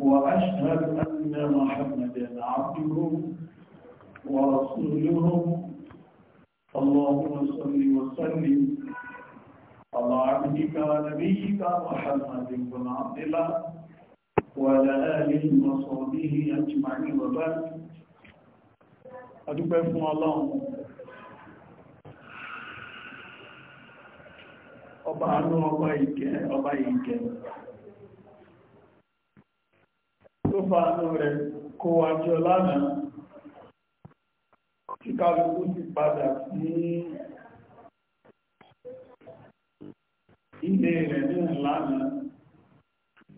وأشهد أن محمدا عبده ورسوله اللهم صل وسلم على عبدك ونبيك محمد بن عبد الله وعلى آله وصحبه أجمعين وبعد أدوبة فún Ọlọ́run ọba àánú ọba ìkẹ́ ọba ìkẹ́ tó bá ní rẹ̀ kó àjọ lánàá tí kálukú ti padà sí ilé rẹ̀ ní ìlànà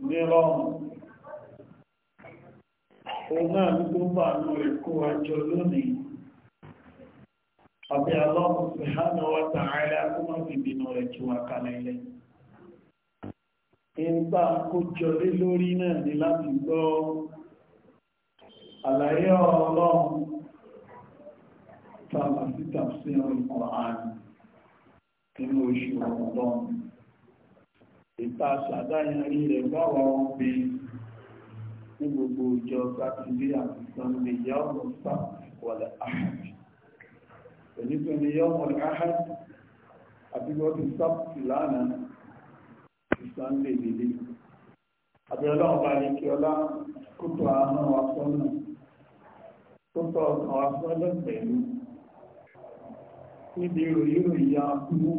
ní rọrùn òun náà ní tó bá rẹ̀ kó lónìí àbí ìgbà kó jọlé lórí náà ni láti gbọ́ àlàyé ọlọ́run tàbà síta sí ọ̀rọ̀ ààrùn nínú oṣù ọ̀rọ̀lọ́run ìta ṣàdáyàrí rẹ̀ báwa ọ̀pẹ ní gbogbo ọjọ́ sátidé àti sànlẹ̀ ìyá ọmọ sáà wọlé àhàjì pẹ̀lú pẹ̀lú ìyá ọmọ àhàjì àti gbọ́dọ̀ sáà lánàá ìsànlẹ̀ ìdílé àbẹ̀lọ́ ọba àlekè ọlá kótó àánú wa sọ́nà kótó ọ̀sán wa sọ́nà pẹ̀lú níbi ìròyìn ìyá kúrú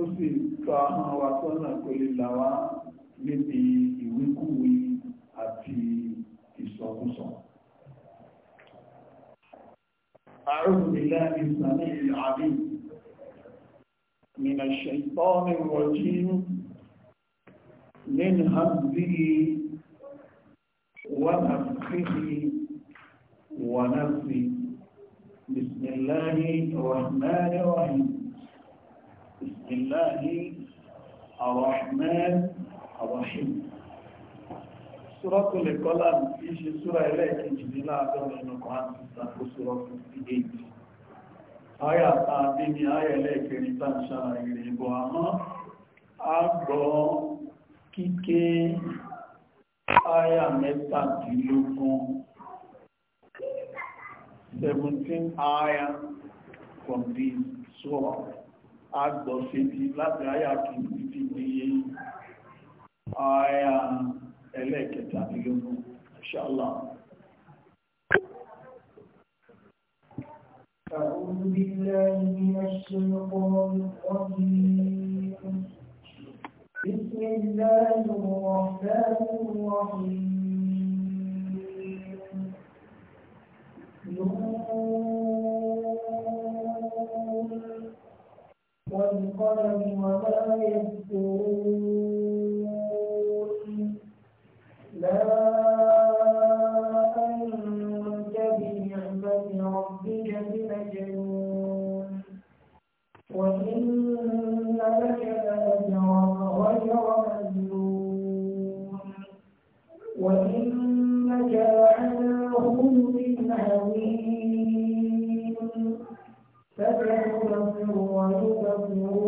ó sì tó àánú wa sọ́nà kó lè là wá níbi ìwíkúwí àti ìsọkúsọ. أعوذ بالله من السميع العليم من الشيطان الرجيم من همزه ونفخه ونفسه بسم الله الرحمن الرحيم بسم الله الرحمن الرحيم سورة القلم في سورة إليك جميلة من القرآن سورة 58 àyà tàbí ní àyà ẹlẹ́ẹ̀kẹ́rí tàṣà ìrìnbọ̀ àmọ́ àgbọ́ kíké àyà mẹ́tàdínlógún 17 àyà from the sword àgbọ̀ fèdí láti àyà kìí ti di àyà ẹlẹ́ẹ̀kẹtàdínlógún inshallah أعوذ بالله من الشيطان الرجيم بسم الله الرحمن الرحيم نور والقلم وما يذكرون لا تَتَّقُونَ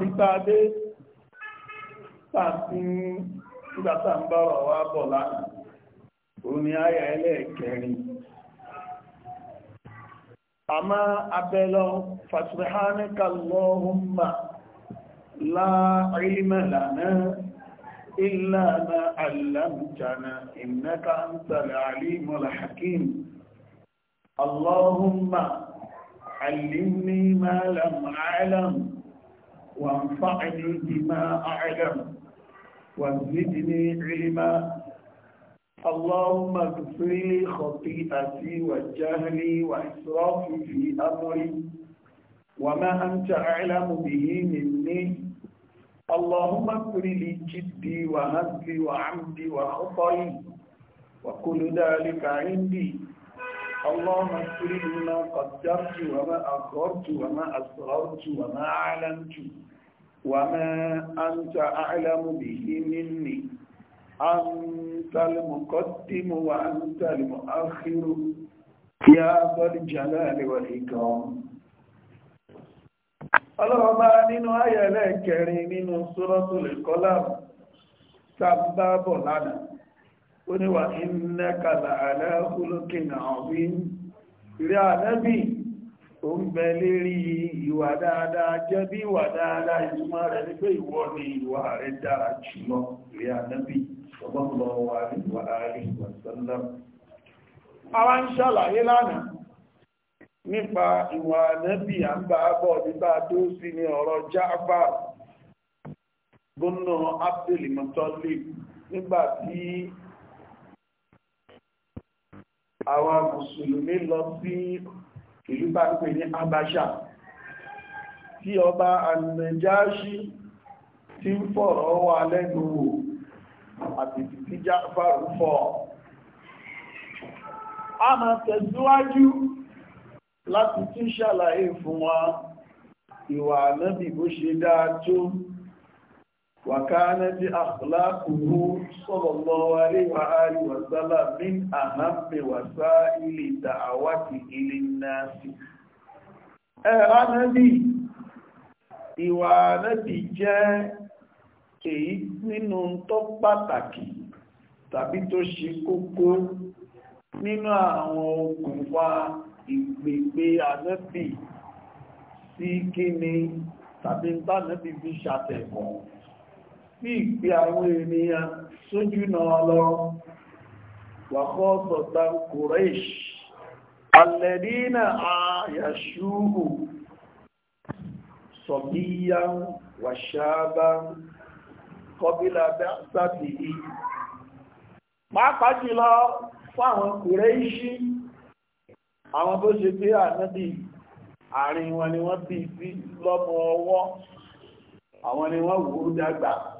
bí sáadé sáàtí nígbàtà ń bára wá wà bọ̀ lánàá o ni àyà ẹlẹ́ẹ̀kẹrin àmá abẹ́lọ fàṣíhánẹ́kà lọ́hùnmà láàrílímẹ̀ lánàá إلا ما علمتنا إنك أنت العليم الحكيم اللهم علمني ما لم أعلم وانفعني بما أعلم وزدني علما اللهم اغفر لي خطيئتي وجهلي وإسرافي في أمري وما أنت أعلم به مني اللهم اغفر لي جدي وهزلي وعمدي وخطئي وكل ذلك عندي اللهم اغفر لي ما قدرت وما أخرت وما أسررت وما أعلنت وما أنت أعلم به مني أنت المقدم وأنت المؤخر يا ذا الجلال والإكرام ọlọ́run bá nínú ayẹ̀lẹ́ من nínú suratul qalam tàbí ó ní wà innaka la'ala khuluqin azim ìrẹ́ ànábì ó ń bẹ lérí ìwà dáadáa jẹ́ bí ìwà dáadáa ìtumọ̀ rẹ̀ ní pé ìwọ ni ìwà rẹ̀ dára jùlọ ìrẹ́ ànábì sallallahu alaihi wa alihi wa sallam àwa ń ṣàlàyé lánàá nípa ìwà ànábì à ń bá bọ̀ nígbà tó sì ní ọ̀rọ̀ Ja'far gómìnà Abdul nígbà tí àwọn mùsùlùmí lọ sí ìlú bá ń pè ní Abasha tí ọba Anàjáṣí tí ń fọ̀rọ̀ wà lẹ́nu wò àti títí jáfàrú fọ́ a máa tẹ̀síwájú láti tún ṣàlàyé fún wa ìwà ànábì bó ṣe dáa tó وكانت أخلاقه صلى الله عليه وآله وسلم من أهم وسائل دعوته للناس ẹ̀rá nẹ́bí ìwà nẹ́bí jẹ́ èyí nínú tó pàtàkì tàbí tó ṣe kókó nínú àwọn okùnfà ìgbègbè ànẹ́bí sí kíni tàbí tánẹ́bí fi ṣàtẹ̀kọ̀ọ́ sí ìpé àwọn ènìyàn sójú náà lọ wàkọ́ sọ̀tà kùrẹ́ṣ alẹ́dínà àyàṣúhù sọ̀bíyá wàṣáábá kọbílà sáti ì pàápàá jùlọ fún àwọn kùrẹ́ṣí àwọn bó ṣe pé ànábì àárín wọn ni wọ́n bí lọ́mọ ọwọ́ àwọn ni wọ́n wò ó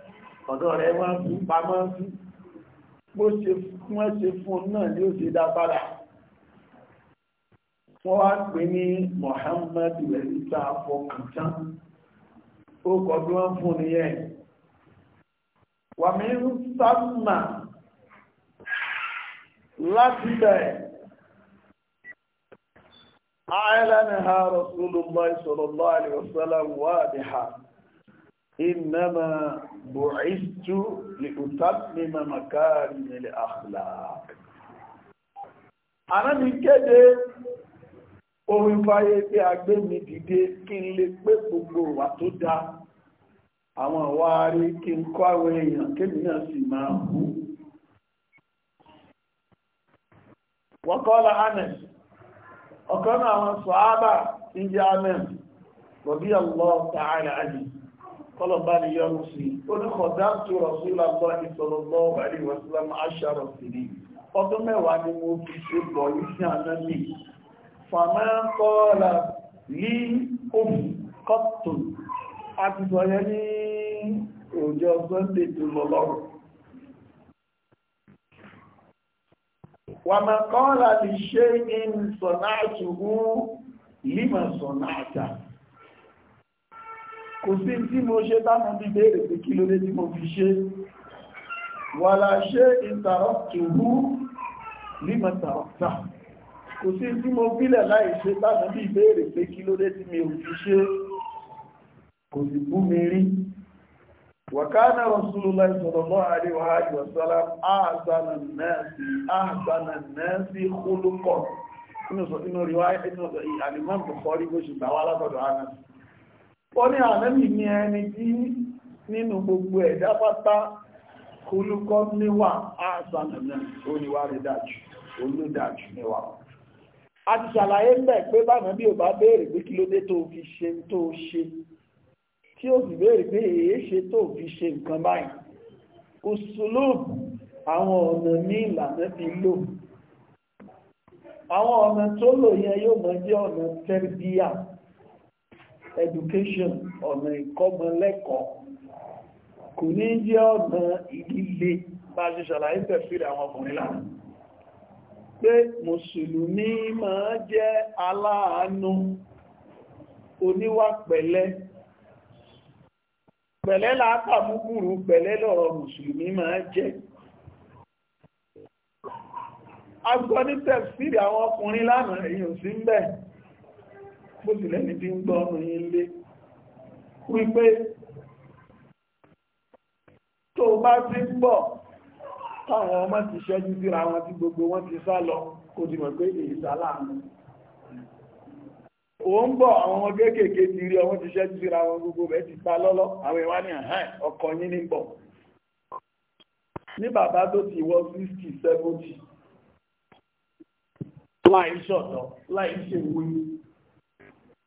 ọ̀dọ́ rẹ̀ wọ́n fi pamọ́ sí bó ṣe wọ́n ṣe fún náà ni ó ṣe dá padà wọ́n wá pè ní Muhammad ẹ̀ríta fọkàntán ó kọ bí wọ́n fún ni yẹn wàmí ń sáàmà láti bẹ̀rẹ̀ àìlànà ha Rasulullah sallallahu alaihi wasallam wà ní ha. إنما bùrìsù lè òtàbí mamakari nílẹ̀ akhlaq anábi kéde orin fáyé pé agbé mi dìde kí n lè pé gbogbo wà tó dá àwọn àwárí kí n kọ́ àwọn èèyàn kébì náà sì máa hù wọ́kọ́lá Anas ọ̀kan náà àwọn sọ̀hábà ìyá Anas rọ̀bí Allah ta'ala alayhi kọlọ̀bá ni yọrù sí oníkọ̀dá tó rọ̀súlà bọ́ ìsọ̀lọ̀lọ́ àríwọ̀sílám aṣàrọ̀ sí ni ọdún mẹ́wàá ni mo fi ṣe bọ̀ ní sí àná ní fàmẹ́kọ́ọ̀lá ní òfin kọ́tùn àti sọ̀yẹ́ ní òjò sunday tó lọ lọ́rùn wàmẹ́kọ́ọ̀lá ní ṣe ń sọ̀nà àtùkú límọ̀ sọ̀nà àtàkù kò sí tí mo ṣe dáná bí béèrè pé kí ló dé tí mo fi ṣe wà láà ṣe ìtàrọ̀tùrú límọ̀tàrọ̀tà kò sí tí mo bílẹ̀ láì ṣe dáná bí béèrè pé kí ló dé tí mi ò fi ṣe kò sì bú mi rí wàkánà rasulullah sallallahu alaihi wa alihi wa sallam ahsana nasi ahsana nasi khuluqan inú sọ inú rí wáyé inú sọ ìhàlìmọ́ bùkọ́rí bó ṣe gbà wá látọ̀dọ̀ ó ní ànẹ́bì ní ẹni tí nínú gbogbo ẹ̀dá pátá kúlúkọ́ níwà àṣànàmì oníwà rẹ̀ dájú olódájú níwà a ti ṣàlàyé bẹ̀ pé bàmí bí o bá béèrè pé kí ló dé tó fi ṣe tó ṣe tí ó sì béèrè pé èé ṣe tó fi ṣe nǹkan báyìí usulubu àwọn ọ̀nà ní ìlànà ti lò àwọn ọ̀nà tó lò yẹn yóò mọ jẹ́ ọ̀nà tẹ́rbíyà education ọ̀nà ìkọ́mọlẹ́kọ̀ọ́ kò ní jẹ́ ọ̀nà ìdílé bá ṣe ṣàlàyé tẹ̀fìrì àwọn ọkùnrin lánàá pé mùsùlùmí máa jẹ́ aláàánú oníwà pẹ̀lẹ́ pẹ̀lẹ́ láàpà búburú pẹ̀lẹ́ lọ̀rọ̀ mùsùlùmí máa jẹ́ agbọ́ ní tẹ̀fìrì àwọn ọkùnrin lánàá èyí sí ń bẹ́ẹ̀ bó sì lẹ́ni tí ń gbọ́ ọmọ yìí lé wípé tó bá ti ń bọ̀ táwọn ọmọ ti ṣẹ́jú síra wọn tí gbogbo wọn ti sá lọ kò ti pé èyí sálà ò ń bọ̀ àwọn ọmọ kéékèèké ti rí ọmọ ti ṣẹ́jú síra wọn gbogbo bẹ́ẹ̀ ti pa lọ́lọ́ àwọn ìwá ní àhán ọkọ̀ yín ní bọ̀ ní bàbá tó ti wọ 60 70 láì ṣọ̀tọ̀ láì ṣèwúyí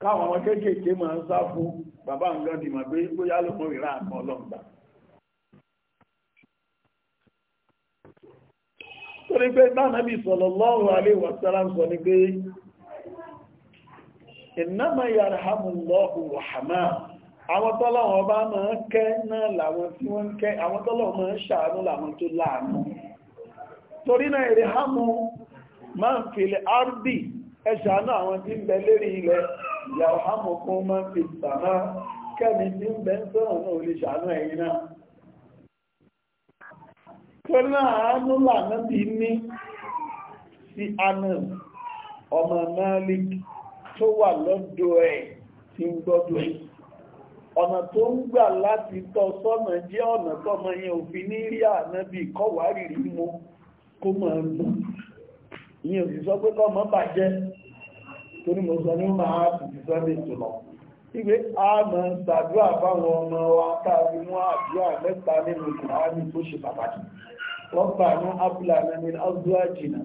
káwọn ọmọ kéékèèké máa ń sá fún bàbá nǹkan dìmọ̀ pé bóyá ló mọ ìrà àpọ̀ ọlọ́gbà torí pé tánàbí sallallahu alaihi sọ ní pé innama yarhamullahu rahama àwọn tọ́lọ́wọ́ bá máa kẹ́ náà làwọn tí wọ́n kẹ́ àwọn tọ́lọ́wọ́ máa ń ṣàánú làwọn tó láàánú torí náà ìrìhámù máa ń fèlè árdì ẹ̀ṣàánú àwọn tí ń bẹ lérí ilẹ̀ ìyàwó hàmùkún mọ́ fi sàmá kẹ́mi tí ń náà olè ṣàánú ẹ̀yìn náà tó náà àánú lànà bí ní sí ọmọ Malik tó wà lọ́dọ̀ ẹ̀ tí ń gbọ́dọ̀ ẹ̀ ọ̀nà tó ń gbà láti tọ́ sọ́nà jẹ́ ọ̀nà tọ́mọ yẹn òfin ní rí torí mo sọ ní máa tìtì sunday tó lọ ìgbé àmọ́ ṣàdúrà fáwọn ọmọ wa káàrí mú àdúrà mẹ́ta nínú kùránì tó ṣe pàtàkì wọ́n bá ní abúlà mẹ́ni azúwà jìnà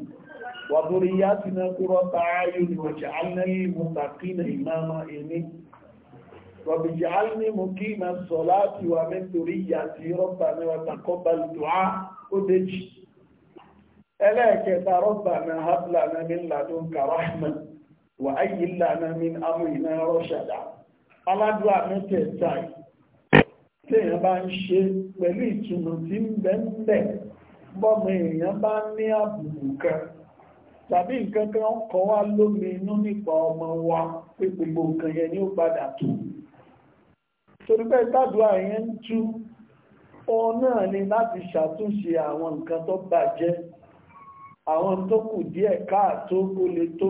wà lórí yá ti náà kúrọ́ ta ayé ìwọ̀jẹ̀ alẹ́lẹ́ mùtàkínà ìmáàmà èmi rọ̀bì jẹ́ mú kí ma sọ láti wà mẹ́tòrí yá ti rọ́bà ní wàtà kọ́bà lùdùá ó déjì ẹlẹ́ẹ̀kẹta rọ́bà náà abúlà mẹ́ni làdún kàrọ́hìmẹ́ wà á yìí lànà mi amú iná rọ́ṣàdá aládùá mẹ́tẹ̀ẹ̀ta téèyàn bá ń ṣe pẹ̀lú ìtumọ̀ tí ń bẹ ń bẹ̀ bọ́mọ èèyàn bá ní àbùkù kan tàbí nǹkan kan kọ́ wá lómi inú nípa ọmọ wa pé gbogbo nǹkan yẹn ni ó padà tó torí pé gbàdúrà yẹn ń tú òun náà ni láti ṣàtúnṣe àwọn nǹkan tó bàjẹ́ àwọn tó kù díẹ̀ káàtó kó lè tó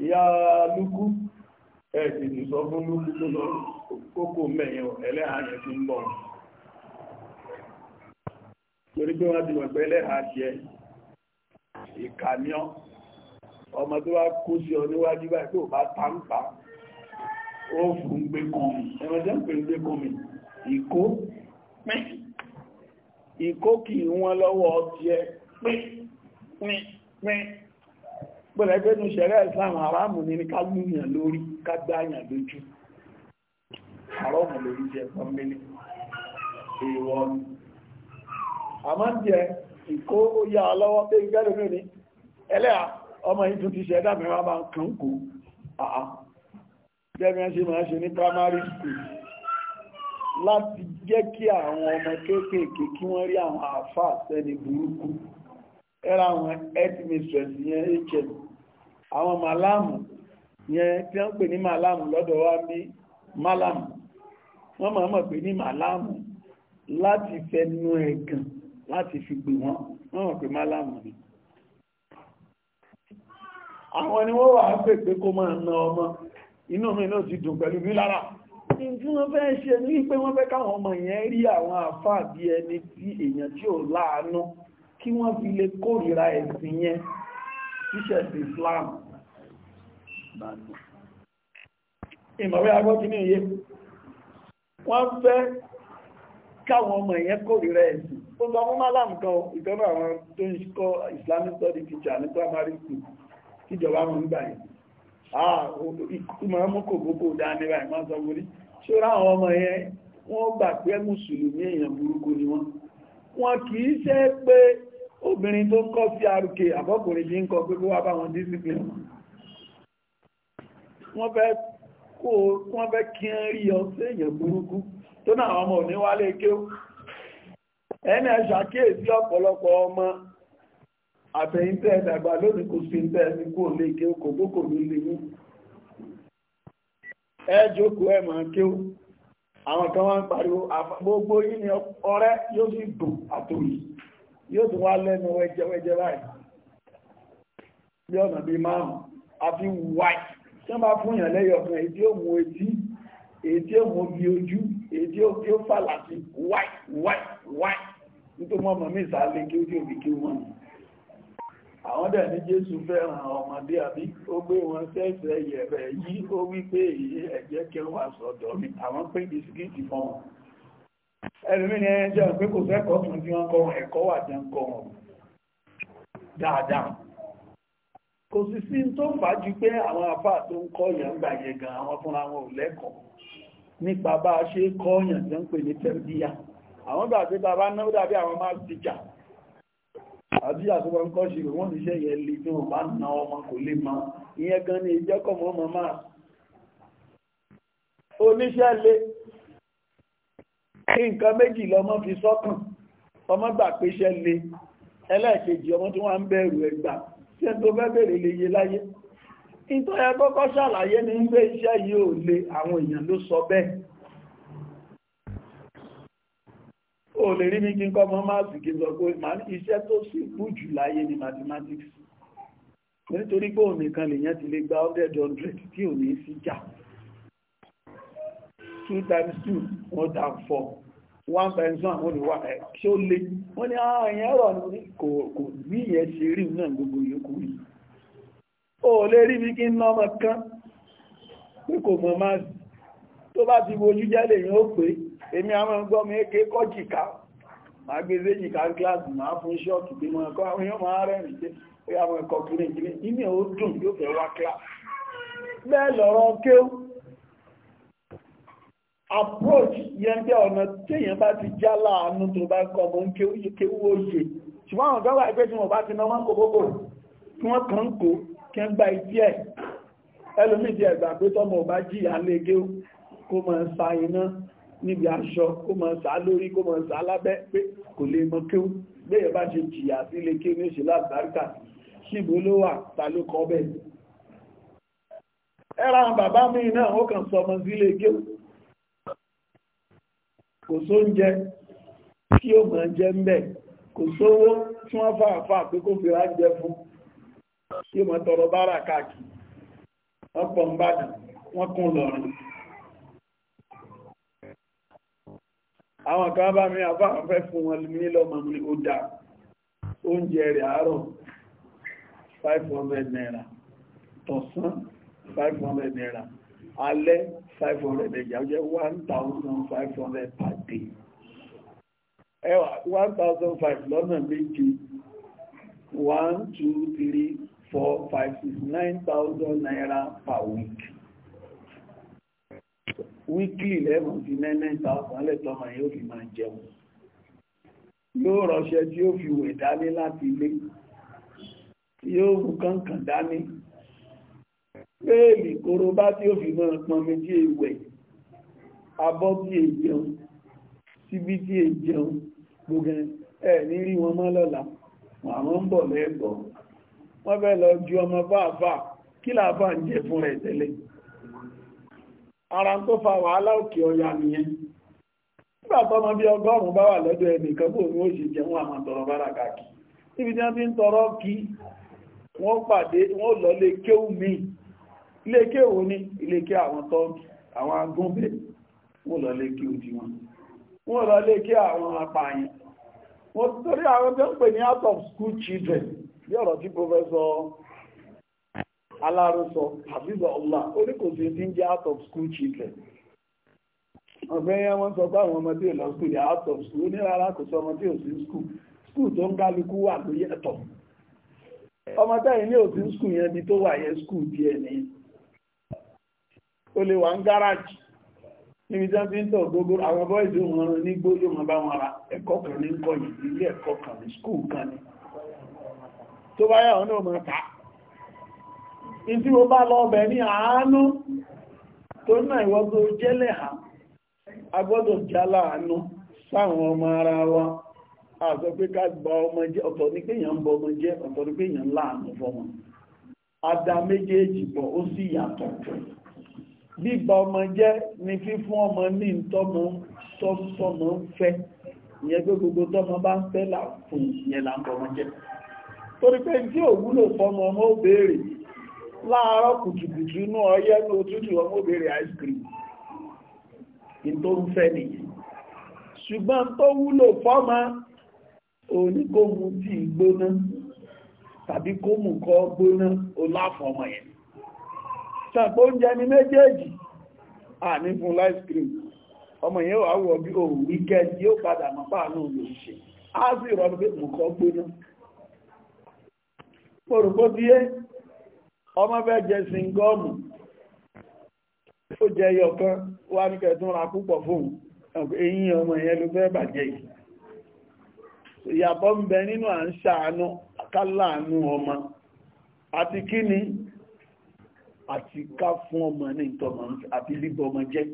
ìyá lúkú ẹ̀sì ti sọ fún lúkú tó lọ kókò mẹ́yàn ẹlẹ́hà yẹn ti ń bọ̀ torí pé wọ́n ti mọ̀ pé ẹlẹ́hà jẹ ìkàníọ́ ọmọ tó wá kó sí ọ níwájú báyìí tó bá tàǹpà ó fún gbé kọmi ẹmọ jẹ́ ń pè gbé kọmi ìkó pín ìkó kì í wọ́n lọ́wọ́ ọtí ẹ pín pín pín pẹ̀lẹ́gbẹ́nu ṣẹ̀rẹ́ Islam haramu ní ká lúyàn lórí ká gbáyàn lójú haramu lórí jẹ pọ́nbélé èèwọ̀ ni a máa ń jẹ ìkó ó yá lọ́wọ́ pé gẹ́lẹ́ lónìí ẹlẹ́à ọmọ yìí tún ti ṣẹ̀dá mẹ́wàá máa kàn kó àá jẹ́mi ẹ́ ṣe máa ṣe ní primary school láti jẹ́ kí àwọn ọmọ kéékèèké kí wọ́n rí àwọn àáfàá sẹ́ni burúkú ẹ̀rọ àwọn headmistress yẹn hm àwọn màláàmù yẹn tí wọ́n pè ní màláàmù lọ́dọ̀ wa bí màláàmù wọ́n máa mọ̀ pé ní màláàmù láti fẹnu ẹ̀gàn láti fi gbè wọ́n wọ́n mọ̀ pé màláàmù ni àwọn ni wọ́n wà á pè pé kó máa na ọmọ inú mi náà ti dùn pẹ̀lú mi lára tí wọ́n fẹ́ ṣe ní pé wọ́n fẹ́ káwọn ọmọ yẹn rí àwọn àfáà bí ẹni tí èèyàn tí ò láàánú kí wọ́n fi lè kórìíra ẹ̀sìn yẹn t-shirt Islam ìmọ̀wé agbọ́kí ní iye wọ́n fẹ́ káwọn ọmọ ìyẹn kórìíra ẹ̀sìn ó sọ fún malam kan ìtọ́nà àwọn tó ń kọ́ Islamic study teacher ní primary school tíjọba mọ̀ nígbà yìí àà ìmọ̀ mú kò gbogbo dání báyìí wọ́n sọ wọlé ṣọ́ra àwọn ọmọ yẹn wọ́n gbà pé mùsùlùmí èèyàn burúkú ni wọ́n wọ́n kì í ṣe pé obìnrin tó ń kọ́ sí àrùkè àbọ́kùnrin yìí ń kọ pé kó wá bá wọn wọ́n fẹ́ wọ́n fẹ́ kí ń rí ọ sí èèyàn burúkú tó náà ọmọ òní wálé ẹni ẹ ṣàkíyèsí ọ̀pọ̀lọpọ̀ ọmọ àtẹ̀yìntẹ́ ẹ̀dàgbà lónìí kò sí ẹni kú kò gbókò mú ẹ jókòó gbogbo yìí ni yóò sì dùn yóò tún wá lẹ́nu wẹ́jẹ́wẹ́jẹ́ báyìí bí ọ̀nà bíi márùn-ún àfi wáì tí wọ́n bá fún yàn lẹ́yọ̀ fún èyí tí ó mú etí èyí tí ó mú bí ojú èyí tí ó tí ó fà láti wáì wáì wáì nítorí wọn mọ̀ mí ìsàlẹ̀ kí ó tí òbí kí wọ́n àwọn dẹ̀ ní Jésù fẹ́ràn ọmọdé àbí ó gbé wọn sẹ́sẹ̀ yẹ̀rẹ̀ yí ó wí pé èyí ẹ̀jẹ̀ kẹwàá sọ̀dọ̀ mi àwọn pé bisikíìtì fún wọn ẹlùmí ni ẹjọ́ pé kò fẹ́ kọ́ tún tí wọ́n kọ́ ẹ̀kọ́ wà jẹ́ ń kọ́ wọn dáadáa kò sí sí tó fà á ju pé àwọn àfáà tó ń kọ́ yẹn ń gbà yẹn gan àwọn fúnra wọn ò lẹ́kọ̀ọ́ nípa bá a ṣe kọ́ yẹn tó ń pè ní tẹ́lbíyà àwọn gbà pé bàbá náà dàbí àwọn máa tìjà àbí àtúbọ̀ ń kọ́ ṣe rò wọ́n níṣẹ́ yẹn lè tí wọ́n bá na ọmọ kò lè mọ ìyẹn gan ni ìjẹ́kọ̀ọ́ mọ́ mọ́ máa oníṣẹ́ lé nǹkan méjì lọ́mọ fi sọ́kàn ọmọ gbà péṣẹ́ le ẹlẹ́ẹ̀kejì ọmọ tí wọ́n ń bẹ̀rù ẹgbà tí ẹni tó fẹ́ bèèrè lè yé láyé ìtọ́ ẹ kọ́kọ́ ṣàlàyé ní ilé iṣẹ́ yìí ò lè àwọn èèyàn ló sọ bẹ́ẹ̀ o lè rí mi kí n kọ́ mọ́ máa sì kí n sọ pé iṣẹ́ tó sì kú jù láyé ni mathematics nítorí pé òun nìkan lèyàn ti lè gba 100 100 tí ò sí jà two times two wọ́n dà four one times one wọ́n ní wà ẹ̀ ṣé ó lé wọ́n ní àwọn ah, èèyàn rọ̀ ní kò bí ìyẹn ṣe rí náà gbogbo yòókù yìí ó lè rí bí kí n ná ọmọ kan pé kò mọ̀ máa tó bá ti wojú jálè yẹn ó pé èmi àwọn ọgbọ́n mi ké kọ́jìká máa gbé séjìká gíláàsì máa fún ṣọ́ọ̀kì bí mo ẹ̀kọ́ àwọn èèyàn máa rẹ́rìn jẹ́ pé àwọn ẹ̀kọ́ kìrìkìrì inú ẹ̀ ó dùn yóò fẹ́ wá kíláàsì bẹ́ẹ̀ lọ́rọ̀ kéwù approach yẹn jẹ́ ọ̀nà téèyàn bá ti já láàánú tó bá kọ́ mọ́ ń kéwú òye ṣùgbọ́n àwọn ọ̀gá ẹgbẹ́ tí wọ́n bá ti ná wọ́n kòkòkò kí wọ́n kàn kó kí ń gba ìdí ẹ̀ ẹlòmíì ti ẹ̀gbà pé tọ́mọ bá jìyà lége kó mọ̀ sa iná níbi aṣọ kó mọ̀ sa lórí kó mọ̀ sa lábẹ́ pé kò lè mọ̀ kéwú bẹ́ẹ̀ bá ṣe jìyà sí lè kéwú ní òṣèlú àbáríkà ṣìbò ló wà ta ló kọ́ bẹ́ẹ̀ ẹ̀rọ àwọn bàbá mi náà ó kàn sọmọ sí lè kéwú kò sóúnjẹ kí ó mọ̀ jẹ́ ń bẹ̀ kò sówó tí wọ́n fàáfà pé kó fi ráńjẹ fún kí mọ̀ tọrọ bára káàkiri wọ́n pọ̀ ń bàdàn wọ́n kún lọ́rin àwọn kan bá mi àfáà fẹ́ fún wọn ní lọ́mọ ní ó dá oúnjẹ rẹ̀ àárọ̀ 500 naira tọ̀sán 500 naira alẹ́ five thousand five hundred per day ẹwà one thousand five lọ́nà méje one two three four five six nine thousand per week weekly lẹ́mọ̀ sí nine lẹ́tọ́ máa yóò fi máa jẹun yóò rọṣẹ tí ó fi wẹ̀ dání láti ilé yóò mú kánkàn dání péèlì korobá tí ó fi mọ́ ọpọn méjì ìwẹ̀ abọ́ tí è jẹun síbí tí è jẹun gbogbo ẹ̀ ní rí wọn mọ́ lọ́la àwọn ń bọ̀ lẹ́ẹ̀bọ̀ wọ́n fẹ́ lọ ju ọmọ fáàfà kí làáfà ń jẹ fún rẹ̀ tẹ́lẹ̀ ara tó fa wàhálà òkè ọya nìyẹn nígbà tó ọmọ bí ọgọ́rùn-ún bá wà lọ́dọ̀ ẹnìkan bò ní ó ṣe jẹun àwọn tọrọ bára kàkì níbi tí wọ́n ti ń tọrọ kí wọ́n pàdé wọ́n lọ lé kéwù míì iléeké wo ní iléeké àwọn tọ́ọ̀kì àwọn agúnbẹ̀ wọ́n lọ lékí ojú wọn wọ́n lọ lékí àwọn apààyàn wọ́n torí àwọn tó ń pè ní out of school children bí ọ̀rọ̀ tí professor aláró àbíbọ̀ ọlá oníkòsí tí ń jẹ́ out of school children ọ̀gbẹ́yẹn wọ́n sọ pé àwọn ọmọdé lọ school ní out of school ní rárá school school tó ń wà ọmọdé ní ó lè wà ń gáràjì níbi tí wọ́n fi ń tọ̀ gbogbo àwọn bọ́ìsì wọn ní n'igbo wọn bá wọn ra ẹ̀kọ́ kan ní kọ́ ilé ẹ̀kọ́ kan ní skúù kan ní tó bá náà ta mo bá lọ ọbẹ̀ ní àánú tó náà ha a jálá àánú sáwọn ọmọ ara wa a pé ká gba ọmọ jẹ́ ọ̀tọ̀ ní pé èèyàn ń bọ ọmọ jẹ́ bíbá ọmọ jẹ́ ni fífún ọmọ ní tọ́mọ tọ́mọ ń fẹ́ ìyẹn pé gbogbo tọ́mọ bá ń fẹ́ là fún ìyẹn là ń bọ ọmọ jẹ́ torí pé tí ò wúlò fọmọ ọmọ ó béèrè láàárọ̀ kùtùkùtù inú ọyẹ́ ní òtútù ọmọ ó béèrè ice cream ní tó ń fẹ́ nìyẹn ṣùgbọ́n tó wúlò fọ́mọ òní kó mu tí gbóná tàbí kó mú kọ́ gbóná ó láfọmọ yẹn tàbí oúnjẹ ní méjèèjì à ní fún live stream ọmọ yẹn wà wọ bí òun weekend yóò padà mọ́ pàánù sì rọ gbóná ọmọ fẹ́ ọmọ yẹn ló fẹ́ bàjẹ́ yìí ìyàbọ̀ ń bẹ nínú à àti ká fún ọmọ ní ìtọ́mọ̀ àti líbọ ọmọ jẹ́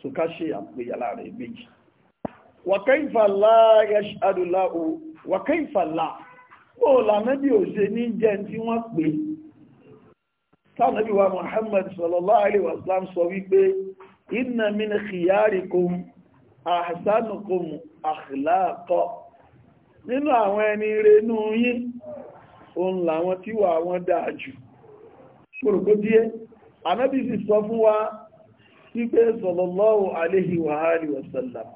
so ká ṣe àgbéyàlá rẹ̀ méjì wàkẹ́ìfàlá yẹ́ṣàdùlá o wàkẹ́ìfàlá ó lànàbí ò ṣe ní jẹ́ tí wọ́n pè tánàbí wa Muhammad sallallahu alaihi wasallam sọ wípé inna min khiyarikum nínú àwọn ẹni renú yín òun làwọn tí wà wọn dáa jù kòròkó díẹ̀ anábì sì sọ fún wa wípé sallallahu alaihi wa alihi Olunda sallam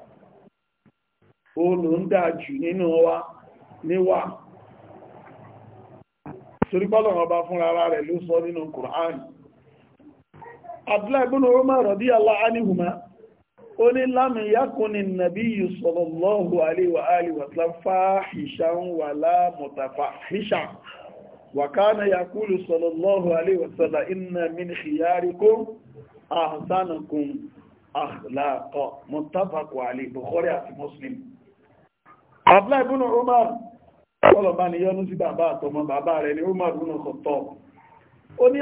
olùndájú nínú wa níwà torí pọ́lọ̀ ọba fúnra rẹ̀ ló sọ nínú Kùránì Abdullahi ibn Umar radiyallahu anhuma ó ní lámì yákùnni nàbí sallallahu alaihi wa alihi wa sallam وكان يقول صلى الله عليه وسلم إن من خياركم أحسنكم أخلاقا متفق عليه بخاري àti Muslim Abdullah ibn Umar Ọlọ̀ bá ni yọ́nú sí bàbá àtọmọ bàbá rẹ̀ ni Umar ibn Khattab. Ó ní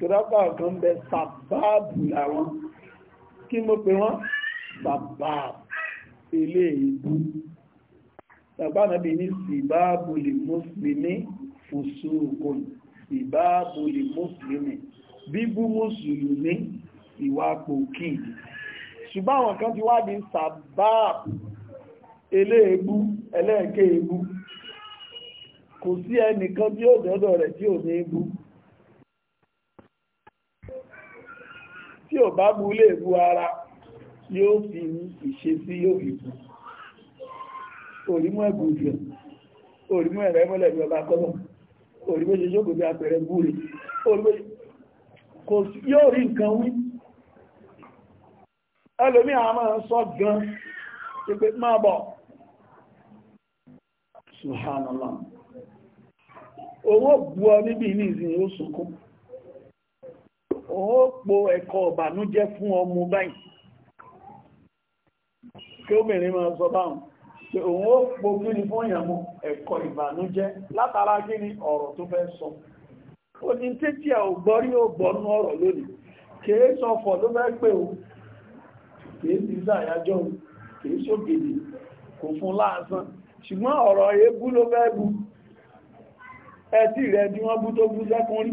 gírọ́pà kan bẹ sàbáàbù làwọn kí mo pè wọ́n sàbáàbù ilé ìbú bàbá nàbí ní sìbáàbù lè mùsùlùmí fòsùkùn sìbáàbù lè mùsùlùmí bíbú mùsùlùmí ìwà pòkì ṣùgbọ́n àwọn kan ti wádìí sàbáàbù eléèbú ẹlẹ́ẹ̀kẹ́ èbú kò sí ẹnìkan tí ó dọ́dọ̀ rẹ̀ tí ò ní ebú tí ò bá bú lè bú ara yóò fi ìṣesí yóò fi bú òrímọ̀ ẹ̀bù ìfẹ́ òrímọ̀ ẹ̀rẹ́ mọ́lẹ̀ ìjọba kọ́lọ̀ òrímọ̀ ṣe ṣókò bí apẹ̀rẹ búrẹ̀ yóò rí nǹkan wí ẹlòmí àmọ́ sọ gan ṣe pé máa bọ̀ subhanallah owó bu ọ níbi ní ìsìn yóò sunkún ó po ẹ̀kọ́ ọ̀bànújẹ́ fún ọmọ báyìí kí obìnrin máa sọ báhùn pé òun ó po kí ni fún ìyàmú ẹ̀kọ́ ìbànújẹ́ látara kí ni ọ̀rọ̀ tó fẹ́ sọ ó ní títí ẹ̀ ò gbọ́ rí ó gbọ́ nú ọ̀rọ̀ lónìí kìí sọfọ̀ rẹ̀ bí wọ́n bú tó bú sẹ́kún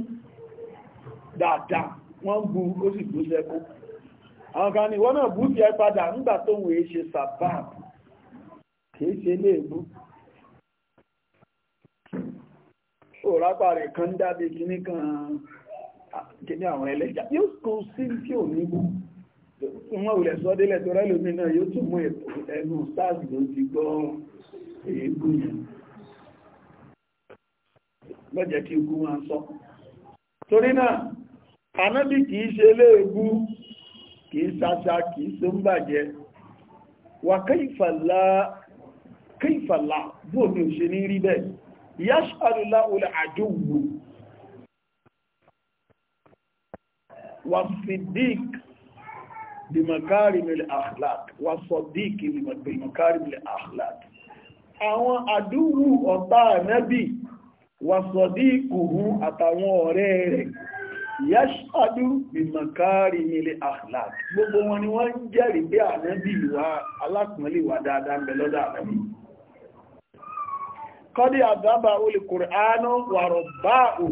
dáadáa wọ́n bú ó sì bú sẹ́kún àwọn kan ní wọ́n náà bú sí ẹ padà nígbà tó ń wèé ṣe sàbáàbù kìí ṣe ilé ìbú òrápá rẹ̀ kan dábí kìíní kan kìíní àwọn ẹlẹ́jà yóò kó sí tí ò ní bú wọ́n wùlẹ̀ sọ́délẹ̀ tó rẹ́lùmí náà yóò tún mú ẹnu sars ló ti gbọ́ èébú yẹn lọ́jẹ́ kí ikú wọn sọ torí náà anábì kìí ṣe léèbú kìí ṣaṣa kìí ṣe ń bàjẹ́ wà kíìfàlá bó ní ò ṣe ní rí bẹ́ẹ̀ yáṣàrùlá olè àjòwò wà sídík bìmọ̀kárìmìlẹ̀ àhlák wà sọ̀dík bìmọ̀kárìmìlẹ̀ àhlák àwọn àdúrú ọ̀tá ànábì wà sọ̀díkùhù àtàwọn ọ̀rẹ́ rẹ̀ yashadu bi makari nílé akhlaq gbogbo wọn ni wọ́n ń jẹ́rìí bí ànábì ìwà alákùnlé ìwà dáadáa ń bẹ lọ́dọ̀ ànábì kọ́dí àdábà olè kùránù wàrọ̀ báàù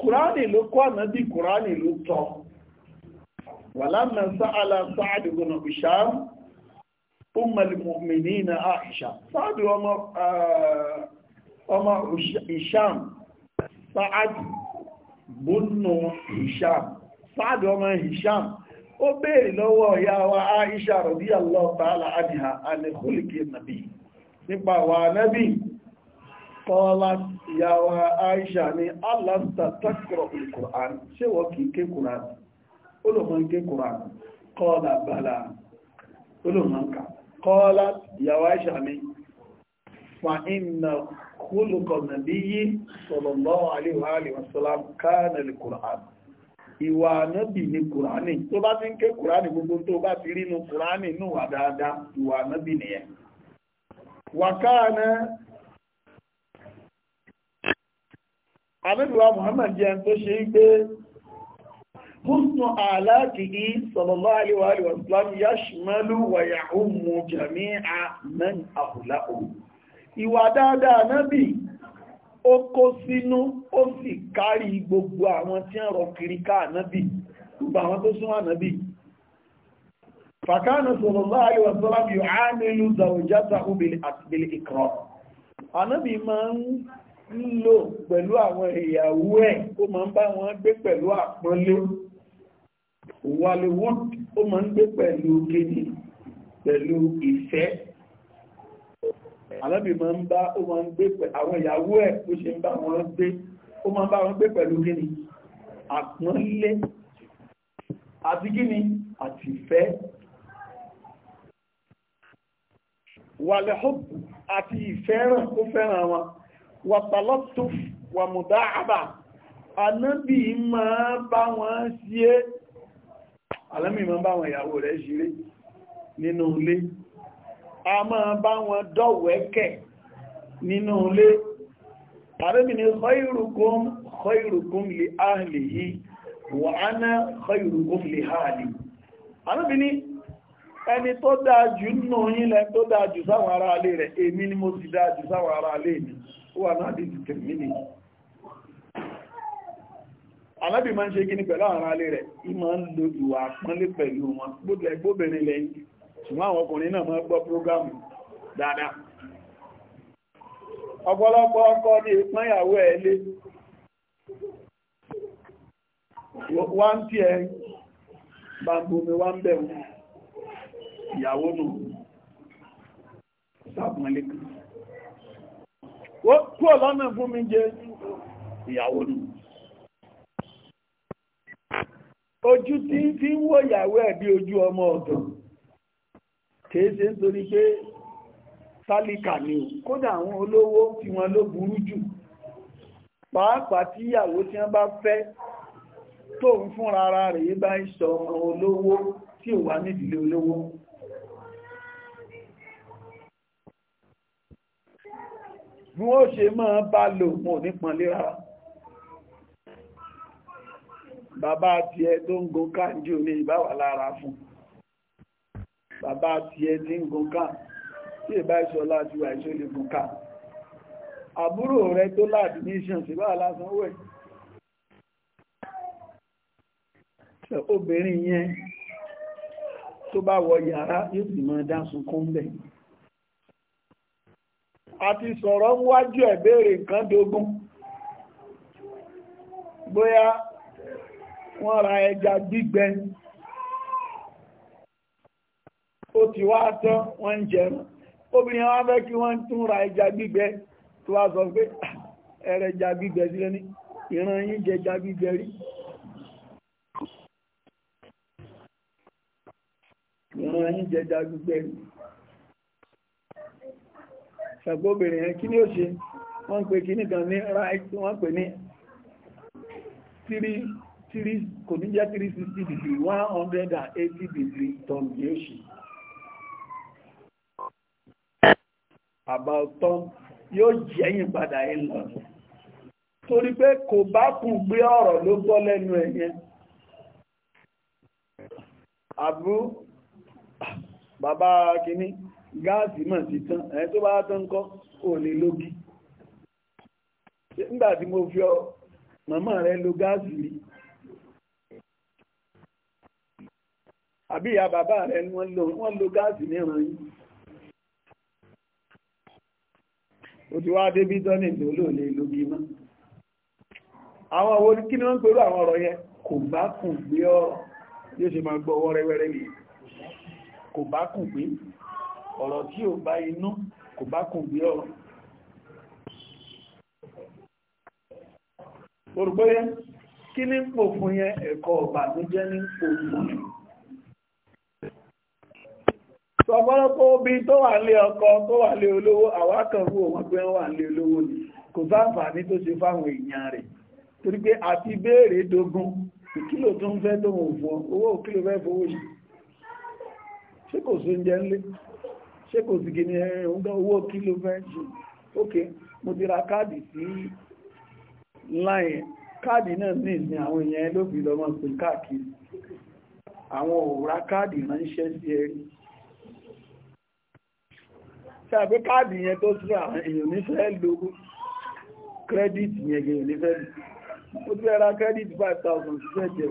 kùránì ló kọ́ ànábì kùránì ló tọ́ wà lánàá sáàlá sáàdì gbọ́nà ìṣàmù bónú Hisham Sáàdì ọmọ Hisham ó béèrè lọ́wọ́ ìyá wa Aisha radiyallahu ta'ala anha an khuluqi nàbí nípa wà nábì kọ́lá ìyá wa Aisha ní alasta takra al-Qur'an ṣé wọ́n kìí ké Qur'an ó lọ́ mọ́ ké Qur'an kọ́lá bala ó kọ́lá ìyá wa Aisha ní fa خلق النبي صلى الله عليه وآله وسلم كان القرآن ìwà ànábì ni kùránì tó bá ti ń ké kùránì gbogbo tó bá ti rí inú kùránì inú wà dáadáa ìwà ànábì nìyẹn wàkáàná ànábì wa Muhammad jẹ́ tó ṣe ń gbé húsnù àláàkìí sallallahu alaihi wa sallam yashmalu wa ya'ummu àhùlá òun ìwà dáadáa nábì ó kó sínú ó sì kárí gbogbo àwọn tí ń rọ kiri ká ànábì gbogbo àwọn tó súnmọ́ ànábì fàkánà sallallahu alaihi wasallam yu'amilu zawjatahu bil ikram ànábì máa ń lò pẹ̀lú àwọn ìyàwó ẹ̀ ó máa ń bá wọn gbé pẹ̀lú àpọ́nlé wàlúwọ́n ó máa ń gbé pẹ̀lú kíni pẹ̀lú ìfẹ́ àlọ́bì máa ń bá ó máa ń gbé pẹ̀lú àwọn ìyàwó ẹ̀ ó ṣe ń bá wọn gbé ó máa ń bá wọn gbé pẹ̀lú kíni àpọ́nlé àti kíni àtìfẹ́ wàlẹ̀hùn àti ìfẹ́ràn ó fẹ́ràn wọn wàtàlọ́tù wàmùdá àbà anábì máa bá wọn ṣe alámì máa bá wọn ìyàwó rẹ̀ ṣeré nínú ilé a máa bá wọn dọ̀wẹ́kẹ̀ nínú ilé àrẹ́bì ni khairukum khairukum li ahlihi wa ana khairukum li hali àrẹ́bì ni ẹni tó dájú nínú yínlẹ̀ tó dájú sáwọn ará alé rẹ̀ èmi ni mo sì dájú sáwọn ará alé mi ó wà náà dìtì tẹ̀mínì àrẹ́bì máa ń ṣe gíní pẹ̀lú àwọn ará alé rẹ̀ ìmọ̀ ń lo ìwà àpọ́nlé pẹ̀lú wọn gbóbìnrin lẹ́yìn ṣùgbọ́n àwọn ọkùnrin náà máa gbọ́ prógámù dada ọ̀pọ̀lọpọ̀ ọkọ ní ìpáyàwó ẹ̀ lé wá ń tí ẹ bá ń ń bẹ̀rù ìyàwó nù lọ́nà ojú tí ń fi ń ojú ọmọ ọ̀dọ̀ kìí ṣe nítorí pé sálíkà ni ò kódà àwọn olówó tí wọ́n ló burú jù pàápàá tí ìyàwó tí wọ́n bá fẹ́ tó ń fún rárá rẹ̀ bá ń sọ ọmọ olówó tí ò wá nídìílé olówó bí wọ́n ṣe máa bá lò wọn ò ní bàbá àti ẹ tó ń gun káàdì òní ìbáwà lára fún un bàbá tiẹ̀ tí ń gun ká tí ìbá ìṣọ́ láti wà ìṣọ́ lè gun ká àbúrò rẹ tó láti ní ìṣàn sí báà lásán wẹ̀ obìnrin yẹn tó bá wọ yàrá yóò sì mọ dásun kún bẹ̀ àti sọ̀rọ̀ ń wájú ẹ̀ béèrè nǹkan dogun bóyá wọ́n ra ẹja gbígbẹ ó ti wá tán wọ́n ń jẹun obìnrin wá fẹ́ kí wọ́n tún ra ẹja gbígbẹ tó wá sọ pé ah, ẹ̀rẹ̀ ẹja gbígbẹ sílẹ̀ ní ìran yín jẹ ẹja gbígbẹ rí ìran yín jẹ ẹja gbígbẹ rí ṣàgbóbìnrin yẹn kí ni ó ṣe wọ́n pè kí nìkan ní right wọ́n pè ní three three kò ní jẹ́ three sixty degree one hundred and eighty degree tọ̀nù yóò ṣe àbá ọ̀tọ́ yóò jẹ́yìn padà ìlọrin torí pé kò bá kùn gbé ọ̀rọ̀ ló gbọ́ lẹ́nu ẹ̀ yẹn àbú bàbá kìíní gáàsì mọ̀ sí tán ẹ̀ tó bá tán kọ́ kò lè lógi nígbà tí mo fi ọ màmá rẹ lo gáàsì rí àbí ìyá bàbá rẹ wọ́n lo gáàsì ní ìran ó ti wá débí tọ́nì tó lòlè lóbi mọ́ àwọn owó kí ni wọ́n ń pẹ̀lú àwọn ọ̀rọ̀ yẹn kò bá kùn pé ọ́ yóò ṣe máa gbọ́ ọwọ́ rẹ́wẹ́rẹ́ nìyẹn kò bá kùn pé ọ̀rọ̀ tí ò bá inú kò bá kùn pé ọ̀rọ̀ orùgbóyẹ́ kí ní pò fún yẹn ẹ̀kọ́ ọ̀bà ló jẹ́ ní pò fún yẹn ọ̀pọ̀lọpọ̀ obi tó wà lé ọkọ tó wà lé olówó àwákànfò wọn pé wọ́n wà lé olówó ni kò sáǹfààní tó ṣe fáwọn èèyàn rẹ̀ torí pé àti béèrè dogun ìkílò tó ń fẹ́ tó wọ̀n fún owó òkílò fẹ́ fowó yìí ṣé kò sí oúnjẹ ńlé ṣé kò sí gini ẹ̀rùn owó òkílò fẹ́ ṣe ókè mo ti ra káàdì sí láyé káàdì náà ní ìsìn àwọn èèyàn sí ẹ̀rí ṣàgbé káàdì yẹn tó sí àwọn èèyàn nífẹ́ lo kírẹ́dìtì yẹn èèyàn nífẹ́ lò ó ti ra 5000 síṣẹ́ jẹ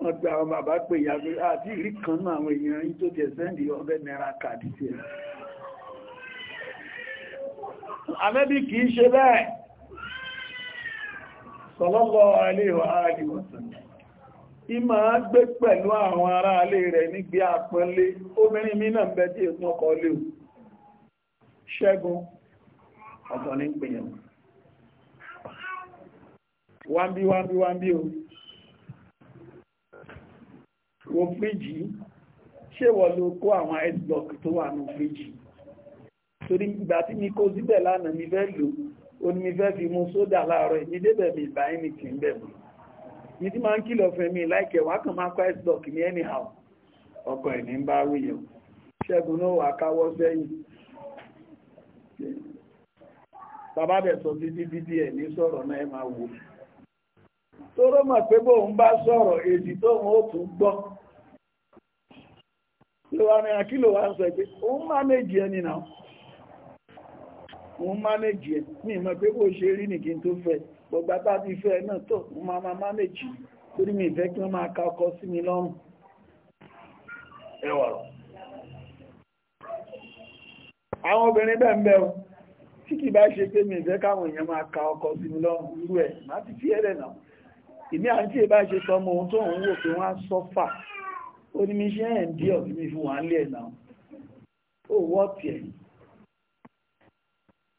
wọ́n pe àwọn bàbá pé ìyá pé àti ìrí kan náà àwọn èèyàn yìí tó jẹ sẹ́ndì ọbẹ̀ náírà káàdì sí ẹ̀ àmẹ́bí kì í ṣe bẹ́ẹ̀ sọlọ́lọ́ alẹ́ ìwà àdìwọ̀sán ìmọ̀ á gbé pẹ̀lú àwọn ará alẹ́ rẹ̀ nígbé àpọ́nlé obìnrin mi náà bẹ́ tí èkún ọkọ̀ lé ṣẹ́gun ọ̀tọ̀ ní pèyàn wámbí wámbí o wo fíjì ṣé wọ́n ló kó àwọn headlock tó wà ní fíjì torí ìgbà tí mi kó síbẹ̀ lánàá mi fẹ́ mi fẹ́ fi mu sódà láàárọ̀ ìní débẹ̀ mi ìbá anyhow bàbá dẹ̀ sọ títí títí ẹ̀ ní náà ẹ máa wò tóró mọ̀ pé bóun bá sọ̀rọ̀ èdè tóun ó tún gbọ́ ló wá ní akílò wá sọ pé òun máa méjì ẹni náà òun máa méjì ẹ ní ìmọ̀ pé bó ṣe rí nìkí tó fẹ́ gbogbo bá ti náà tó torí mi kí máa ka ọkọ sí mi lọ́rùn àwọn obìnrin bẹ́ẹ̀ tí kì bá ṣe pé mi ìfẹ́ káwọn èèyàn máa ka ọkọ sí mi lọ́rùn irú ẹ̀ má ti fi ẹ̀rẹ̀ náà ìmí àti ìbá ṣe sọ ọmọ ohun tó ń wò pé wọ́n á sọ́fà ó ní mi ṣe ẹ̀ ń dí ọ̀bí mi fún wa ń lé ẹ̀ náà ó wọ́ tiẹ̀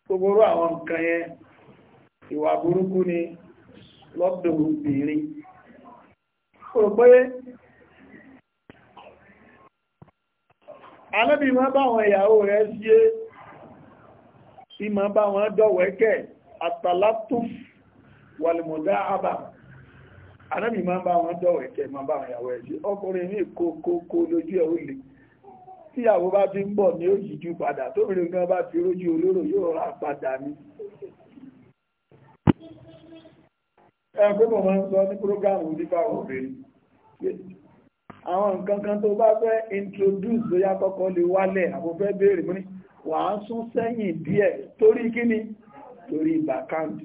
gbogbo àwọn nǹkan yẹn Ànábì máa bá àwọn ìyàwó rẹ̀ ṣe tí máa bá wọn dọ̀wẹ́kẹ̀ àtàlátù wàlìmọ̀dá àbà. Ànábì máa bá wọn dọ̀wẹ́kẹ̀ máa bá àwọn ìyàwó rẹ̀ ṣe. Ọkùnrin ní kókókó lójú ẹ̀ ó le. Tíyàwó bá ti ń bọ̀ ní òjìjú padà tó rìn gan bá ti rójú olóró yóò rà padà ní. Ẹgbẹ́ mọ̀ máa ń sọ ní prógámù nípa obìnrin àwọn nǹkan kan tó bá fẹ́ introduce bóyá kọ́kọ́ lè wálẹ̀ àbò fẹ́ béèrè mú ní wà á sún sẹ́yìn díẹ̀ torí kíni torí backhand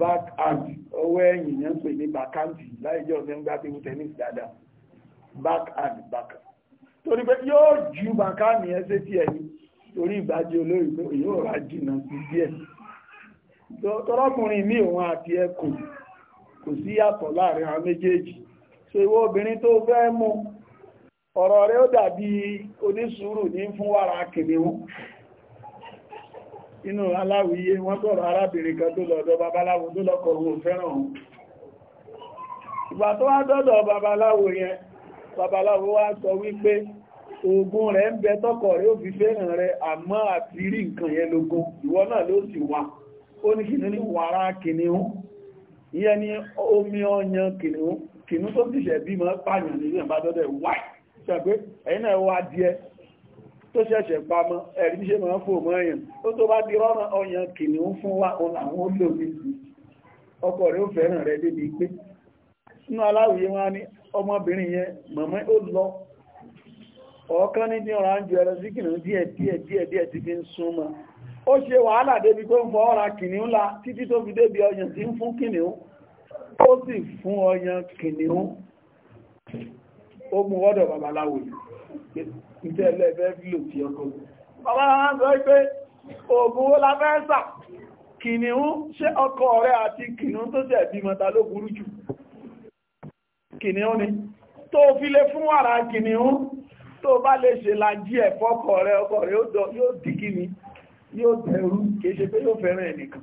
backhand ọwọ́ ẹ̀yìn yẹn pè ní backhand láìjọ́ ọ̀sẹ̀ ń gbá tí wọ́n tennis dáadáa backhand backhand torí pé yóò ju backhand yẹn sé tí ẹ̀yìn torí ìbájú olórí pé yóò rà jìnnà sí díẹ̀ tọ́rọ́kùnrin mi òun àti ẹkùn kò sí yàtọ̀ láàrin àwọn méjèèjì ṣèwọ obìnrin tó fẹ́ mú ọ̀rọ̀ rẹ̀ ó dàbí onísùúrù ní fún wàrà kìnnìún inú aláwìíyé wọ́n sọ̀rọ̀ arábìnrin kan tó lọ́dọ̀ babaláwo tó lọ́kọ̀ òun fẹ́ràn òun ìgbà tó wá dọ́dọ̀ babaláwo yẹn babaláwo wá sọ wípé oògùn rẹ̀ ń bẹ tọ́kọ rẹ̀ ó fi fẹ́ràn rẹ̀ àmọ́ àti rí nǹkan yẹn lógún ìwọ náà ló sì wà ó ní kìnnìún wàrà kìnnìún ìyẹn ni omi ọyàn kìnnìún kìnnú tó ti ṣẹ̀ bímọ pààyàn ní ìyàn bá dọ́dẹ̀ wáì ṣẹ̀gbé ẹ̀yìn náà wá díẹ̀ tó ṣẹ̀ṣẹ̀ pamọ́ ẹ̀rí ṣe máa fò mọ́ èèyàn ó tó bá di rọ́nà ọyàn kìnnìún fún wa òun àwọn olóògbé sí ọkọ rẹ̀ ó fẹ́ràn rẹ̀ débi pé inú aláwòye wá ní ọmọbìnrin yẹn mọ̀mọ́ ó lọ ọ̀ọ́kán ní bí ọ̀rọ̀ àjò ẹ̀rọ sí kìnnìún díẹ̀ díẹ̀ ó sì fún ọyàn kìnìún ó mú wọ́dọ̀ babaláwo ìtẹ́ ẹlẹ́fẹ́ fílò tí ọkọ̀ babaláwo sọ pé oògùn ó la fẹ́ sà kìnìún ṣé ọkọ rẹ̀ àti kìnìún tó ṣẹ̀ bímọ ta ló burú jù kìnìún ni tó fi lè fún wàrà kìnìún tó bá lè ṣe lájí ẹ̀fọ́kọ̀ rẹ̀ ọkọ rẹ̀ yóò dí kìnìún yóò tẹ̀rù kìí ṣe pé yóò fẹ́ràn ẹnìkan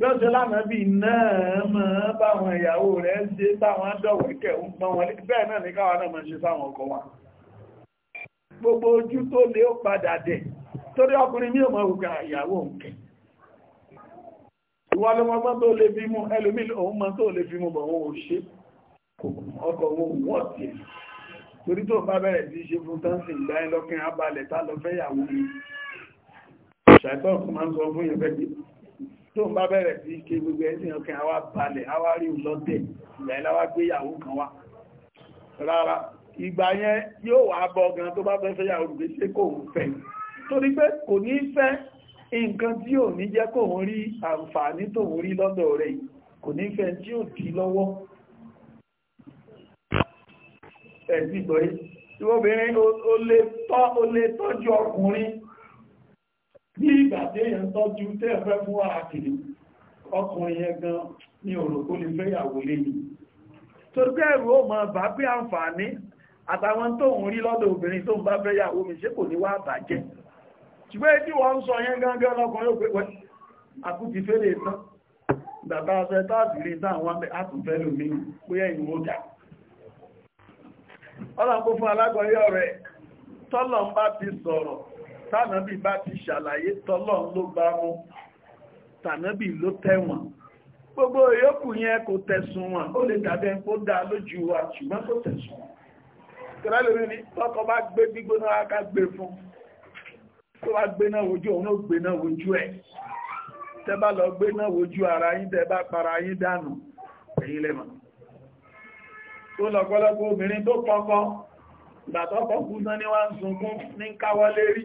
lọ́sẹ̀ lánàbí náà mọ́ báwọn ìyàwó rẹ̀ ń ṣe táwọn dọ̀wẹ́kẹ̀ ń pọ́n wọn bẹ́ẹ̀ náà ní káwọn náà mọ́ ṣe sáwọn ọkọ wa gbogbo ojú tó lé ó padà dẹ̀ torí ọkùnrin ní ọmọ ògá ìyàwó òǹkẹ ìwà lọmọgbọ́n tó lè fi mú ẹlòmí òun mọ́ tó lè fi mú bọ̀ wọn ò ṣe ọkọ̀ wọn wọ́n ti torí tó bá bẹ̀rẹ̀ sí ṣe fún tánsì ìgbáyẹn lọ́kùnrin abalẹ̀ tá lọ fẹ́ yàwó mi ṣàìtọ́ máa ń sọ fún ìyẹn fẹ́ tó ń bá bẹ̀rẹ̀ sí ké gbogbo ẹ̀sìn ọkàn àwa balẹ̀ àwa rí lọ́tẹ̀ ìgbà yẹn láwá gbé yàwó kan wá rárá ìgbà yẹn yóò wà bọ́ gan tó bá fẹ́ fẹ́ yàwó rẹ̀ ṣé kò ń fẹ́ torí pé kò ní fẹ́ nǹkan tí ò ní jẹ́ kò ń rí àǹfààní tó ń rí lọ́dọ̀ rẹ̀ kò ní fẹ́ tí ò dí lọ́wọ́ ẹ̀sìn gbọ́yé tí obìnrin ó lè tọ́jú ọkùnrin ní ìgbà tí èyàn tọ́jú tẹ́ fẹ́ fún ààkìrí ọkùnrin yẹn gan ní òròkó lè fẹ́yàwó lẹ́yìn tó gbé ẹ̀rù ó mọ̀ bá pé àǹfààní àtàwọn tó ń rí lọ́dọ̀ obìnrin tó ń bá fẹ́yàwó mi ṣe kò ní wá bàjẹ́ ṣùgbọ́n tí wọ́n ń sọ yẹn gangan lọ́kùnrin ó pé wẹ́ àkúti fẹ́lẹ̀ tán bàbá ọ̀sẹ̀ táàbìrí táwọn àtúnfẹ́ lómi bóyá ìwò dà ọlọ́pọ̀ fún alágbọ̀nyọ́ rẹ̀ tọ́lọ̀ ń bá ti sọ̀rọ̀ tànàbì bá ti ṣàlàyé tọ́lọ́n ló bá mú tànàbì ló tẹ̀wọ̀n gbogbo ìyókù yẹn kò tẹ̀sùn wọn ó lè dàbẹ́ kó dá lójú wa ṣùgbọ́n kò tẹ̀sùn wọn kìrá lórí ní tọ́kọ bá gbé gbígbóná aká gbé fún tó bá gbé náà wojú òun ó gbé náà wojú ẹ̀ tẹ́ bá lọ gbé náà wojú ara yín tẹ́ bá para yín dànù ẹ̀yin lẹ́mọ̀ tó lọ́pọ̀lọpọ̀ obìnrin tó kọ́kọ́ ìgbà tọ́kọ́ kú tán ní wá ń sunkún ní káwọ́ lérí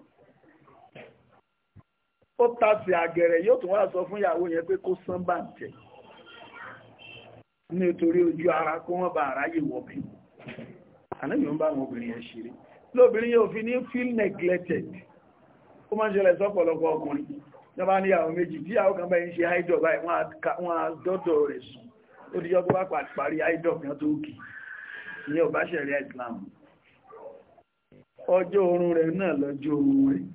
ó tàṣì àgẹ̀rẹ̀ yóò tún wá sọ fún ìyàwó yẹn pé kó sán bá ń tẹ̀ nítorí ojú ara kó wọ́n bá aráyè wọ̀bẹ̀ àníyàn bá àwọn obìnrin yẹn ṣeré lóbìnrin yóò fi ní feel neglected ó máa ń ṣẹlẹ̀ sọ́pọ̀lọpọ̀ ọkùnrin tó bá níyàwó méjì tí àwọn kan báyìí ń ṣe idol báyìí wọ́n á dọ́dọ̀ rẹ̀ sùn ó di yọ́gbọ́ bá parí idol kan tó kì ìyẹn ò bá ṣẹ̀rí Islam ọjọ́ oorun rẹ̀ náà lọ́jọ́ oorun rẹ̀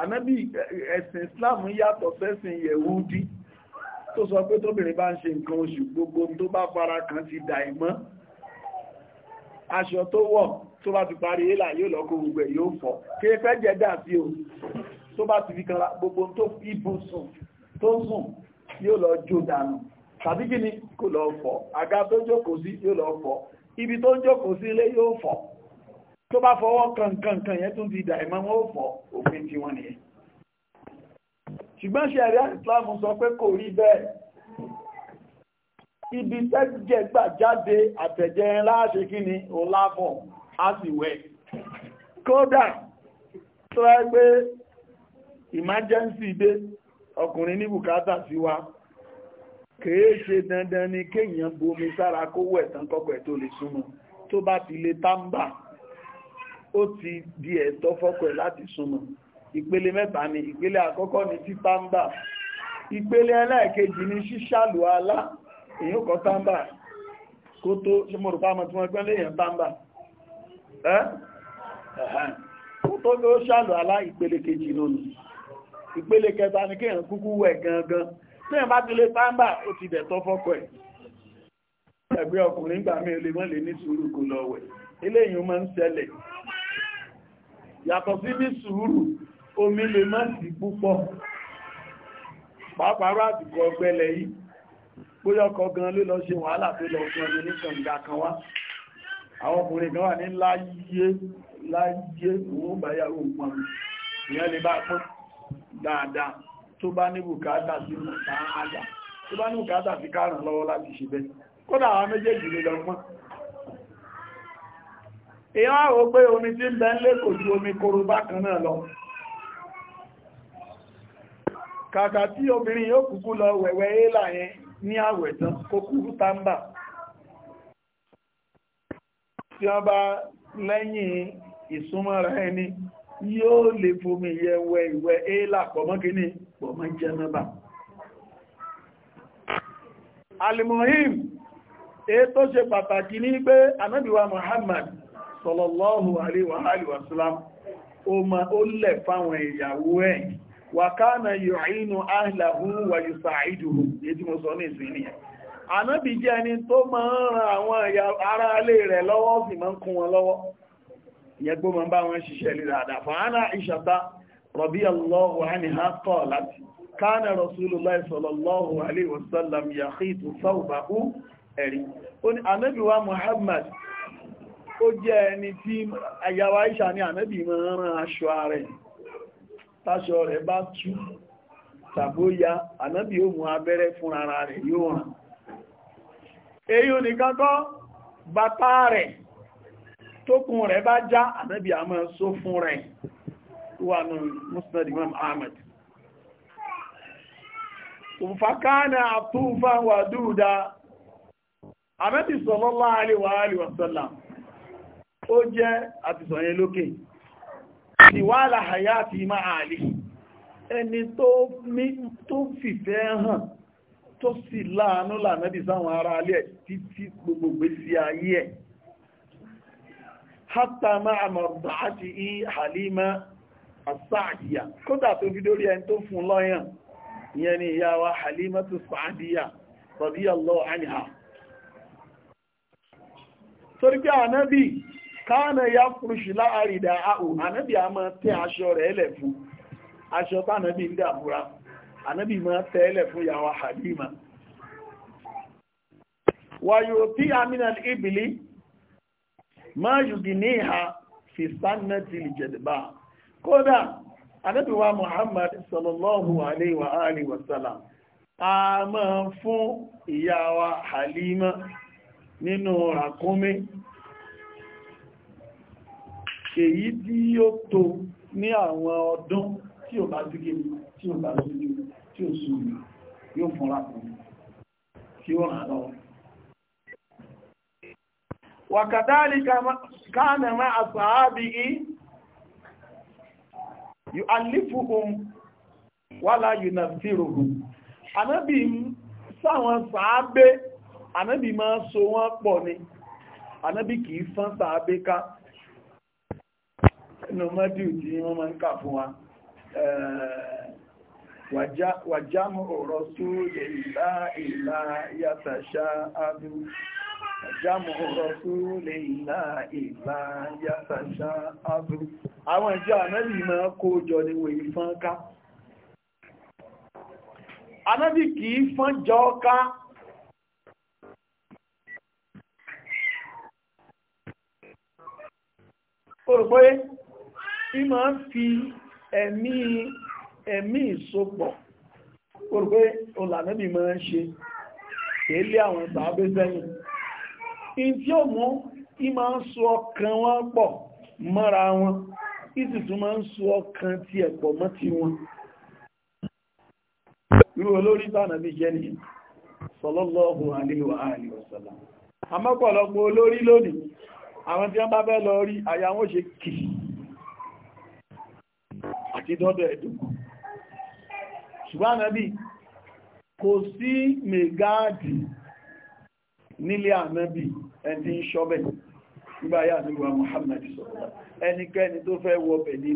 ànábì ẹ̀sìn Islam yàtọ̀ sẹ́sìn yẹ̀wúdí tó sọ pé tóbìnrin bá ń ṣe nǹkan oṣù gbogbo tó bá fara kan ti dà ìmọ́ aṣọ tó wọ̀ tó bá ti parí ilà yóò lọ́kọ́ gbogbo ẹ̀ yóò fọ́ kí ẹ fẹ́ jẹ́ dà sí o tó bá ti fi kan gbogbo tó ibùsùn tó sùn yóò lọ jó dànù tàbí kí ni kò lọ fọ́ àga tó jókòó sí yóò lọ fọ́ ibi tó jókòó sí ilé yóò fọ́ tó bá fọwọ́ kankankan yẹn tún ti dà ìmọ́ wọn ó fọ́ òfin tí wọ́n nìyẹn ṣùgbọ́n ṣẹ̀ríà Islam sọ pé kò rí bẹ́ẹ̀ ibi tẹ́jẹ́ gbà jáde àtẹ̀jẹ́ láàṣẹ kí ni oláfọ̀ á sì wẹ̀ kódà tó ẹ pé emergency dé ọkùnrin ní bùkátà sí wa kèé ṣe dandan ni kéèyàn bomi sára kó wẹ̀ tán kọ́kọ́ ẹ̀ tó lè súnmọ́ tó bá ti lè tábà ó ti di ẹ̀tọ́ fọ́kọ ẹ̀ láti súnmọ́ ìpele mẹ́ta ni ìpele àkọ́kọ́ ni títàmbà ìpele ẹlẹ́ẹ̀kejì ni ṣíṣàlù alá èyí kọ tàmbà kó tó ṣe mọ̀ rùpá mọ̀ tí wọ́n gbẹ́lẹ̀ èyàn tàmbà ẹ́ kó tó ló ṣàlù alá ìpele kejì lónìí ìpele kẹta ni kí èyàn kúkú wẹ̀ gangan tí èyàn bá ti lé tàmbà ó ti dẹ̀tọ́ fọ́kọ ẹ̀ ẹgbẹ́ ọkùnrin gbà mí olè mọ́lẹ̀ ní sùúrù kò lọ wẹ̀ eléyìí ó máa ń ṣẹlẹ̀ yàtọ̀ sí ní sùúrù omi lè má sí púpọ̀ pàápàá àsìkò ọgbẹ́lẹ̀ yìí bóyá ọkọ̀ gan ló lọ ṣe wàhálà tó lọ fún ọdún ní kànga kan wá àwọn ọkùnrin kan wà ní láyé láyé òun báyàwó pọn ìyẹn lè bá pọ́n dáadáa tó bá ní bùkátà sí mọ̀ta àjà tó bá ní bùkátà sí kárùn lọ́wọ́ láti ṣe bẹ́ẹ̀ kódà àwọn méjèèjì lè lọ pọ́n èyàn àwọ̀ pé omi tí ń bẹ ju omi koro kan náà lọ kàkà tí obìnrin yóò kúkú lọ wẹ̀wẹ̀ éèlà yẹn ní àwẹ̀ tán kó kúrú tàmbà tí wọ́n bá lẹ́yìn ìsúnmọ́ra ẹni yóò lè fomi yẹwẹ ìwẹ̀ éèlà pọ̀mọ́kíní pọ̀mọ́ jẹ́nàbà alimohim ṣe pàtàkì ní pé Muhammad sọlọ́lọ́hù àríwáhálìwàsílám ó ma ó lẹ̀ fáwọn ìyàwó ẹ̀ wà káàna yóò inú áhìláhù wà yóò sàáìdù ètí mo sọ ní ìsìnìyàn ànábì jẹ́ ẹni tó máa ń ran àwọn ará ilé rẹ̀ lọ́wọ́ sì máa ń kún wọn lọ́wọ́ ìyẹn gbó máa ń bá wọn ṣiṣẹ́ lè ẹ̀rí ó ní ànábì muhammad ó jẹ́ ẹni tí àyàwó Àìṣà ní ànábì máa aṣọ rẹ̀ táṣọ rẹ̀ bá tú tàbóyá ànábì ó mú abẹ́rẹ́ fún ara rẹ̀ yóò ràn èyí nìkan kọ́ bàtà rẹ̀ tókùn rẹ̀ bá já a máa só fún rẹ̀ wà ní Ahmad ó jẹ́ àtìsọ̀yẹn lókè ìwàlá àyà àti ìmá àlè ẹni tó fìfẹ́ hàn tó sì láàánú lànàbì sáwọn ará alẹ́ títí gbogbo gbèsè ayé ẹ̀ hátà máa mọ̀rọ̀dá àti ìhàlímá àsáàdìyà kódà tó fi dórí ẹni tó fún lọ́yàn ìyẹn ni ìyá wa Halima tó pé ànábì kaana ya fúrúṣì láàrí ìdá àhù ànábì a máa tẹ́ aṣọ rẹ̀ ẹlẹ̀ fún aṣọ tánàbí ń dàbúra ànábì máa tẹ́ ẹlẹ̀ fún yàwó Halima wàyò tí amina ibìlì máa yùgì ní ìhà fi sánà ti lè jẹ̀dẹ̀bá kódà ànábì wa Muhammad sallallahu alaihi wa alihi wasallam a máa fún ìyàwó Halima nínú ràkúnmí ṣèyí tí ó tó ní àwọn ọdún tí ò bá dúkẹ́ tí ò bá sójú tí ò súnmù yóò fúnra kan tí ó ràn lọ́wọ́ wàkàdáàlì káàmẹ̀mẹ́ àsàábì yìí alifuhun wàlá yunafiruhun anábì sáwọn sàábé anábì máa so wọ́n pọ̀ ni anábì kìí fán sàábé ká nínú mọ́díù tí wọ́n máa ń kà fún wa wàjámù ọ̀rọ̀ tó lè ìlà ìlà yàtàṣà ábú wàjámù ọ̀rọ̀ tó lè ìlà ìlà àwọn ìjọ ànábì máa kó jọ ní wèé fánká ànábì fán jọ ká ìmọ̀ ń fi ẹ̀mí ẹ̀mí ìsopọ̀ orúgbé olànẹ́bì mọ́ ń ṣe kéèlé àwọn ìsàábé sẹ́yìn in tí ó mú ìmọ̀ ń so ọkàn wọn pọ̀ mọ́ra wọn ìsìtún máa ń so ọkàn ti ẹ̀pọ̀ mọ́ ti wọn irú olórí tánàbí jẹ́ ni sallallahu alaihi wa alihi wa sallam àmọ́pọ̀lọpọ̀ olórí lónìí àwọn tí wọ́n bá fẹ́ lọ rí àyà wọn kìí àti dọ́dọ̀ ẹ̀dùn ṣùgbọ́n ànábì kò sí mẹ́gáàdì nílé ànábì ẹni ń ṣọ́bẹ̀ nígbà yà nígbà Muhammad sọ̀rọ̀ ẹnikẹ́ni tó fẹ́ wọbẹ̀ ní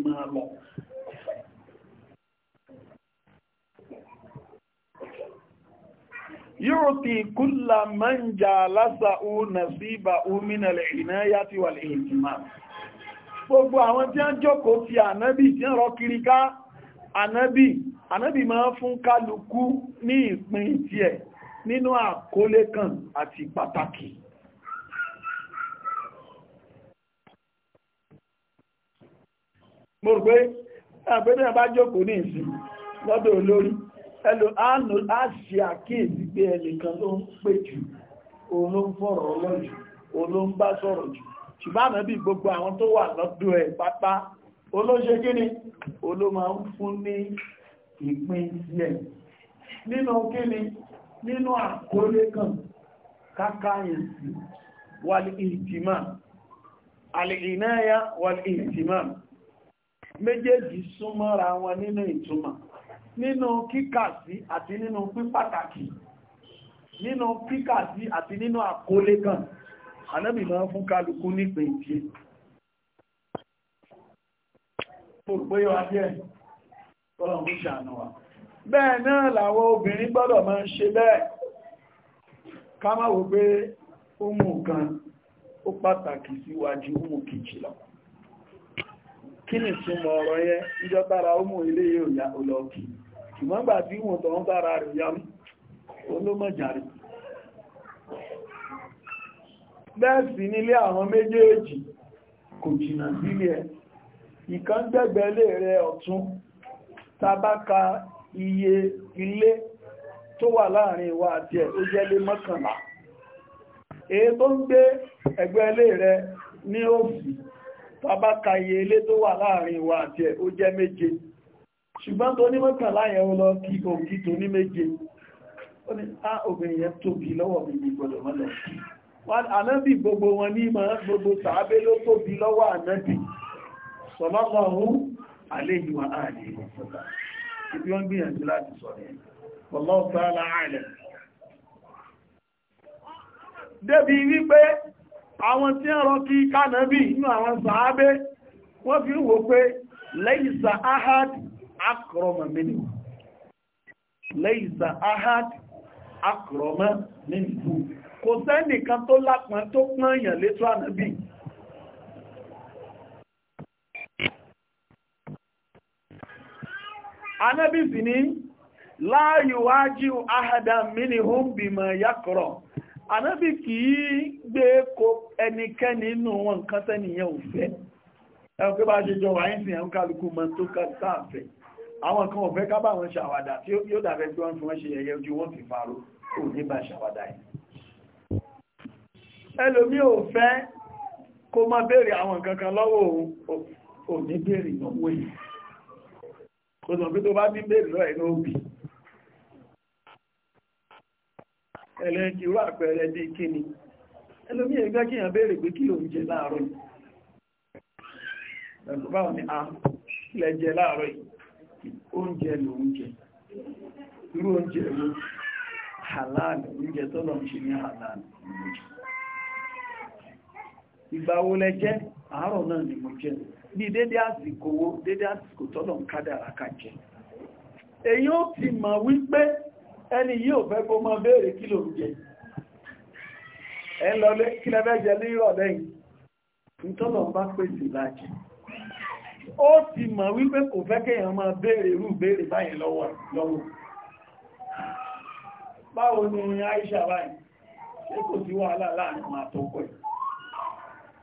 kúlà mẹ́jà lásàú nàṣíbà ó lè ìnáyà tí wà lè ìtìmáà gbogbo àwọn tí a ń jókòó ti ànábì tí ń rọ kiri ká ànábì ànábì máa fún kálukú ní ìpín ẹ̀ nínú àkólé kan àti pàtàkì mo pé àgbẹ́bẹ̀ bá jókòó ní ìsìn lọ́dọ̀ olórí ẹlò a ṣe àkíyèsí pé ẹnìkan ló ń pè jù ọlọ́jù jù ṣùgbọ́n àmọ́ bí gbogbo àwọn tó wà lọ́dọ̀ ẹ̀ pátá olóṣe kí ni olóma ń fún ní ìpín sílẹ̀ nínú kí ni nínú àkólé kan kákáyèsí wàlì ìtìmá alìnáyà wàlì ìtìmá méjèèjì súnmọ́ra wọn nínú ìtumọ̀ nínú kíkàsí àti nínú pípàtàkì nínú kíkàsí àti nínú àkólé kan ànábì máa fún kálukú nípìn tí bẹ́ẹ̀ náà làwọn obìnrin gbọ́dọ̀ máa ń ṣe bẹ́ẹ̀ ká máa wò pé ọmọ kan ó pàtàkì síwájú ọmọ kejì lọ kí ni túnmọ̀ ọ̀rọ̀ yẹn ìjọ tára ọmọ ilé yóò olóòkì bẹ́ẹ̀sì nílé àwọn méjèèjì kò jìnà sílé ẹ̀ ìkan gbẹ̀gbẹ̀lé rẹ̀ ọ̀tún tabaka iye ilé tó wà láàrin ìwà àti ẹ̀ tó jẹ́lé ní tabaka iye ilé tó wà láàrin ìwà àti ẹ̀ ó jẹ́ méje ṣùgbọ́n tó ní mọ́kànlá yẹn ó lọ kí òkí tó ní méje ó ní á ànábì gbogbo wọn ní gbogbo sàábé ló tóbi lọ́wọ́ ànábì sallallahu alayhi wa alihi wa ibi wọ́n gbìyànjú láti sọ̀rọ̀ laysa ahad akrama laysa ahad kò sẹ́nìkan tó lápọn tó pọ́n èèyàn létò ànábì ànábì sì ní láàyò ájú ahàdà mínihùn bìmọ̀ yàkọ̀rọ̀ ànábì kì í gbé kò ẹnikẹ́ni nínú wọn nǹkan tẹ́nìyàn ò fẹ́ ẹ̀wọ̀n pé bá ṣe jọ wà ní ìsìn ẹ̀wọ̀n kálukú mọ́ tó kàtà àfẹ́ àwọn kan ò fẹ́ ká bá wọn ṣàwàdà tí yóò dàbẹ́ gbọ́n fún wọn ṣe ojú wọn fi farò kò ní bá ṣàwàdà yìí ẹlòmí ò fẹ́ kó má béèrè àwọn kankan lọ́wọ́ òun ò ní yìí kò sọ pé tó bá ní béèrè lọ́wọ́ ẹ̀nà òbí ẹlẹ́jì rú dé kíni ẹlòmí ẹgbẹ́ kí èèyàn béèrè pé kí ló ah, jẹ láàárọ̀ yìí oúnjẹ nje ló halal oúnjẹ ṣe ní halal ìgbàwó lẹ́jẹ́ àárọ̀ náà ni mo jẹ́ ní dédé àsìkò owó dédé àsìkò tọ́lọ̀ ń kádàrà ká jẹ èyí ó ti mọ̀ wípé ẹni yìí ò fẹ́ kó mọ́ béèrè kí ló ń jẹ ẹ lọ lé kí lẹ́fẹ́ ní ìrọ̀lẹ́ yìí bá pèsè lájẹ ó ti mọ̀ wípé kò fẹ́ kéèyàn máa béèrè irú béèrè báyìí lọ́wọ́ báwo ni Aisha báyìí ṣé kò sí wàhálà láàrin àtọkọ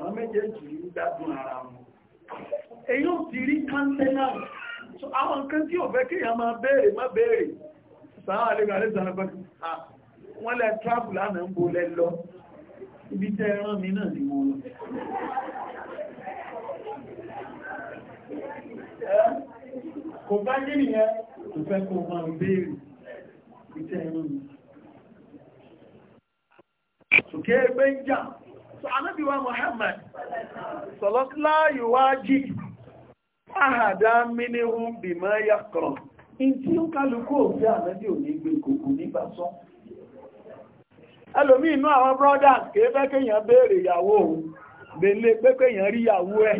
àwọn méjèèjì ń gbádùn ara wọn èyí ò ti rí kánṣẹ́nàl so àwọn nǹkan tí ò fẹ́ kí èèyàn máa béèrè má béèrè sàá àlejò àlejò àlejò wọ́n lẹ travel lánàá ń bo lẹ lọ ibi tẹ́ ẹran mi náà ni mo lọ ẹgbẹ́ ń anábíwá Muhammad sọ̀lọ́síláyò wá jí àhàdá mínírún bìmọ́ yàkọ̀rọ̀ in tí ó kálukú òfin ànábí ò ní gbé kòkò nígbà sọ ẹlòmí inú àwọn brothers kéfẹ́ kéèyàn béèrè ìyàwó òun belé pé kéèyàn rí ìyàwó ẹ̀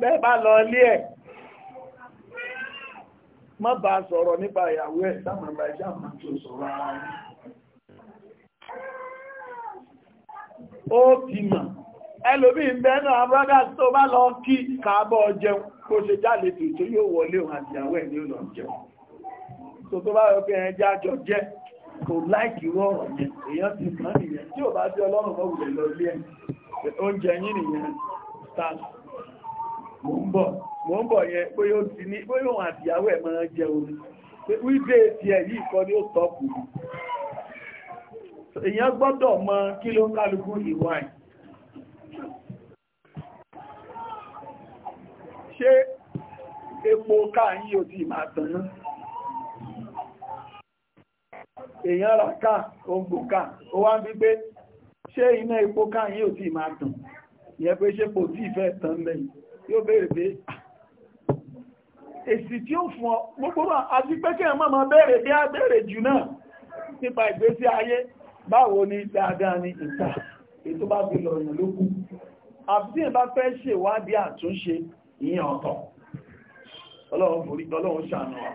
bẹ́ẹ̀ bá lọ ilé ẹ̀ má bá sọ̀rọ̀ nípa ìyàwó ẹ̀ sáàmà ó ti mà ẹlòmí ìbẹ́nà àbúrádà tó bá lọ kí kàábọ̀ jẹun kó ṣe jáde tó tó yóò wọlé òun àti ìyàwó ní ọ̀nà jẹun tó tó bá yọ ẹ jájọ jẹ kò láìkì rọrùn yẹn èèyàn ti mọ́ nìyẹn tí ò bá pé ní pé èyàn gbọ́dọ̀ mọ kí ló ń kálukú ìwà ẹ̀ ṣé epo káàyí ò ti máa tànná èyàn ra káà oúnjẹ káà ó wá ń bí pé ṣé iná epo káàyí ò ti máa tàn ìyẹn pé ṣé kò tí ìfẹ́ tàn lẹ́yìn yóò béèrè pé èsì tí ó fún ọ gbogbo àti pé kí ẹ̀ máa béèrè bí á béèrè jù náà nípa ìgbésí ayé báwo ni dáadáa ni ìta ètò bá fi lọ̀yìn lókù àbí ìbá fẹ́ ṣèwádìí àtúnṣe ìyẹn ọ̀tọ̀ ọlọ́run forí ọlọ́run ṣàánú wa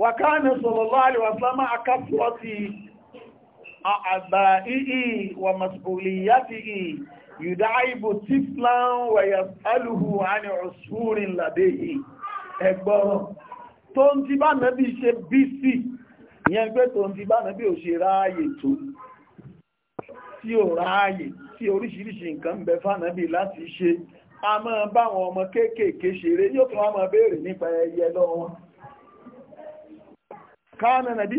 wàkánà sallallahu alaihi wasallam akápọ̀ ti àgbà ìhì wà mas'uliyatihi yùdáìbò tíflán wẹ̀yà alùhù àni ọ̀sùnrin làdé yìí ti bá nàbí ṣe bí sí ìyẹn pé tó ń ti bá nàbí ò ṣe ráàyè tó tí ò ráàyè tí oríṣiríṣi nǹkan ń bẹ fánàbí láti ṣe a máa báwọn ọmọ kéékèèké ṣeré yóò tún wá máa béèrè nípa ẹyẹ lọ́wọ́ káàna nàbí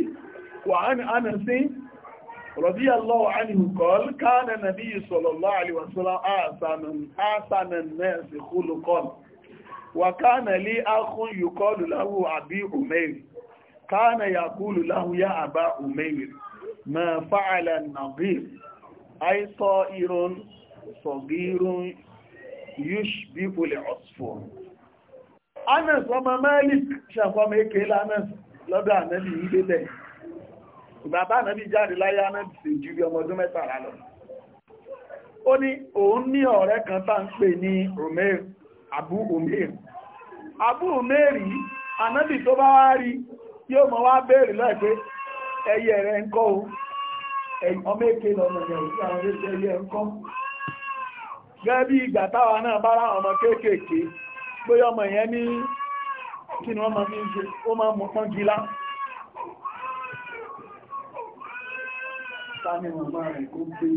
wà ánà sí rọ̀bí aláwọ̀ ánìhùkọ́l kana kulu lahu ya aba umayr ma fa'ala an ay ta'irun saghirun yushbihu al-usfur Anas ọmọ Malik ṣàfọ́mọ èké lánàá lọ́dọ̀ ànábì ilé lẹ̀. Bàbá ànábì jáde láyé ju ọmọ ọdún lọ. Ó ní òun kan tá ń pè ní Abu Umair. Abu yóò mọ̀ wá béèrè lọ́ẹ̀ pé ẹyẹ rẹ̀ ń kọ́ o ọmọ èké lọ́nà ẹ̀rù sí àwọn ẹyẹ ń kọ́ gẹ́gẹ́ bí ìgbà táwa náà bá ra ọmọ kéékèèké bóyá ọmọ yẹn ní ni wọ́n máa rẹ̀ kó gbé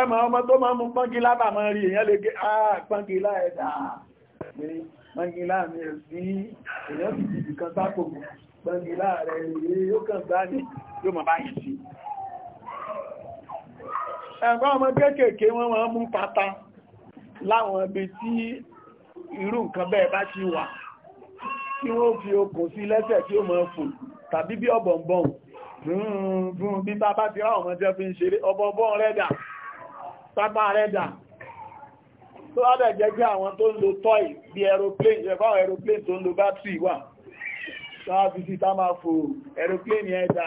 ẹmọ ọmọ tó máa mú pọ́ngílá bà máa rí èyàn lè gé àà ah, pọ́ngílá ẹ̀dà pé pọ́ngílá mi ò sí èyàn ti jìbì kan sápò pọ́ngílá rẹ̀ rèé yóò kàn gbá ní yóò mọ̀ báyìí sí ẹ̀gbọ́n ọmọ kéékèèké wọ́n máa mú pátá láwọn ibi tí irú nǹkan bẹ́ẹ̀ bá ti wà kí wọ́n fi okùn sí lẹ́sẹ̀ tí ó máa fò tàbí bí ọ̀bọ̀nbọ̀n bùn bí bá bá ti rá ọmọ jẹ́ fi ń ṣeré ọ̀bọ̀nbọ̀n rẹ́dà sápá rẹ̀ dà tó ádẹ̀ jẹ́ pé àwọn tó ń lo toy bí aeroplane jẹ́ fáwọn aeroplane tó ń lo battery wà sáàfi sí tá máa fò aeroplane yẹn dà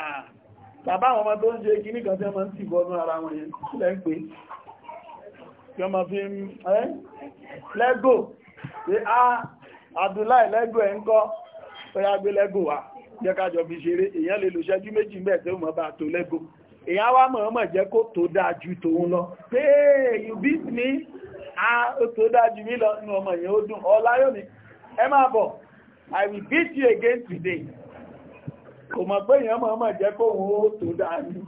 tàbá àwọn ọmọ tó ń ṣe kíní kan tí wọ́n ti bọ́nú ara wọn yẹn sílẹ̀ ń pè kí ọmọ fi ń ẹ́ lẹ́gò pé á Abdullahi lẹ́gò ẹ̀ ń kọ́ pé á gbé lẹ́gò wá jẹ́ kájọ fi ṣeré èèyàn lè lò ṣẹ́jú méjì mẹ́ẹ̀ tó mọ́ bá tó lẹ́gò èyàn wá mọ̀ọ́mọ̀ jẹ́ kó tó dáa ju tòun lọ pé you beat me a tó dáa ju mí lọ ní ọmọ yẹn ó dùn ọlá yóò ní ẹ máa bọ̀ i will beat you again today kò mọ̀ pé èyàn mọ̀ọ́mọ̀ jẹ́ kó òun ó tó dáa ju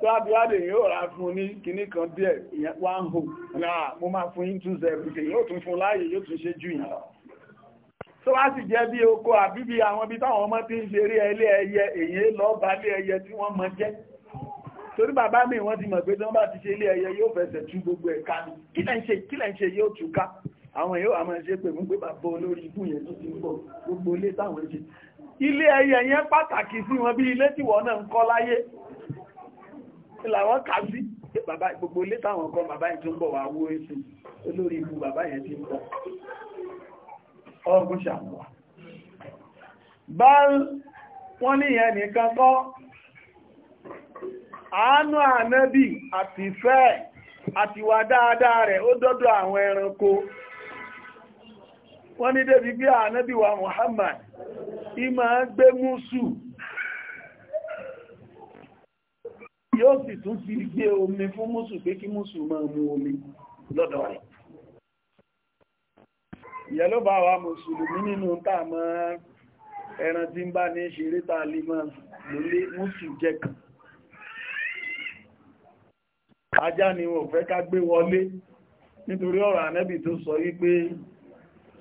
tó àbíwádé yóò rà fún ní kinní kan díẹ̀ ìyẹn wá ń hò mo máa fún yín tún sẹ́ẹ̀bùsẹ̀ yóò tún fún láàyè yóò tún ṣe jù yín tó wá sì jẹ́ bí oko àbíbí àwọn ibi táwọn ọmọ ti ń ṣeré ẹlé ẹyẹ èyí lọ́ọ́ bá lé ẹyẹ tí wọ́n mọ jẹ́ torí bàbá mi wọ́n ti mọ̀ pé tí wọ́n bá ti ṣe ilé ẹyẹ yóò fẹsẹ̀ tú gbogbo ẹ̀ ká ní kí lẹ́ ń ṣe kí lẹ́ ń ṣe yóò tú ká àwọn yóò àmọ́ ṣe pé mú pé bàbá olórí ikú yẹn tó ti ń bọ̀ gbogbo ilé táwọn ṣe ilé ẹyẹ yẹn pàtàkì sí wọn bí ilé tí wọ́n náà ń kọ́ ati ànábì àtìfẹ́ àtiwà dáadáa rẹ̀ ó dọ́dọ̀ àwọn ẹranko wọ́n ní débi bí ànábì wa Muhammad ìmọ̀ gbé músù yóò sì tún fi gbé omi fún Musu pé kí músù máa mu omi lọ́dọ̀ rẹ̀ ìyẹ́ ló bá wa mùsùlùmí nínú táàmọ́ ẹran tí ń bá ní ṣeré tàà lè máa lólé músù jẹ́ kan ajá ni wọ́n fẹ́ ká gbé wọlé nítorí ọ̀rọ̀ ànábì tó sọ wípé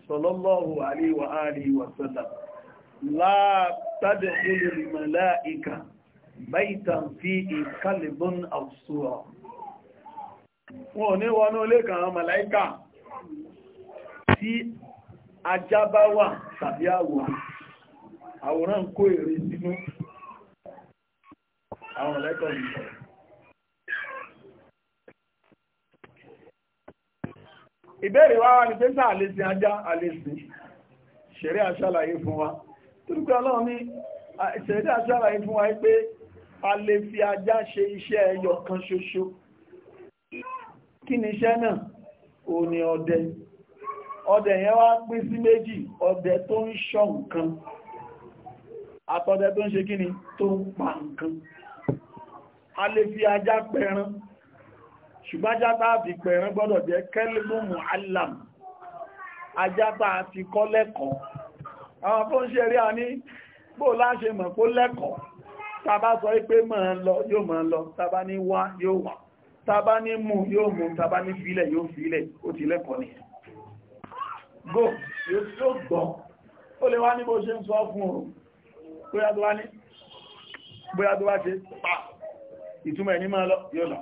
sallallahu alaihi wa alihi wa sallam la tadkhulu al-mala'ika baytan fihi kalbun aw suwar wọn ò ní wọnú tí ajá bá wà tàbí àwòrán àwòrán kó èrè sínú àwọn màláíkà òmìnira ìbéèrè wá wá ní pé náà lè sin ajá àlèsìn ṣeré aṣàlàyé fún wa tórúkọ ọlọ́run ní ṣeré aṣàlàyé fún wa pé a lè fi ajá ṣe iṣẹ́ ẹyọ kan ṣoṣo kí ni iṣẹ́ náà ò ní ọdẹ ọdẹ yẹn wá pín sí méjì ọdẹ tó ń ṣọ́ nǹkan àtọdẹ tó ń ṣe kí ni tó ń pa nǹkan a lè fi ajá pẹran ṣùgbọ́n ajá tá a fi pẹ̀rán gbọ́dọ̀ jẹ́ kẹ́lẹ́mù alam ajá tá a ti kọ́ lẹ́kọ̀ọ́ àwọn tó ń ṣe rí a ní bó láṣe mọ̀ kó lẹ́kọ̀ọ́ tàbá sọ pé máa lọ yóò máa lọ tàbá ní wá yóò wá tàbá ni go yóò ń sọ fún ní máa lọ yóò lọ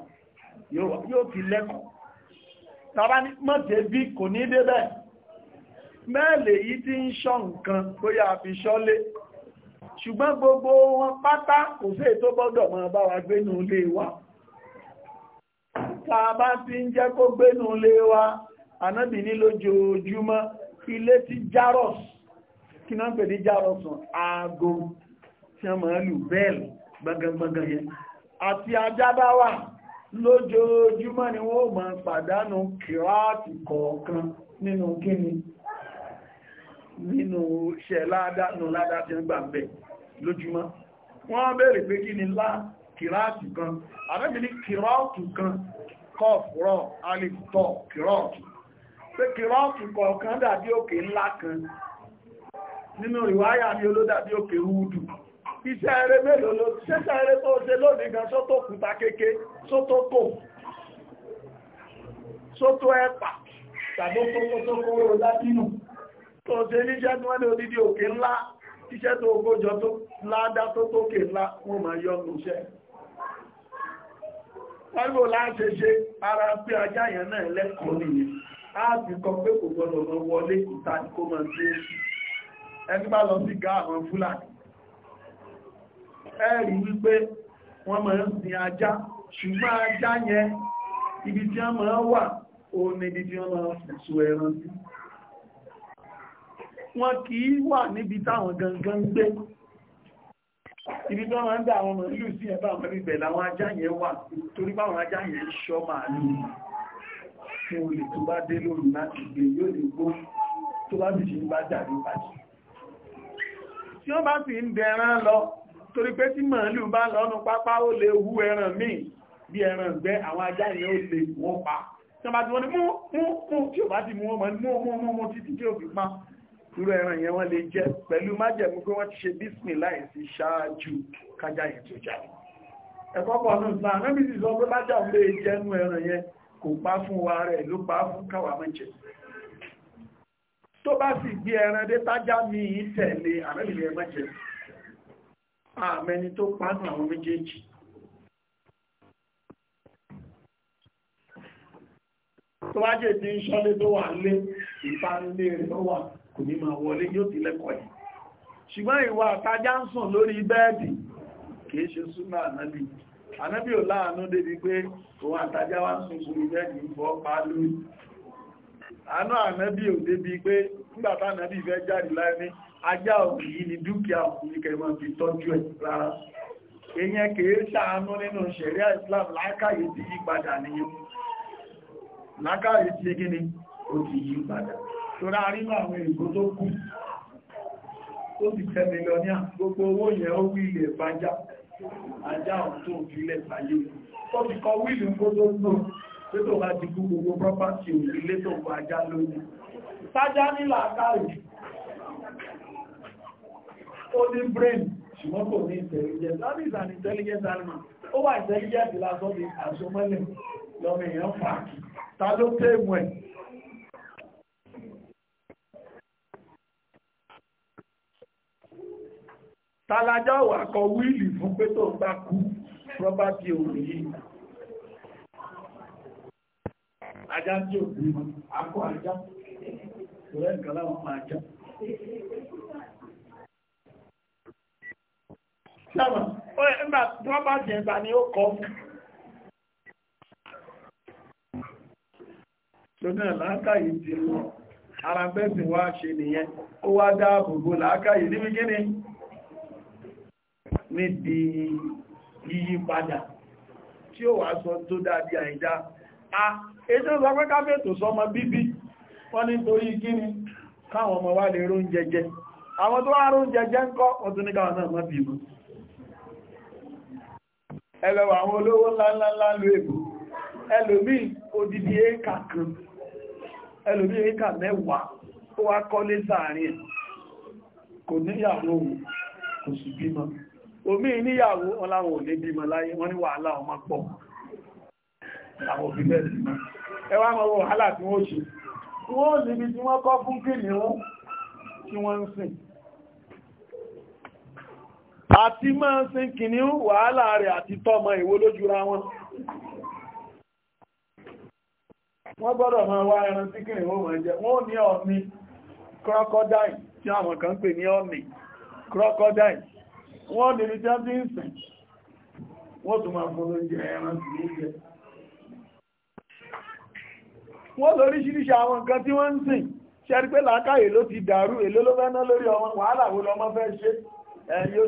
yóò fi lẹ́kọ̀ọ́ tàbá ní mọ́tẹ̀ bí kò ní débẹ̀ mẹ́ẹ̀lẹ̀ yìí tí ń ṣọ́ nǹkan tó yà fi ṣọ́lé ṣùgbọ́n gbogbo wọn pátá kò sí ètò gbọ́dọ̀ mọ́ bá wa gbénú ilé wa tàbá ti ń jẹ́ kó gbénú ilé wa ànábì ní lójoojúmọ́ ilé tí jaros kí náà pè ní jaros aago tí wọ́n máa lù bẹ́ẹ̀lì gbọ́ngbọ́ngbọ́n yẹn àti ajá lójoojúmọ́ ni wọ́n máa pàdánù kìráàtì kọ̀ọ̀kan nínú kíni nínú iṣẹ́ ládánù ládá tí ń gbà bẹ̀ lójúmọ́ wọ́n bèèrè pé kí ni lá kìráàtì kan àrẹ́bì ní kìráàtì kan kọfùrọ̀ alìtọ̀ kìráàtì pé kìráàtì kọ̀ọ̀kan dàbí òkè ńlá kan nínú ìwáyà ní olódàbí òkè húdù iṣẹ́ eré mélòó ló ṣẹ́ṣẹ́ eré tó ṣe lónìí gan sótó kúta kéke sótó kò sótó ẹ̀pà tàbí tó kóró lábínú tó ṣe níṣẹ́ tí wọ́n ní odidi òkè ńlá iṣẹ́ tó ogójọ tó ládá tó tókè ńlá wọ́n máa yọ lóṣẹ́ pẹ́lú láti ṣe ara pé ajá yẹn náà lẹ́kọ̀ọ́ nìyẹn láti kọ pé kò gbọ́dọ̀ lọ wọlé ìta ní kó máa dé ẹni bá lọ sí ga àwọn fúlàní ẹ̀rí wípé wọ́n máa ń sin ajá ṣùgbọ́n ajá yẹn ibi tí wọ́n máa wà ó ní ibi tí wọ́n máa fùsù ẹran sí wọ́n kì í wà níbi táwọn gangan gbé ibi tí wọ́n máa ń dá àwọn ọmọ ìlú sí ẹ̀bá àwọn ibẹ̀ làwọn ajá yẹn wà torí báwọn ajá yẹn ṣọ́ màálù tí o lè tó bá dé lóru láti gbé yóò lè gbó tó bá bìí ṣe ń bá dàrí bàjẹ́ tí wọ́n bá sì ń dẹran lọ torí pé tí màálù bá lọ́nu pápá ó lè hú ẹran míì bí ẹran gbẹ́ àwọn ajá yẹn ó lè wọ́n pa tí wọ́n bá ti wọ́n ní mú mú tí ò bá ti mú ọmọ ní mú mú mú mú títí tí ò fi pa irú ẹran yẹn wọ́n lè jẹ pẹ̀lú májẹ̀mú pé wọ́n ti ṣe bísmì láìsí ṣáájú kájá yẹn tó jáde ẹ̀kọ́ pọ̀ náà sáà nẹ́bí sì sọ pé bájá ò lè jẹ́nu ẹran yẹn kò pa fún wa rẹ̀ ló pa fún káwà mẹ́jẹ tó bá sì gbé ẹran dé tájá mi tẹ̀lé àrẹ́lẹ̀ mẹ́jẹ àmẹni tó pánù àwọn méjèèjì tó wá jẹ́ ti ṣọ́lé tó wà lé ìpanilé rẹ̀ ó wà kò ní máa wọlé yóò ti lẹ́kọ̀ọ́ yìí ṣùgbọ́n ìwà àtajá ń sùn lórí bẹ́ẹ̀dì kìí ṣe súnà ànábì ànábì ò láàánú débi pé òun àtajá wá ń sùn lórí bẹ́ẹ̀dì ń fọ́ pa ajá òkú yìí ni dúkìá òkú ní kẹrìmọ́ ti tọ́jú ẹ̀ rárá èyàn kèé ṣàánú nínú ṣẹ̀ríà Islam lákàyè ti yí padà nìyàn lákàyè ti gí ni ó ti yí padà tó rárí mọ́ àwọn èkó tó kú ó ti tẹ́ mílíọ̀níà gbogbo owó yẹn ó wí ilẹ̀ bájá ajá òtó ìfilẹ̀ báyé ó ti kọ wíìlì kó tó ti kọ ajá lónìí sájá ó brain. She ṣùgbọ́n kò ní intelligence that is an intelligent animal ó wà intelligent lásán ní àṣomọ́lẹ̀ lọ́mọ èèyàn fà ta ló tẹ́ẹ̀mù ẹ̀ tàlájá wà kọ wíìlì fún pé tó bá kú property òun yìí ajá tí ò bí akọ ajá ìrẹ́ nǹkan láwọn máa já sẹ́wọ̀n nígbà tí wọ́n bá jẹ ẹ̀bà ni ó na lónà láákàyè ti lọ ara bẹ́sìn wá ṣe nìyẹn ó wá dáàbòbò láákàyè níbi gíní níbi yíyípadà tí ó wà sọ tó dáadí àìdá a ètò sọ pé sọ sọmọ bíbí wọ́n nítorí kíni káwọn ọmọ wá lè róúnjẹ àwọn tó wá ń kọ́ ọdún ẹlọ́wọ̀ àwọn olówó ńláńláńlá ló èbò ẹlòmí odidi éka kan ẹlòmí éka mẹ́wàá tó wá kọ́lé sàárín ẹ̀ kò níyàwó kò sì bímọ omi níyàwó wọn láwọn bímọ láyé wọ́n wàhálà ọmọ pọ̀ àwọn òbí bẹ́ẹ̀ sí àti máa sin kìnníún wàhálà rẹ̀ àti tọ́mọ ìwó lójúra wọn wọ́n gbọ́dọ̀ máa wá ẹran tí kìnníún wọ́n máa jẹ wọ́n ní ọ̀mí crocodile tí àwọn kan pè ní ọ̀mí crocodile wọ́n ní ìjá bí ń wọ́n tún máa fún oúnjẹ ẹran sí oúnjẹ wọ́n lóríṣiríṣi àwọn nǹkan tí wọ́n ń sìn ṣẹ́rí pé làákàyè ló ti dàrú èló ló fẹ́ ná lórí ọmọ wàhálà wo lọmọ fẹ́ ṣe ẹ̀yìn yóò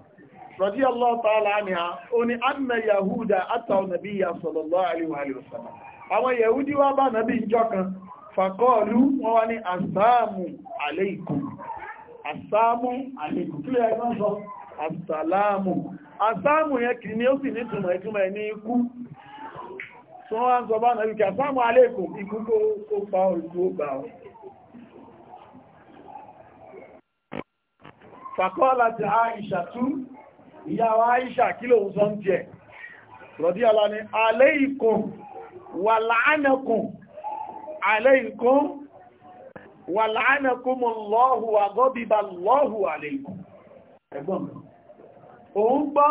rọ̀dí ọlọ́ọ̀ta aláàmìá ó ní anna yahuda atàwọn nàbí ya sallallahu alaihi wa sallam àwọn yahudi wá bá nàbí ìjọ kan fàkọ́ọ̀lú wọ́n wá ní asáàmù aleikum asáàmù aleikum kí lè ẹgbọ́n sọ asàlámù asáàmù yẹn kì ní ó sì ní túnmọ̀ ìtúnmọ̀ ní ikú tí wọ́n wá ń sọ bá nàbí kí asáàmù aleikum ikú tó pa òkú ó gbà ọ́ fàkọ́ọ̀lá ti àìṣàtú ìyàwó Aisha kí ló ń sọ ń jẹ rọ̀dí ọlá ni alaykum wà láánàkùn alaykum wà láánàkùn mọ̀ lọ́hù àgọ́bíbà lọ́hù alaykum ẹgbọ́n òun gbọ́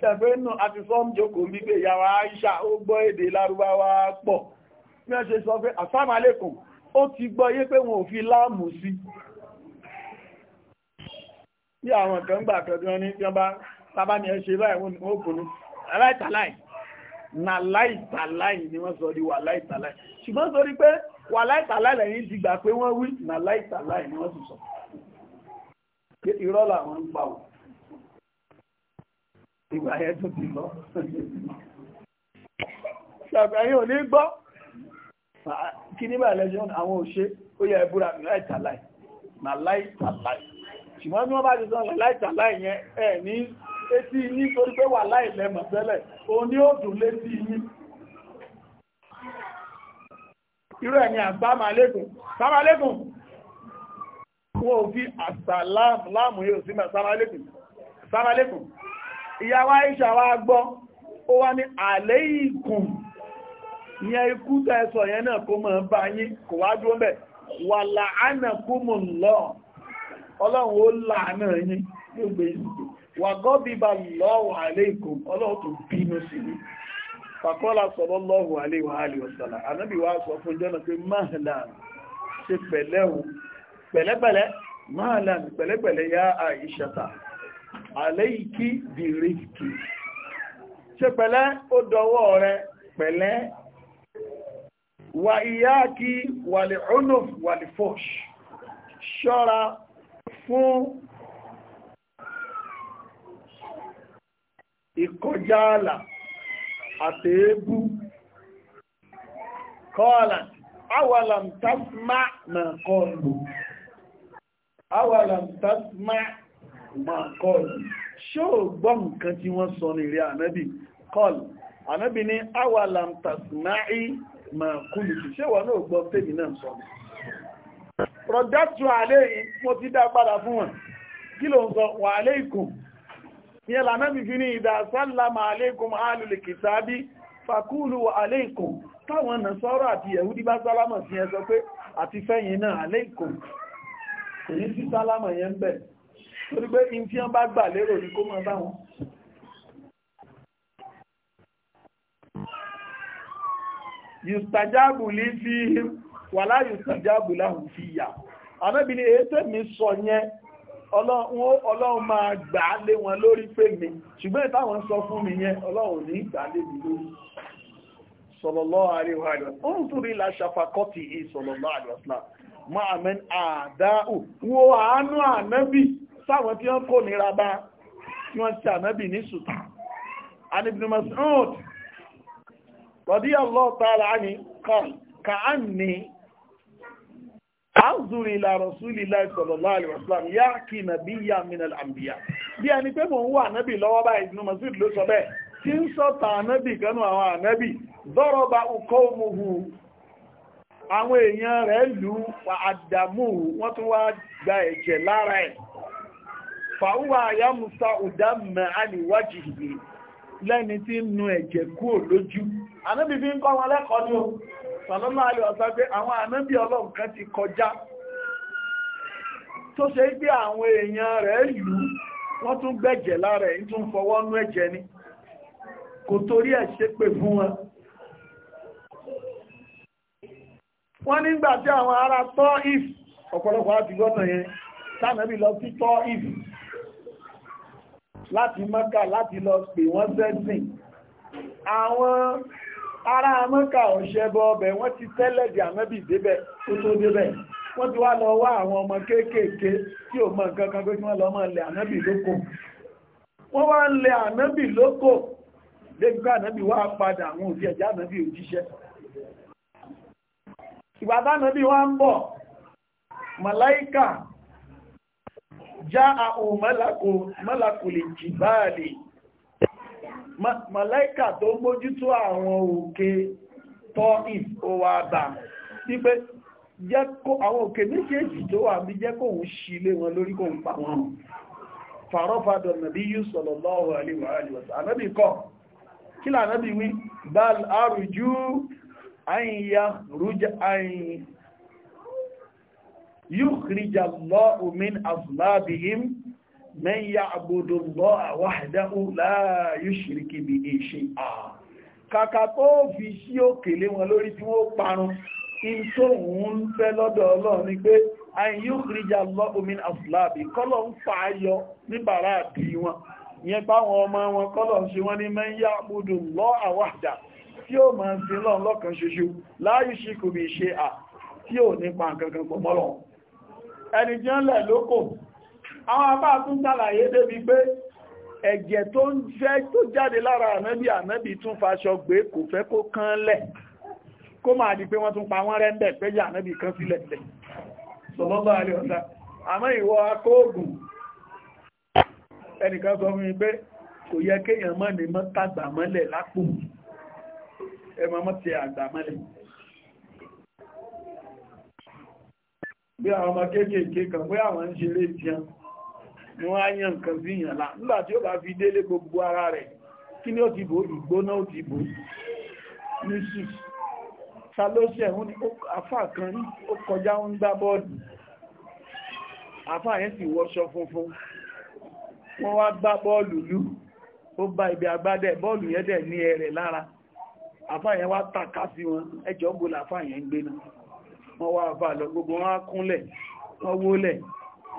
ṣẹ̀fẹ́nù àti sọ́mjọkò wípé ìyàwó Aisha ó gbọ́ èdè lárúbáwá pọ̀ bí wọ́n ṣe ti gbọ́ yé pé wọn ò fi láàmù sí bí àwọn kan gbà kan ní tí wọ́n bá sábà ní ẹṣẹ́ báyìí wọ́n kùnú aláìtàláì na láìtàláì ni wọ́n sọ di wà láìtàláì ṣùgbọ́n sórí pé wà láìtàláì lẹ́yìn ti gbà pé wọ́n wí na láìtàláì ni wọ́n sì sọ pé irọ́ làwọn ń gbà wò ìgbà yẹn tó ti lọ ṣàgbà yìí ò ní gbọ́ kí ní báyìí lẹ́jọ́ àwọn òṣè ó yẹ ẹbúra láìtàláì na láìtàláì ṣùgbọ́n bí wọ́n bá ti sọ láìtàláì yẹn ẹ̀ ní etí yín torí pé wà láìlẹ̀ mọ̀ tẹ́lẹ̀ òun ni ó dùn létí yín irú ẹni àgbámalékùn sámalékùn wọ́n ò fi àsàlámù yóò sí mẹ́ sámalékùn sámalékùn ìyá wa Aisha wa gbọ́ ó wá ní àléìkùn yẹn ikú tẹ́ẹ̀sọ̀ yẹn náà kó mọ̀ bá yín kò wá dúró mẹ́ wà láàánà kú mù lọ ọlọ́run ó láàánà yín ní ògbé ìsìnkú wà gọ́bíbà lọ́wọ́ àlẹ́ ìkùn ọlọ́run tó bínú sí ní fàkọ́lá sọ̀rọ̀ lọ́wọ́ ìwàhálì sọ fún jọ́nà pé máàlá ṣe yá àìṣàtà àlẹ́ ìkí di rìkì ṣe pẹ̀lẹ́ ó dọwọ́ rẹ pẹ̀lẹ́ wà ìyá kí wà lè ọ́nà ìkọjá àlà àtẹ́ẹ̀bú kọ́ọ̀lá awalam tasma ma kọlù awalam tasma ma kọlù ṣó gbọ́ nǹkan tí wọ́n sọ ní rí ànábì kọlù ànábì ní awalam tasma'i ma kúlù ṣé wọ́n náà gbọ́ tèmi náà sọ rọ̀dátù àlẹ́ yìí mo ti dá padà fún wọn kí ló ń sọ wà alaykum ní ẹlànà bìbí ní ìdá sálàmà aléìkùn alùlè kìtàbí fàkúlù aléìkùn táwọn nà sọ́rọ̀ àti yẹ̀húdí bá sálàmà sí ẹ sọ pé àti fẹ́yìn náà aléìkùn kò ní sí sálàmà yẹn bẹ̀ torí pé in tí wọ́n bá gbà lérò ní kó mọ́ bá wọn yùsàjáàbù lè fi wà láyùsàjáàbù láhùn fi yà anábìnrin èyí tẹ́mi sọ yẹn ọlọ́run máa gbà á lé wọn lórí pé mi ṣùgbọ́n ìtàwọn sọ fún mi yẹn ọlọ́run ní ìgbà lé mi lórí sọlọ́lọ́ àríwáàdọ̀ oun tó rí láṣàfàkọ́tì ìsọlọ́lọ́ àríwáàdọ̀ máa mẹ́n àdáhù wo àánú ànábì sáwọn tí wọ́n kò nira bá tí wọ́n ti ànábì ní sùtà anibinu Mas'ud azúrí ilá rọ̀súlì sallallahu alaihi wasallam yá kí nàbí yá minal àmbíyà bí ẹni pé mò ń wà nábì lọ́wọ́ báyìí Ibn Mas'ud ló sọ bẹ́ẹ̀ tí ń sọ́ta ànábì kanú àwọn ànábì dọ́rọ̀bà ukọ́ omuhu àwọn èèyàn rẹ̀ lù pa àdàmú wọ́n tún wá gba ẹ̀jẹ̀ lára ẹ̀ fàúwà àyámúsá òdámẹ́ àníwájì ìgbè lẹ́ni nu ẹ̀jẹ̀ kúrò lójú ànábì fi ń kọ́ wọn o sàlọ́lá alẹ́ ọ̀sá pé àwọn ànábì ọlọ́run kan ti kọjá tó ṣe pé àwọn èèyàn rẹ̀ lù wọ́n tún gbẹ̀jẹ̀ lára ẹ̀ tún fọwọ́ nú ẹ̀jẹ̀ ni kò torí ẹ̀ ṣépè fún wọn wọ́n nígbà tí àwọn ará tọ́ if ọ̀pọ̀lọpọ̀ àti gọ́nà yẹn tánàbí lọ sí tọ́ if láti maka láti lọ pè wọ́n sẹ́sìn àwọn ará amọ́ka ọ̀ṣẹ́bọ ọbẹ̀ wọ́n ti tẹ́lẹ̀ di ànábì débẹ̀ tó tó débẹ̀ wọ́n ti wá lọ wá àwọn ọmọ kéékèèké tí ò mọ̀ nǹkan kan pé kí wọ́n lọ mọ̀ lẹ ànábì lóko wọ́n wá ń lẹ ànábì lóko dégbà ànábì wá padà àwọn òsì ẹ̀já ànábì òjíṣẹ́ ìgbà tánábì wá ń bọ̀ màláìkà já àwọn mọ́làkùlì jìbáàlì màláíkà tó mójútó àwọn òkè tọ́ if ó wá bá sí pé jẹ́ kó àwọn òkè méjèèjì tó wà bí jẹ́ kó òun ṣí lé wọn lórí kó ń pa wọn fàrọ́fàdọ̀ nàbí yú sallallahu alaihi wa alihi من ya'budu Allaha wahdahu la yushriku bihi shay'an kàkà tó fi sí òkèlé wọn lórí tí wọ́n parun in tó ń fẹ́ lọ́dọ̀ ọlọ́run ni pé ayin yóò kìrìjà lọ omi àfúláàbì kọ́lọ̀ ń fa ayọ níbàrá àti wọn ìyẹn báwọn ọmọ wọn kọ́lọ̀ ń ṣe wọ́n ní mẹ́yà gbọdọ̀ lọ àwàdà tí ó máa ń sin lọ lọ́kàn ṣoṣo láyé ṣe kò bí ṣe à tí ò kankan pọ̀ mọ́lọ̀ ẹni jẹ́ ńlẹ̀ àwọn apá tún ṣàlàyé débi pé ẹ̀jẹ̀ tó ń fẹ́ tó jáde lára ànábì ànábì tún faṣọ gbé kò fẹ́ kó kán lẹ̀ kó máa di pé wọ́n tún pa wọ́n rẹ́ ń bẹ̀ pé yà ànábì kan sílẹ̀ tẹ̀ sọlọ́lọ́ àlẹ́ ọ̀sá àmọ́ ìwọ akóògùn ẹnìkan sọ fún mi pé kò yẹ kéèyàn mọ́ ni mọ́ tàgbà mọ́lẹ̀ lápò ẹmọ mọ́ ti àgbà mọ́lẹ̀ bí àwọn ọmọ kéékèèké kan bóyá àwọn ń ṣeré ìtìyàn ni wọ́n á yàn nǹkan sí ìyànlá nígbà tí ó bá fi délé gbogbo ara rẹ̀ kí ni ó ti bò ìgbóná ó ti bò ní sùs ta ló ṣe ẹ̀hún ni afá kan ní ó kọjá ń gbá bọ́ọ̀dù afá yẹn sì wọṣọ funfun wọ́n wá gbá bọ́ọ̀lù lú ó bá ibi agbádẹ́ bọ́ọ̀lù yẹn dẹ̀ ní ẹ̀rẹ̀ lára afá yẹn wá tàka sí wọn ẹjọ́ gbó làfá yẹn gbéná wọ́n wá afá lọ gbogbo wọn á kúnlẹ̀ wọ́n wólẹ̀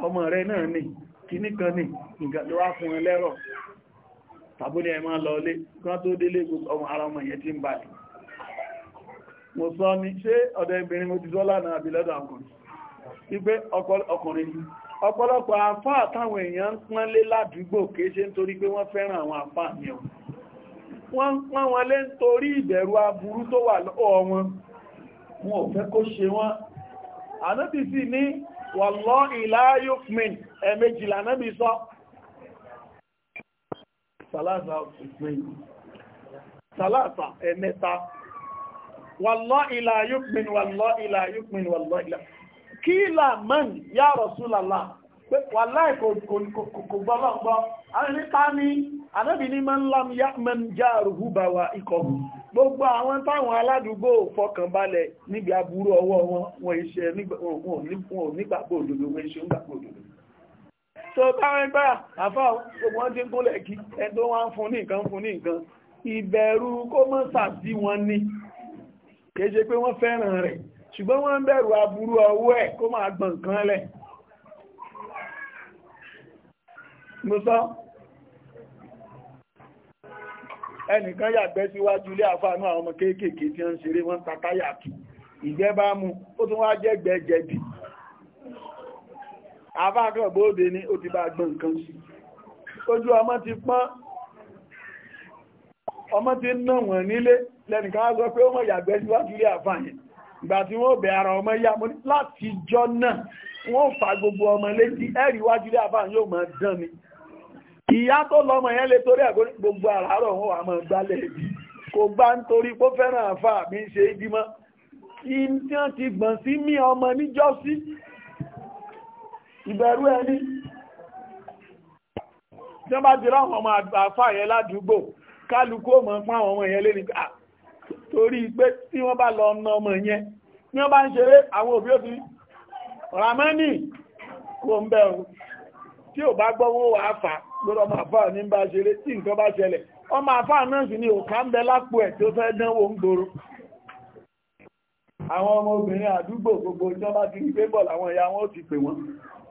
ọmọ rẹ̀ náà nìí kìíní kan ní ìgbàlọ́wà fún ẹlẹ́rọ̀ tàbí ní ẹmọ́ lọlé kan tó délé gbogbo ara ọmọ ìyẹn tí ń balẹ̀ mo sọ ní ṣé ọ̀dọ̀ ìbìnrin mo ti sọ lánàá àbí lọ́dọ̀ ọkùnrin wípé ọkùnrin ọ̀pọ̀lọpọ̀ àfáà táwọn èèyàn ń pọ́nlé ládùúgbò kìí ṣe nítorí pé wọ́n fẹ́ràn àwọn àfáà mi ọ̀ wọ́n ń ní wọ̀lọ́ ìláyùkmin ẹ̀mẹ́jìlá náà bí sọ sàlásà ìpín sàlásà ẹ̀mẹ́ta wọ̀lọ́ ìláyùkmin wọ̀lọ́ ìláyùkmin wọ̀lọ́ ìlá kí là mọ́n yá Rasulullah pé wà láì kò gbọ́lọ́gbọ́ anábì ní man lam ya'man jaruhu bawa'iqahu gbogbo àwọn táwọn aládùúgbò fọkànbalẹ̀ níbi aburú ọwọ́ wọn wọn iṣẹ́ nígbàgbọ́ òdodo wọn iṣẹ́ nígbàgbọ́ òdodo so táwọn ẹgbẹ́ àfáà wọ́n ti ń kólẹ̀ kí ẹ tó wá ń fún ní nǹkan fún ní nǹkan ìbẹ̀rù kó mọ́ sàbí wọn ní kéje pé wọ́n fẹ́ràn rẹ̀ ṣùgbọ́n wọ́n ń bẹ̀rù aburú ọwọ́ ẹ̀ kó máa gbọ̀n kan lẹ̀ mo sọ ẹnìkan yàgbẹ́ síwájú ilé àfáànú àwọn ọmọ kéékèèké tí ó ń ṣeré wọ́n takáyà kì ìgbẹ́ bá mú ó tún wá jẹ́gbẹ́ jẹ̀bi àfáàkàn bóde ní ó ti bá gbọ́n nǹkan sí ojú ọmọ ti pọ́n ọmọ ti ń nà wọ́n nílé lẹ́nìkan á sọ pé ó mọ̀ yàgbẹ́ síwájú ilé ìyá tó lọ́mọ yẹn lè torí ẹ̀kọ́ gbogbo àràárọ̀ wọn wà máa gbálẹ̀ ẹ̀bí kò gbá ń torí pó fẹ́ràn àfà mi ń ṣe ìdímọ́ kí n tí wọ́n ti gbọ̀n sí mí ọmọ níjọ́sí ìbẹ̀rù ẹni tí wọ́n bá ti ráwọn ọmọ àfà yẹn ládùúgbò kálukú ọmọ pọ́n àwọn ọmọ yẹn lé ní torí pé tí wọ́n bá lọ na ọmọ yẹn ní wọ́n bá ń ṣeré àwọn òbí ó ti ramani kò ń bẹ̀rù tí ò bá gbọ́wọ́ wà á fà á lórí ọmọ àfáà ní bá ṣeré tí nǹkan bá ṣẹlẹ̀ ọmọ àfáà náà sì ni òkà ń bẹ lápò ẹ̀ tó fẹ́ dánwò ń gbòòrò àwọn ọmọ obìnrin àdúgbò gbogbo tí wọ́n bá ti rí pé bọ̀ làwọn ìyá wọn ò ti pè wọ́n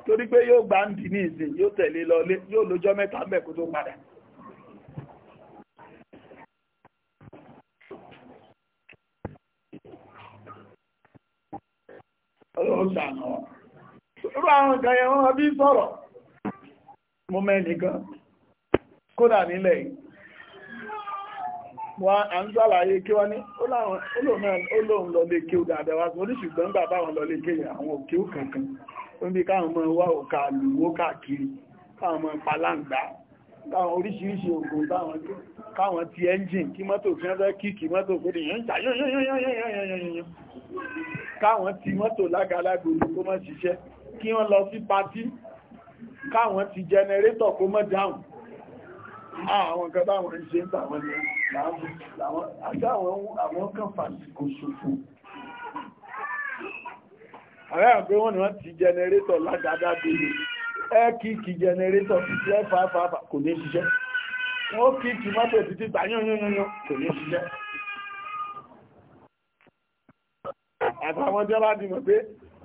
torí pé yóò gbá ń dì ní ìsìn yóò tẹ̀lé lọlé yóò lójọ́ mẹ́ta ń bẹ̀ kó tó padà ọlọ́run ṣàánà irú àwọn ìkàyẹ̀ wọn bí sọ̀rọ̀ mo mẹ́nìkan kódà nílẹ̀ yìí wọ́n à ń sàlàyé kí wọ́n ní olóòun lọlé kí ó dáadáa wá sórí ṣùgbọ́n bàbá wọn lọlé kí àwọn òkè ó kankan ó ń bí káwọn mọ́ wá òkà lùwó káàkiri káwọn mọ́ palangba káwọn oríṣiríṣi ògùn káwọn ti ẹ́ńjìn kí mọ́tò fi ẹ́ fẹ́ kíkì mọ́tò fẹ́ káwọn ti mọ́tò lágalágbò kó má ṣiṣẹ́ kí wọ́n lọ sí patí káwọn ti jẹnẹrétọ̀ kó mọ́ dáhùn àwọn kan táwọn ń ṣe ń tàwọn ní àwọn kan fàṣíkò ṣòfò ààrẹ àgbé wọn ni wọ́n ti jẹnẹrétọ̀ lágádá délé ẹ kíkì jẹnẹrétọ̀ títí ẹ fàáfàá kò ní ṣiṣẹ́ wọ́n kíkì mọ́tò títí tà yán yán yán kò ní ṣiṣẹ́ àtàwọn jẹ́ bá dìmọ̀ pé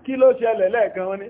kí ló ṣẹlẹ̀ lẹ́ẹ̀kan wọn ni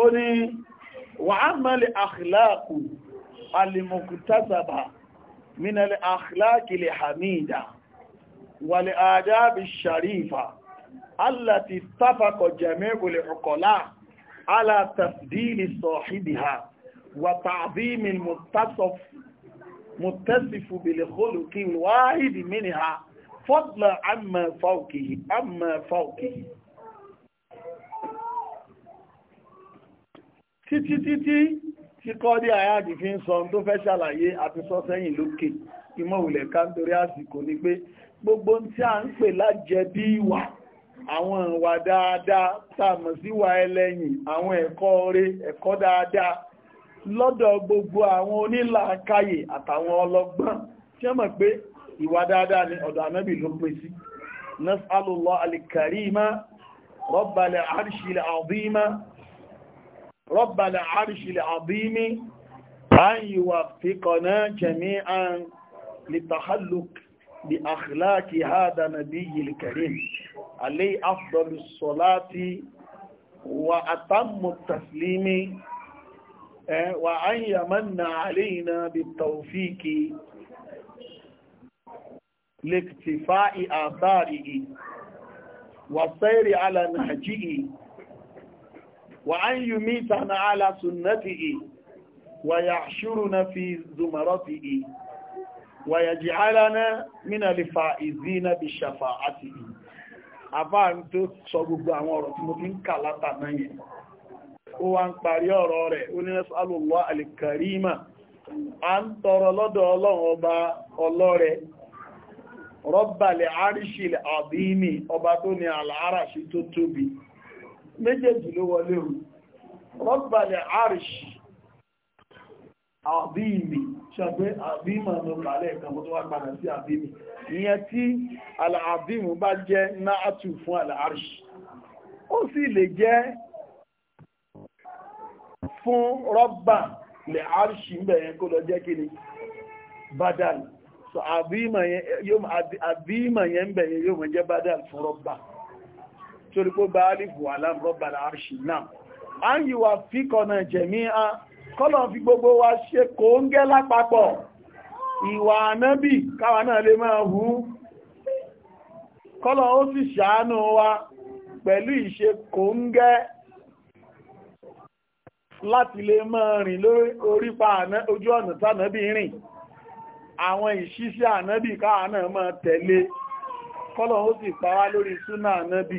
ó ní wàhámàlì àkìláàkù alìmọ̀kútàzàbà mínàlì àkìláàkìlì hamida wàlì àdábì sharifa allati tafakọ̀ jami'ul uqala ala tafdili sahibiha wa ta'zimi متصف بالخلق الواحد منها فضلا عما فوقه عما فوقه títí títí tí kọ́dí àyáàdì fi ń sọ tó fẹ́ ṣàlàyé àti sọ sẹ́yìn lókè ìmọ̀wùlẹ̀ ká nítorí àsìkò ni pé gbogbo tí a ń pè lájẹ bí ìwà àwọn ìwà dáadáa tààmù síwà ẹlẹ́yìn àwọn ẹ̀kọ́ oore ẹ̀kọ́ dáadáa lọ́dọ̀ gbogbo àwọn onílàákàyè àtàwọn ọlọ́gbọ́n tí wọ́n mọ̀ pé ìwà dáadáa ni ọ̀dọ̀ ànábì ló pè sí nasalullah alikarima rabbal arshil azima رب العرش العظيم أن يوفقنا جميعا للتخلق بأخلاق هذا النبي الكريم عليه أفضل الصلاة وأتم التسليم آه، وأن يمن علينا بالتوفيق لاكتفاء آثاره والسير على نهجه wà á ń yù mí ìtànà alásùnnẹ́tì ì wàyà ṣúrùnà fi zùmọ̀rọ̀tì ì wàyà jì alánà mínàlìfà ìzínà bí ṣàfà àti ì àbá ń tó sọ gbogbo àwọn ọ̀rọ̀ tí mo fi ń kà látàná yẹn ó wá ń parí ọ̀rọ̀ rẹ̀ ó ní sálùlọ́ alìkàrímà a ń tọrọ lọ́dọ̀ ọlọ́run ọba ọlọ́rẹ rọ́bàlẹ̀ àríṣìlẹ̀ àbíní ọba tó ní àlàáràṣí tó tóbi méjèèjì ló wọlé o rọ́gbàlẹ̀ àrìṣì àbíìmì ṣàgbé àbíìmà ló kàálẹ̀ ìkan tó wá padà sí àbíìmì ìyẹn tí àbíìmù bá jẹ́ náàtù fún àrìṣì ó sì lè jẹ́ fún rọ́gbà lè àrìṣì ń bẹ̀yẹn kó lọ jẹ́ kíni badal so àbíìmà yẹn ń yóò mọ̀ badal fún rọ́gbà torí pé gba alifu aláàbọ̀bàlá arṣì náà a ń yíwa fíkọ̀nà jẹ̀mí a kọ́lọ̀ fi gbogbo wa ṣe kò ń gẹ́ lápapọ̀ ìwà ànábì káwa náà lè máa hú kọ́lọ̀ ó sì ṣàánú wa pẹ̀lú ìṣe kò ń gẹ́ láti lè máa rìn lórí orípa ojú ọ̀nà tánàbí rìn àwọn ìṣíṣẹ́ ànábì káwa náà máa tẹ̀lé kọ́lọ̀ ó sì pa wá lórí súnà ànábì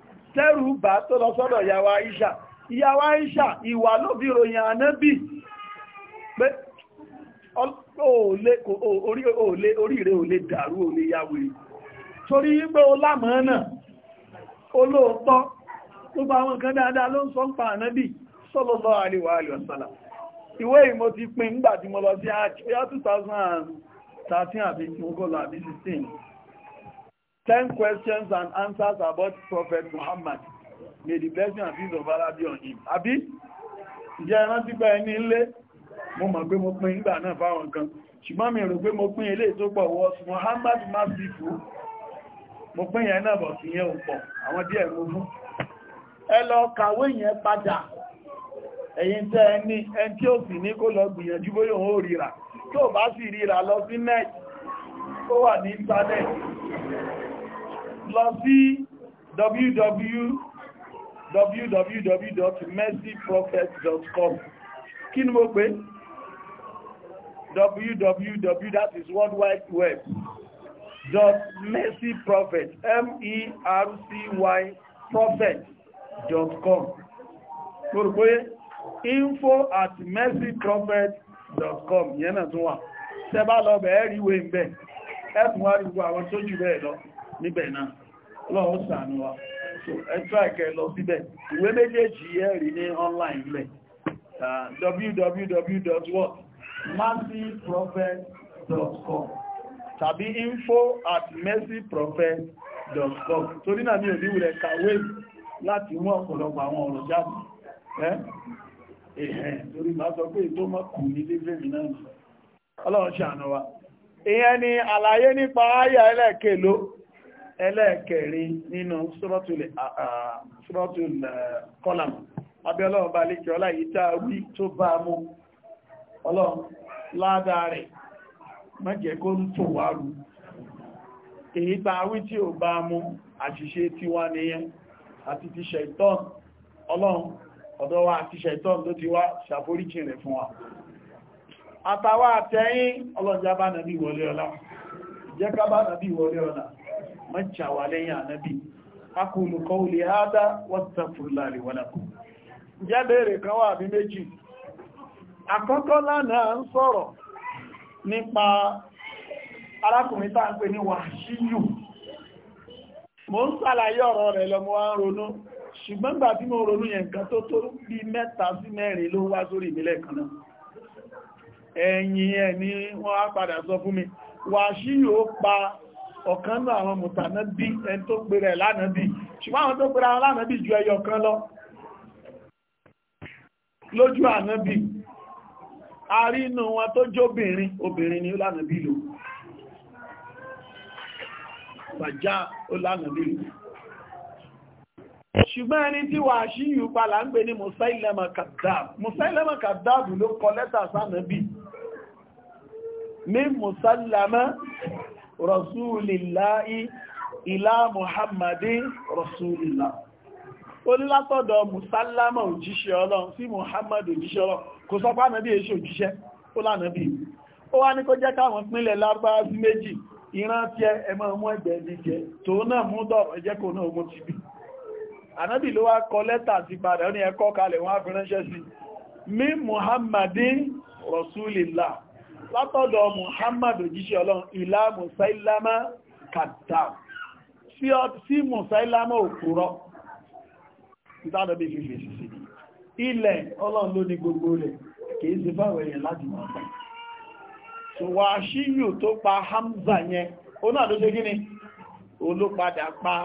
tẹ́rù bá tó lọ sọ́dọ̀ ìyàwó Aisha ìyàwó Aisha ìwà ló ròyìn ole pé ole ò lè dàrú ò lè yàwó torí tó bá wọn kan dáadáa ló ń sọ ń pa ànábì sallallahu alaihi wa ti pin 16 ten questions and answers about Prophet Muhammad. May the blessing and peace of Allah be on him. abi. Ǹjẹ́ ẹ rántí pé ẹni ilé? Mo mọ̀ pé mo pín ìgbà náà fáwọn kan. Ṣùgbọ́n mi rò pé mo pín ilé tó pọ̀ wọ́s Muhammad Masifu. Mo pín yẹn náà bọ̀ sí yẹn ò pọ̀. Àwọn díẹ̀ mo fún. Ẹ lọ kàwé yẹn padà. Ẹ̀yin tẹ́ ẹni ẹni tí ó sì ní kó lọ gbìyànjú bóyá òun ò ríra. Tó bá sì ríra lọ sí net. Ó wà ní internet. lọ sí www.mercyprophet.com kí ni mo pè www that is world wide web dot mercy prophet m-e-r-c-y prophet dot com mo rò pé info at mercy prophet dot com yẹn náà tún wà tẹ́ bá lọ bẹ̀ẹ́ ríwé ń bẹ̀ ẹ̀kùn wá rí gbogbo àwọn tó jù bẹ́ẹ̀ lọ níbẹ̀ náà lọ́wọ́ sàánú wa so ẹ̀tọ́ ẹ̀kẹ́ lọ síbẹ̀ ìwé méjèèjì ẹ̀rí ní online lẹ̀ www.mercyprophet.com tàbí info at mercyprophet.com torí náà ní òníwù rẹ̀ kàwé láti mú ọ̀pọ̀lọpọ̀ àwọn ọ̀rọ̀ jáde ẹ̀hẹ̀ torí máa sọ pé ètò mọ́kù ní lébẹ̀rẹ̀ náà ọlọ́run ṣàánú wa ìyẹn ni àlàyé nípa ayà ẹlẹ́kẹ̀ẹ́lò ẹlẹ́ẹ̀kẹ̀rin nínú suratul kọlam eh, abẹ́lọ́ ọba lékẹ́ ọlá yìí tá wí tó bá mú ọlọ́run ládàá rẹ̀ mẹ́jẹ̀ kó ń tò wá rú èyí tá wí tí ò bá mú àṣìṣe tí wá àti ti ṣẹ̀tọ́n ọlọ́run ọ̀dọ̀ wa àti ṣẹ̀tọ́n ló ti wá ṣàforíjì rẹ̀ fún wa àtàwà nàbí wọlé ọlá mọ́jà lẹ́yìn ànábì akùlù kọulì hádá wọ́tàfùrùlà rẹ̀ wà lákùn jẹ́bẹ̀rẹ̀ kan wà bí méjì àkọ́kọ́ lánàá ń sọ̀rọ̀ nípa arákùnrin tá ń pè ní mo ń sàlàyé ọ̀rọ̀ rẹ̀ lọ́mọ ṣùgbọ́n gbà tí mo ronú yẹn tó tó bí mẹ́ta sí mẹ́rin ló wá sórí ìmìlẹ̀ kan sọ fún mi ọ̀kan náà àwọn mùtànà bí ẹni tó pèrè ẹ̀ lánàá bí ṣùgbọ́n àwọn tó pèrè àwọn lánàá bí ju ẹyọ kan lọ lójú ànábì arínú wọn tó jóbìnrin obìnrin ni ó lánàbí lò bàjá ó lánàbí lò ṣùgbọ́n ẹni tí wà ṣíyù palà ń gbé ní musailama kadab musailama kadab ló kọ lẹ́tà sánàbí ní musailama rọ̀súlìláì ilá muhammadin rọ̀súlìlá ó látọ̀dọ̀ musálámà òjíṣẹ́ ọlọ́run sí muhammad òjíṣẹ́ ọlọ́run kò sọ pé ànábì èṣe òjíṣẹ́ ó lánàbí ó wá ní kó jẹ́ káwọn pínlẹ̀ lárúbáwá sí méjì ìran tí ẹ mọ́ ọmọ ẹgbẹ̀ jíjẹ tó náà mú dọ̀rọ̀ ẹjẹ́ kò náà mú ti bí ànábì ló wá kọ lẹ́tà sí padà ó ní ẹkọ́ kalẹ̀ wọ́n á fi ránṣẹ́ sí mi muhammadin rọ̀súlìlá látọ̀dọ̀ Muhammad òjíṣẹ́ ọlọ́run ìlà Musailama kàdà sí Musailama òkúrọ́ ìtàdọ̀bí fífẹ́ sí ilẹ̀ ọlọ́run ló ní gbogbo rẹ̀ kìí sí fáwọn èèyàn láti mọ̀ ọ̀pá ṣùwà ṣíyù tó pa Hamza yẹn ó náà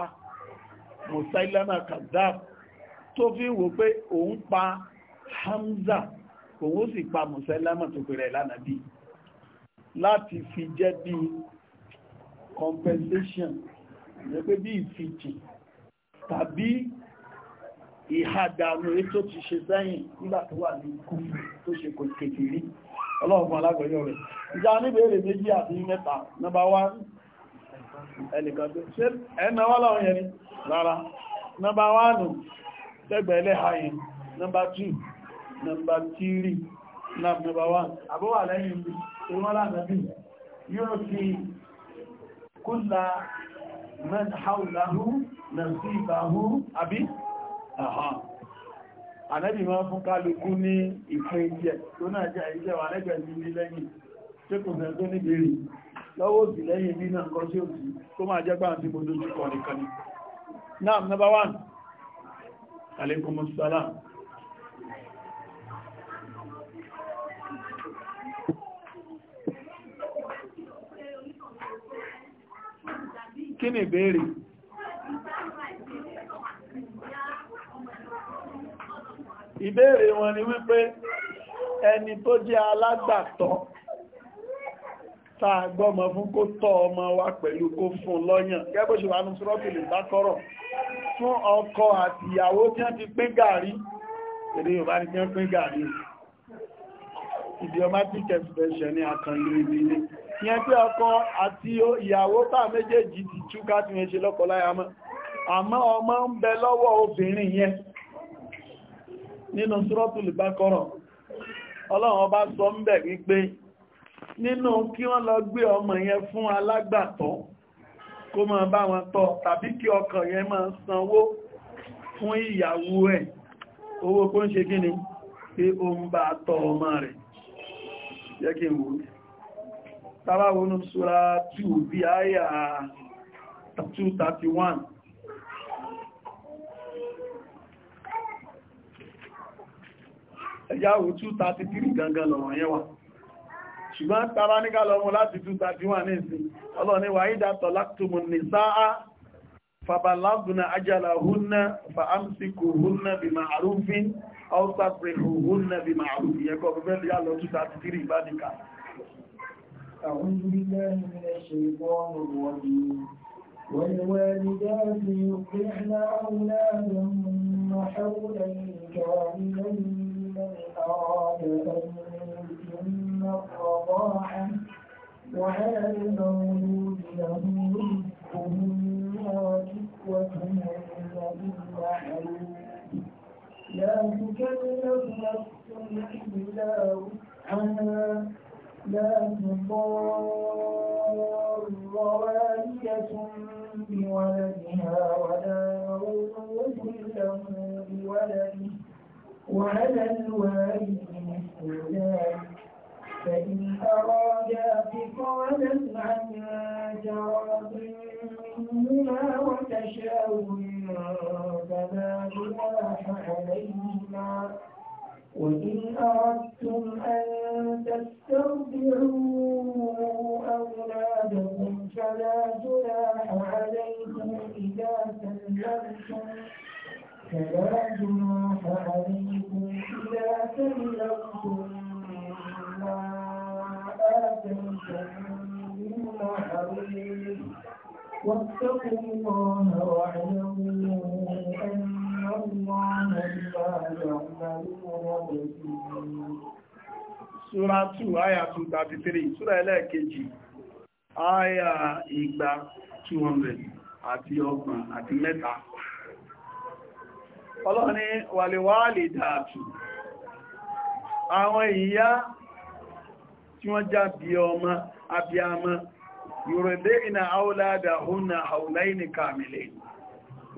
Musailama kàdà tó fi wò pé òun pa Hamza òun sì pa Musailama tó pèrè lánàá bíi láti fi jẹ́ bí compensation ìyẹn pé bí ìfìjì tàbí ìhàdànù ètò ti ṣe sẹ́yìn nígbà tó wà ní kú tó ṣe kò kékeré ọlọ́ọ̀fún alágbẹ̀yọ rẹ̀ ìjà níbẹ̀ẹ́rẹ̀ méjì àti mẹ́ta nọmba wá ẹnìkan tó ṣe ẹ̀nà wá láwọn yẹn rárá nọmba wá nù tẹ́gbẹ̀ẹ́lẹ́ hayin nọmba 2 nọmba 3 nọmba 1 àbúwà lẹ́yìn ìwọ́lá nàbí yóò ti kúlà man haulahu nasibahu àbí àhá ànábì máa fún kálukú ní ìfẹ́ ìjẹ́ tó náà jẹ́ ìjẹ́ wà lẹ́gbẹ̀ẹ́ ní lẹ́yìn tí kò fẹ́ tó ní bèèrè lọ́wọ́ òsì lẹ́yìn bí náà kí ni ìbéèrè ìbéèrè wọn ni wípé ẹni tó jẹ́ alágbàtọ́ tàà gbọ́mọ fún kó tọ́ ọmọ wa pẹ̀lú kó fún lọ́yàn gẹ́gbẹ́ ṣe wà ní sọ́rọ̀fìlì dákọ́rọ̀ fún ọkọ àti ìyàwó tí wọ́n ti pín gàrí èdè Yorùbá ni tí wọ́n pín gàrí ìdí ìyẹn pé ọkọ àti ìyàwó tá méjèèjì ti túká tí wọ́n ṣe lọ́kọ láya mọ́ àmọ́ ọmọ ń bẹ lọ́wọ́ obìnrin yẹn nínú Suratul Baqara ọlọ́run ọba sọ ń bẹ̀ wípé nínú kí wọ́n lọ gbé ọmọ yẹn fún alágbàtọ́ kó máa bá wọn tọ́ tàbí kí ọkọ yẹn máa sanwó fún ìyàwó ẹ̀ owó kó ń ṣe gíní pé ó ń bá tọ́ ọmọ rẹ̀ jẹ́ kí n wò ó tàbá wọnú sura 2 bí àyà 231 ẹjá wo 233 gangan lọ̀rọ̀ yẹn wà ṣùgbọ́n tàbá ní ká lọ́mọ láti 231 ní ìsìn ọlọ́ni wà ìdá tọ̀láktùmù ní sáà fàbàlágùnà ajala húnná fa'amsikù húnná bí ma'arúfin ọ́sàpẹ̀hù húnná bí ma'arúfin yẹ́kọ́ fẹ́fẹ́ lè yá lọ 233 ìbádìíkà أعوذ بالله من الشيطان الرجيم والوالدات يرضعن أولادهن حولين كاملين من أراد أن يتم الرضاعة وعلى المولود له رزقهن وكسوتهن بالمعروف لا تكلف نفس إلا وسعها لا تضار والدة بولدها ولا مولود له بولده وعلى الوالد مثل ذلك فإن أرادا فصالا عن تراض منهما وتشاور فلا جناح عليهما وإن أردتم أن تسترضعوا أولادكم فلا جناح عليكم إذا سلمتم فلا جناح عليكم إذا سلمتم ما آتيتم من محرم واتقوا الله واعلموا أن الله إلا يعلمون Súra 2, àyà 233, Súra ẹlẹ́ẹ̀kejì, àyà igba 200 àti ọgbọ̀n àti mẹ́ta. Ọlọ́ni wàlèwàlè àwọn ìyá tí wọ́n já bí ọmọ, ìnà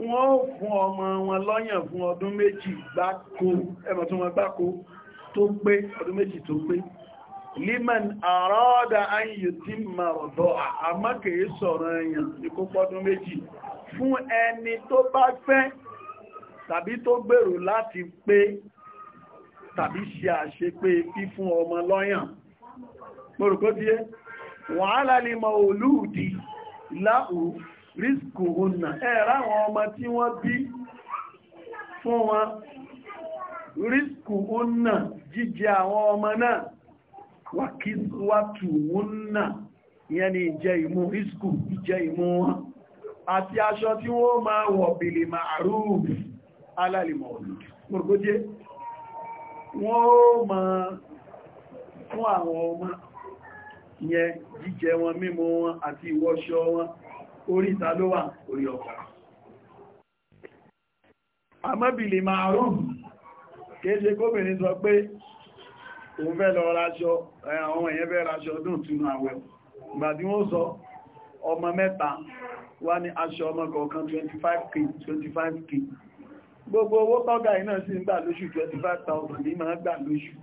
wọ́n ó fún ọmọ wọn lọ́yàn fún ọdún méjì gbáko ẹmọ̀ tó wọn gbáko tó pé ọdún méjì tó pé liman àrọ́ọ̀dà ayìyàn tí màrọ̀dọ́ àmọ́ kìí sọ̀rọ̀ èèyàn ní kó pọ́dún méjì fún ẹni tó bá fẹ́ tàbí tó gbèrò láti pé tàbí ṣe àṣepé fífún ọmọ lọ́yàn mọ̀rùkọ́ díẹ̀ wàhálà lè mọ̀ òlúùdí láhùú rísìkò ònà ẹ̀rá àwọn ọmọ tí wọ́n bí fún wọn rísìkò ònà jíjẹ àwọn ọmọ náà wàkíwàtù ònà ìyẹn ni ìjẹ ìmú rísìkò ìjẹ ìmú wọn àti aṣọ tí wọ́n máa wọ̀ bìlì màárùn-ún alálìmọ̀ òdùdù wọ́n máa fún àwọn ọmọ yẹn jíjẹ wọn mímu wọn àti ìwọṣọ wọn orí ìta ló wà orí ọkọ̀ àmọ́bìlì máa rùn kìí ṣe kóbìnrin sọ pé òun fẹ́ lọ raṣọ àwọn èèyàn fẹ́ raṣọ ọdún túnú àwẹ̀ ìgbà tí wọ́n sọ ọmọ mẹ́ta wá ní aṣọ ọmọ kọ̀ọ̀kan 25k 25k gbogbo owó tọ́gà iná sí ń gbà lóṣù 25,000 ní máa gbà lóṣù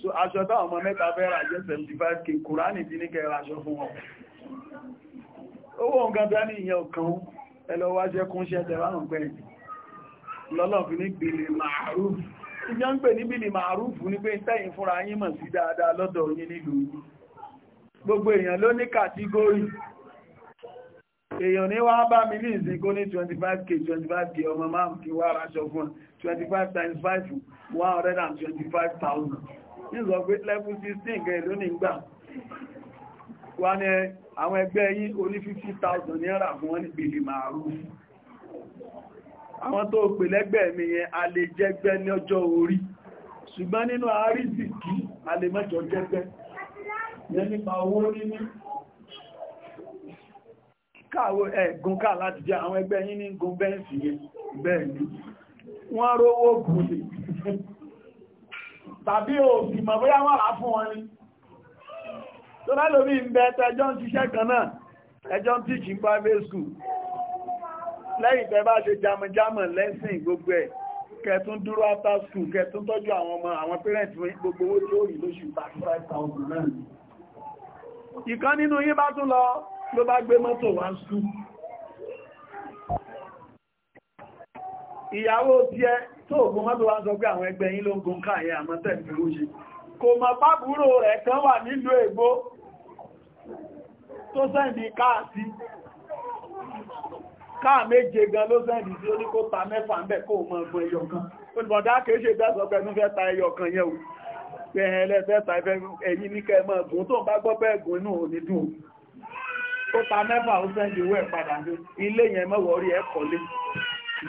so aṣọ táwọn ọmọ mẹ́ta fẹ́ rà jẹ́ 75k kùránì ti ní kẹ́ raṣọ fún wọn owó nǹkan tó ní ìyẹn ọ̀kan ẹlọ́wà jẹ́ kún ṣẹ́ tẹ̀wàrùn pẹ́ lọ́lọ́fin ní bìlì màárùf ìjọ ń pè ní bìlì màárùf ní pé tẹ́yìn fúnra yín mọ̀ sí dáadáa lọ́dọ̀ yín nílùú gbogbo èèyàn ló ní kàtígórì èèyàn ní wá bá mi ní ìsìnkó ní 25k 25k ọmọ máa ń fi wá aṣọ fún 25 times 5 125,000 ní sọ pé level 16 gẹ̀ẹ́ ló ní gbà wà ní àwọn ẹgbẹ́ yín oní 50,000 naira fún wọn níbi ìlú màárù àwọn tó pè lẹ́gbẹ́ mi yẹn a lè jẹ́gbẹ́ ní ọjọ́ orí ṣùgbọ́n nínú àrísìkí a lè mọ́jọ jẹ́gbẹ́ yẹn nípa owó níní káàwó ẹ̀gùn káà tàbí òsì mọ̀ bóyá wọ́n rà fún wọn ni tó lálórí ń bẹ tẹjọ́ ń ṣiṣẹ́ kan náà ẹjọ́ ń tíṣì ń private school lẹ́yìn tẹ bá ṣe jamajama lẹ́sìn gbogbo ẹ̀ kẹtún dúró after school kẹtún tọ́jú àwọn ọmọ àwọn parents gbogbo owó tí ó yìí lóṣù 35,000 náà ìkan nínú yín bá tún lọ ló bá gbé mọ́tò wá school ìyàwó tí ẹ tó ògùn mọ́tò wá sọ pé àwọn ẹgbẹ́ yín ló ń gun káàyẹ àmọ́tẹ̀ ìfẹ́ ó ṣe kò mọ̀ pábúrò rẹ̀ kan wà nílùú ègbó tó sẹ́ndì káàsí káà méje gan ló sẹ́ndì sí oníkó ta mẹ́fà ń bẹ̀ kó mọ ọgbọ̀n ẹyọ kan olùbọ̀dá kìí ṣe tẹ́sọ pẹ̀lú fẹ́ ta ẹyọ kan yẹn o pẹ̀hẹ̀lẹ́ fẹ́ ta ẹ̀yìn ní kẹmọ́ ẹ̀gùn tó ń bá ta mẹ́fà ó sẹ́ndì owó ẹ̀ padà ní ilé yẹn mọ́wọ́ rí ẹ̀ kọ́lé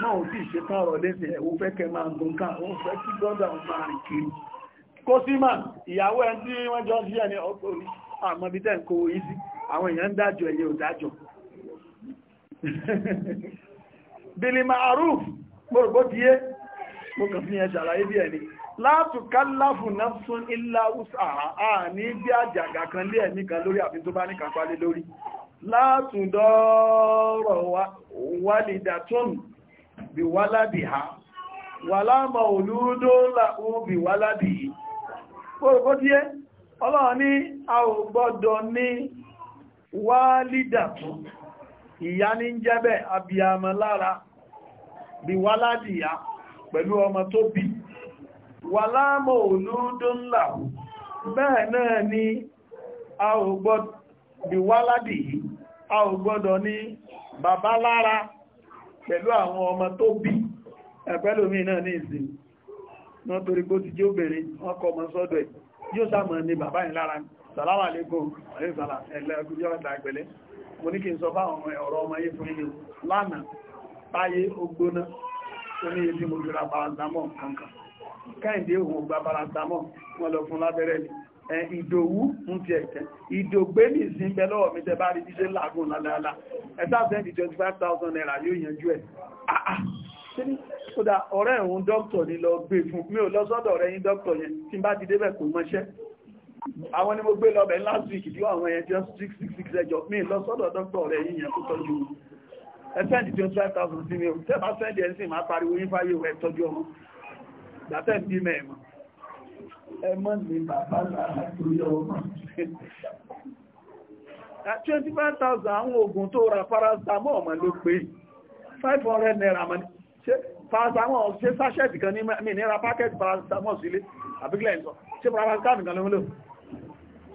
náà ó sì ṣe tán ọ̀rọ̀ lẹ́sìn ẹ̀ ó fẹ́ kẹ máa gùn kan ó fẹ́ kí brọ́dà ó máa rìn kiri kó sí mà ìyàwó ẹ̀ tí wọ́n jọ sí ẹ̀ ní àmọ́bí tẹ̀ ń àwọn èèyàn ń dájọ́ ẹ̀yẹ ò dájọ́ bílí ma'aruf gbogbo díẹ̀ mo kàn fi yẹn ṣàlàyé bí ẹni látù kálàfù náfún ilá usaha a ní bí àjàgà kan lé ẹ̀mí kan lórí àfi tó bá ní kàpálé lórí látù dọ́rọ̀ wálìdàtún bí wáládì ha wàlámà ọlọ́run ní a ní wa ìyá ní ń jẹ́bẹ̀ abiyamọ lára bí wáládìyá pẹ̀lú ọmọ tó bí wà láàmọ̀ olóòdún làwù bẹ́ẹ̀ náà ni a ò gbọ́dọ̀ a ò gbọ́dọ̀ ní bàbá lára pẹ̀lú àwọn ọmọ tó bí mi náà ní ìsìn náà bó ti jẹ́ obìnrin wọ́n ọmọ yóò sàlámà lẹ́gùn àríṣàlá ẹ̀lẹ́gùn yọ́ ìdàgbẹ̀lẹ́ mo ní kí n sọ fáwọn ọ̀rọ̀ ọmọ yìí fún ilé lánàá táyé ogbóná tó ní ibi mo jura paracetamol kankan kẹ́yìndé òun gba paracetamol wọ́n lọ fún lábẹ́rẹ́ ni ìdòwú ń ti ẹ̀kẹ́ ìdògbé ní ìsìnbẹ̀ lọ́wọ́ mi tẹ bá rí díṣẹ́ láàgùn lálàálà ẹ̀sá sẹ́ndì 25,000 naira yóò yanjú ẹ̀ ah, ah. ọ̀rẹ́ ẹ̀hún dókítọ̀ ni lọ gbé fún mi ò lọ sọ́dọ̀ rẹ̀ yín dókítọ̀ yẹn tí bá ti débẹ̀ kò mọ́ṣẹ́ àwọn ni mo gbé lọ bẹ̀ last week bí àwọn ẹ̀yẹn tí ó six ẹjọ́ mi lọ sọ́dọ̀ dọ́kítọ̀ rẹ̀ yíyan tó tọ́jú ẹ̀sẹ́ndì 25,000 sí mi ò tẹ́bà sẹ́ndì ẹ̀sìn máa pariwo yín fáyé ẹ̀ tọ́jú ọmọ gbàtẹ́ bí mẹ́ẹ̀mọ́ ẹmọ́ ni bàbá lára tó yọ ọmọ 25,000 àwọn oògùn tó ra paracetamol ọmọ ló pé hundred naira mọ́ paracetamol ṣe sáṣẹ́ẹ̀tì kan ní mí ní ra pákẹ́ẹ̀tì paracetamol sílé àbíkílẹ̀ ìsọ ṣe paracetamol kan ló ń lò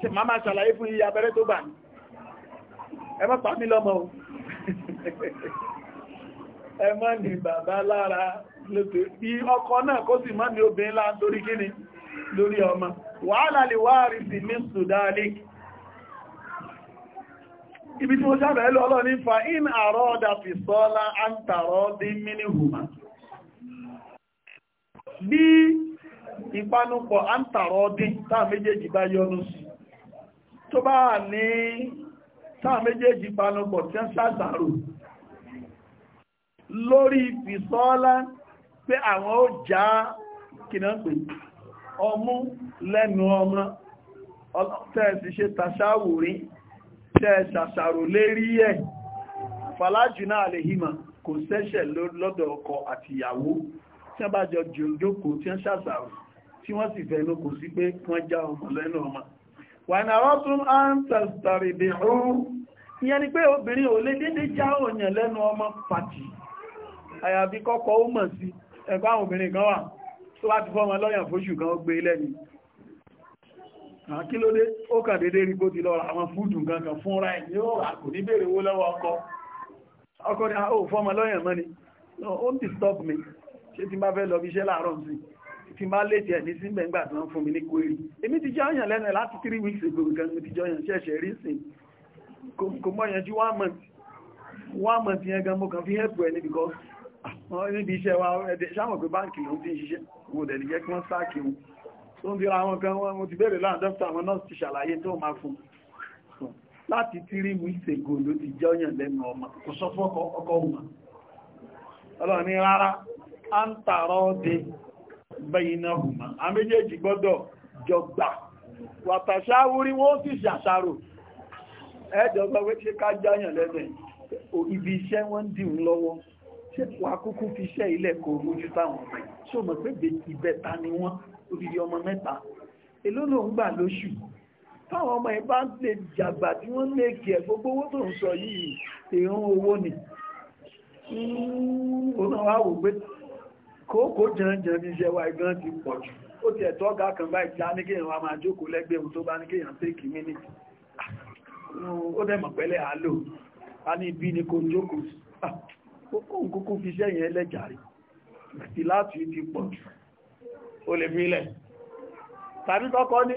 ṣe máa máa ṣàlàyé fún iye abẹ́rẹ́ tó bà ní ẹ má pa mí lọ́mọ o ẹ má ní bàbá lára lótò bí ọkọ náà kó sì má ní obìnrin láà torí kíni lórí ọmọ wàhálà lè wáàrí sí ní sùdálì ibi tí mo sábẹ̀ lọ ọlọ́ fa in àrọ́ ọ̀dà fi sọ́lá ń tàrọ́ dín mínú bí ìpanupọ̀ àǹtàrọ̀ ọdín táà méjèèjì bá yọnu sí tó bá ní táà méjèèjì panupọ̀ tí ń ṣàṣàrò lórí ìfìsọ́ọ́lá pé àwọn ó já kìnà pé ọmú lẹ́nu ọmọ tẹ́ẹ̀sì ṣe tàṣàwòrí tẹ́ẹ̀ṣàṣàrò lérí ẹ̀ fàlájìnà àlèhìmà kò sẹ́ṣẹ̀ lọ́dọ̀ ọkọ àti ìyàwó tí wọ́n bá jọ jòjókòó tí wọ́n ṣàṣàrò tí wọ́n sì fẹ́nu kò sí pé wọ́n já ọmọ lẹ́nu ọmọ wà ní àwọn tún ancestry bí ọrún ìyẹn ni pé obìnrin ò lè dédé já òyìn lẹ́nu ọmọ pàtì àyàbí kọ́kọ́ ó mọ̀ sí ẹ̀kọ́ àwọn obìnrin kan wà tó bá ti fọ́mọ lọ́yàn fóṣù kan ó gbé e lẹ́ni kí ló dé ó kàn dédé rí bó ti lọ àwọn fúdù gangan fúnra ẹ̀ yóò rà kò ní béèrè owó lọ́wọ́ ọkọ ọkọ ni a ó fọ́mọ lọ́yàn mọ́ ni ó disturb me ṣé tí bá fẹ́ lọ bí iṣẹ́ láàárọ̀ sí i tí má lè jẹ́ ní sí mẹ́gbà tí wọ́n fún mi ní query èmi ti jọ́yàn lẹ́nu láti three weeks ago gan mo ti jọ́yàn ṣẹ̀ṣẹ̀ rí sí kò mọ́ yanjú one month one month yẹn gan mo kàn fi help ẹ̀ ní because ah, wọ́n níbi iṣẹ́ wa ẹ̀dẹ̀ sáwọn pé báńkì ló ti ń ṣiṣẹ́ wo dẹ̀ ní jẹ́ kí wọ́n sáàkì wọn tó ń dira wọn kan wọn mo ti bẹ̀rẹ̀ láàrín dókítà àwọn nọ́ọ̀sì ti ṣàlàyé tó láti three weeks ago ló ti jọ́yàn lẹ́nu ọmọ kò sọ fún ọkọ̀ ọmọ ọlọ́ni rárá à ń tààrọ́ de bainahuma a méjèèjì gbọ́dọ̀ jọgbà wàtàṣáwúrí wọ́n sì ṣàṣàrò ẹjọba wé ṣe ká jáyàn lẹ́nà ibi iṣẹ́ wọ́n ń dìun lọ́wọ́ ṣe wà kúkú fi iṣẹ́ ilẹ̀ kò mójú táwọn ọmọ ṣó mọ̀ pé ni wọ́n odidi ọmọ mẹ́ta èló ló ń gbà lóṣù táwọn ọmọ hmm, wá wò pé kókó jẹ́rẹ́jẹ́ ní iṣẹ́ wa igán ti pọ̀ jù ó ti ẹ̀tọ́ ọ̀gá kan báyìí tí a ní kéèyàn wa máa jókòó lẹ́gbẹ̀ẹ́ ohun tó bá ní kéèyàn tẹ́ kìí mínì ó dẹ̀mọ̀ pẹ́lẹ̀ àálò a ní ibi ni kò jókòó kókó ah, kókó fi iṣẹ́ yẹn lẹ́jàrí ti láti ti pọ̀ jù ó lè mílẹ̀ tàbí kọ́kọ́ ní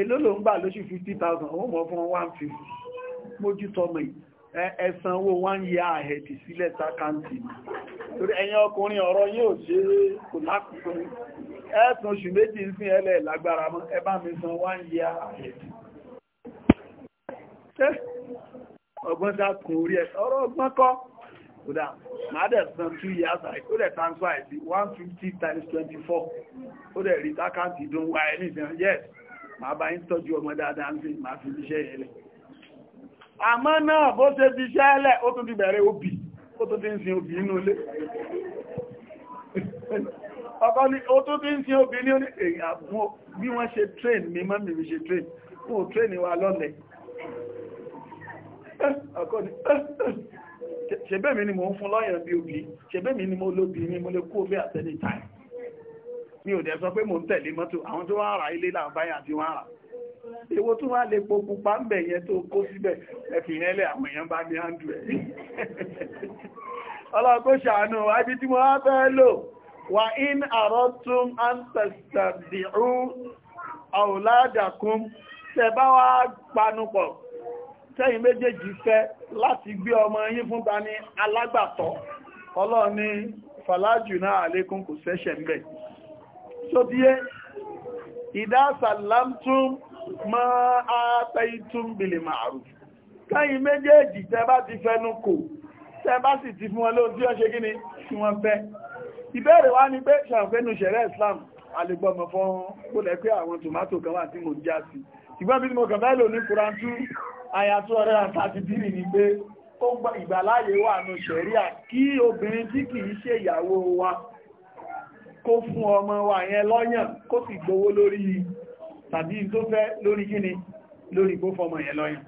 èló ló ń gbà lóṣù 50,000 ó mọ̀ fún 150 mójútọ́mọ̀ yìí ẹ̀sàn owó one year ahead sílẹ̀ sákàntì torí ẹ̀yin ọkùnrin ọ̀rọ̀ yóò ṣe kò lákùnkù ẹ̀sùn oṣù méjì ń fín ẹlẹ̀ lágbára mọ́ ẹ bá mi san one year ahead ọgbọ́n sákùn orí ẹ̀ ọ̀rọ̀ ọgbọ́n kọ́ kódà máa dẹ̀ san two years ahead ó dẹ̀ transfer ẹ̀ sí one fifty times twenty four ó dẹ̀ rí sákàntì dùn wáyé nìkan yes màá bá yín tọ́jú ọmọ dáadáa ń sìn màá àmọ́ náà bó ṣe fi ṣẹ́lẹ̀ ó tún ti bẹ̀rẹ̀ obì ó tún ti ń sin obì inú ilé ọkọ ni ó tún ti ń sin obì ní oní èyàwó bí wọ́n ṣe train mi mọ́ mi ṣe train fún ò train wa lọ́lẹ̀ ọkọ ni ṣebẹ́ mi ni mo ń fún lọ́yàn bí obì ṣebẹ́ mi ni mo lóbi ní mo lè kú obì àtẹ́ni tàì mi ò dẹ̀ sọ pé mo ń tẹ̀lé èwo tún wá lè po pupa ń bẹ̀ yẹn tó kó síbẹ̀ ẹ̀fì àwọn èèyàn bá ní àndù ẹ̀ ọlọ́kó ṣàánú ibi tí mo wá fẹ́ lò wà in àrọ́tún ancestor-dìrú àwòládàkún tẹ bá wá panupọ̀ tẹ́yìn méjèèjì fẹ́ láti gbé ọmọ yín fún ta ní alágbàtọ́ ọlọ́ni fàlájù náà àlékún kò sẹ́ṣẹ̀ ń ìdá sàlámtún máa àtàìtún bìlì màárù káyìn méjèèjì tẹ́ bá ti fẹ́nu kò tẹ́ bá sì ti fún wọn lóhun tí wọ́n ṣe kíni tí wọ́n fẹ́ ìbéèrè wá ní pé ṣàǹfẹ́nu ṣẹ̀rẹ́ Islam alẹ́gbọ́mọ fún kó lẹ́pẹ́ àwọn tòmátò kan wà tí mo já sí ìgbọ́n bí mo kàn fẹ́ lò ní kurantú àyàtú ọ̀rẹ́ àtàtì bírì ni pé ó gbọ́ ìgbàláyé wà nù ṣẹ̀ríà kí obìnrin tí kìí ṣe ìyàwó wa kó fún ọmọ wa yẹn lọ́yàn kó sì gbowó lórí tàbí tó fẹ́ lórí kíni lórí kó fọmọ yẹn lọ́yàn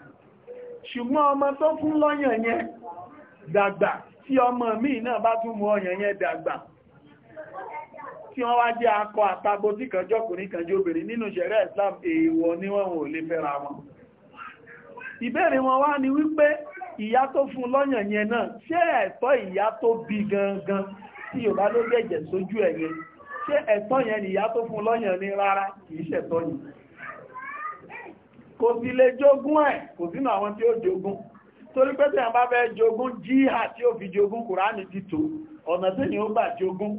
ṣùgbọ́n ọmọ tó fún lọ́yàn yẹn dàgbà tí ọmọ míì náà bá tún mú ọyàn yẹn dàgbà tí wọ́n wá jẹ́ akọ àtàbò tí kan jọkùnrin kan jóbìnrin nínú ṣẹ̀rẹ́ Islam èèwọ̀ ni wọ́n ò lè fẹ́ra wọn ìbéèrè wọn wá ní wípé ìyá tó fún lọ́yàn yẹn náà ṣé ẹ̀tọ́ ìyá tó bí gangan tí Yorùbá ló jẹ́jẹ̀ sójú ẹ̀yẹn ṣé ẹ̀tọ́ yẹn nìyá tó fún lọ́yàn ní rárá kìí ṣẹ̀tọ́ yìí kò sí lè jogún ẹ̀ kò sínú àwọn tí ó jogún torí pé tí bá fẹ́ jogún jíhà tí ó fi jogún kùránì ti tò ọ̀nà tí ni ó gbà jogún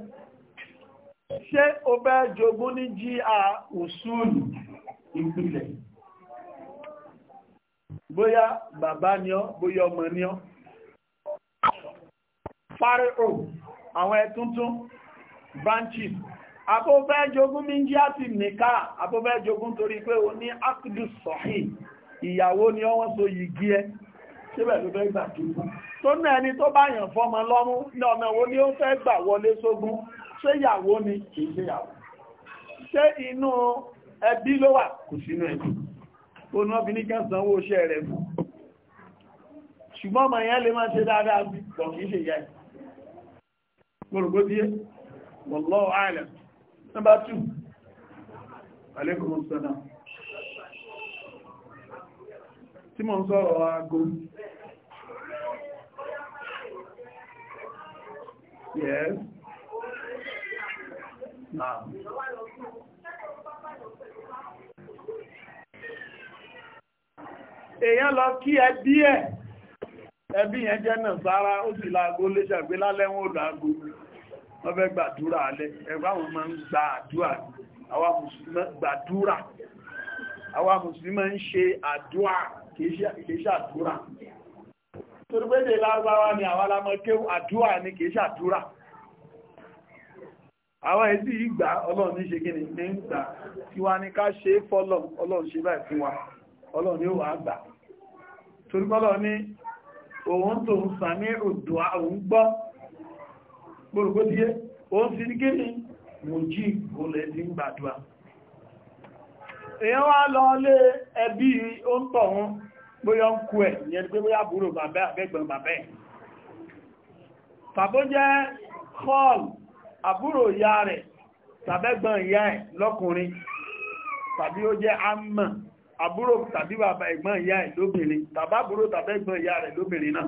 ṣé o fẹ́ jogún ní jíhà òṣùlù ìpìlẹ̀ bóyá bàbá ni ọ́ bóyá ọmọ ni ọ́ fárẹ́ o àwọn tuntun. branches afọ́fẹ́ jogún minji àti nìká afọ́fẹ́ jogún torí pé o ní akudu sọ̀hìn ìyàwó ni ọwọ́n so yìí ẹ síbẹ̀ ló fẹ́ gbà jogún tó ní ẹni tó bá yàn fọ́mọ lọ́mú ní ọ̀nà wo ni ó fẹ́ gbà wọlé sógún ṣé ìyàwó ni kì í ṣe ìyàwó ṣé inú ẹbí ló wà kò sínú ẹbí ó ní ọbí ní kẹsàn owó iṣẹ́ rẹ̀ fún ṣùgbọ́n ọmọ yẹn lè máa ṣe dáadáa bí kì í ṣe ìyá ẹ̀ Wallahu a'lam. Number two. Alaykum as-salam. Tí mo ń sọ̀rọ̀ aago. Yes. Naam. Èèyàn lọ kí ẹbí ẹ̀. Ẹbí yẹn jẹ́ Nàìjíríà, ó sì láago léṣàgbé lálẹ́wọ̀n òdàgó wọ́n fẹ́ gbàdúrà alẹ́ ẹgbà wọn máa ń gba àdúrà àwa mùsùlùmí gbàdúrà àwa ń ṣe àdúrà kìí ṣàdúrà torípédè lárúbáwá ni àwa lámọ́ kéwú àdúrà ni kìí ṣàdúrà àwa èsì ìgbà ọlọ́run ní ṣe gíní ní ìgbà tí wá ní ká ṣe fọ́lọ̀ ọlọ́run ṣe báyìí fún wa ọlọ́run yóò gbòrògbò tí yé ó ń sin kí ni mo jí olè tí ń gbàdúrà èyàn wá lọ lé ẹbí ó ń tọ̀ wọn bóyá ń kú ẹ̀ yẹn pé bóyá búrò bàbẹ́ àbẹ́gbọ̀n bàbẹ́ tàbó jẹ́ hall àbúrò ìyá rẹ̀ tàbẹ́gbọ̀n ìyá ẹ̀ lọ́kùnrin tàbí ó jẹ́ àmà àbúrò tàbí bàbá ẹ̀gbọ́n ìyá ẹ̀ lóbìnrin tàbábúrò tàbẹ́gbọ̀n ìyá rẹ̀ lóbìnrin náà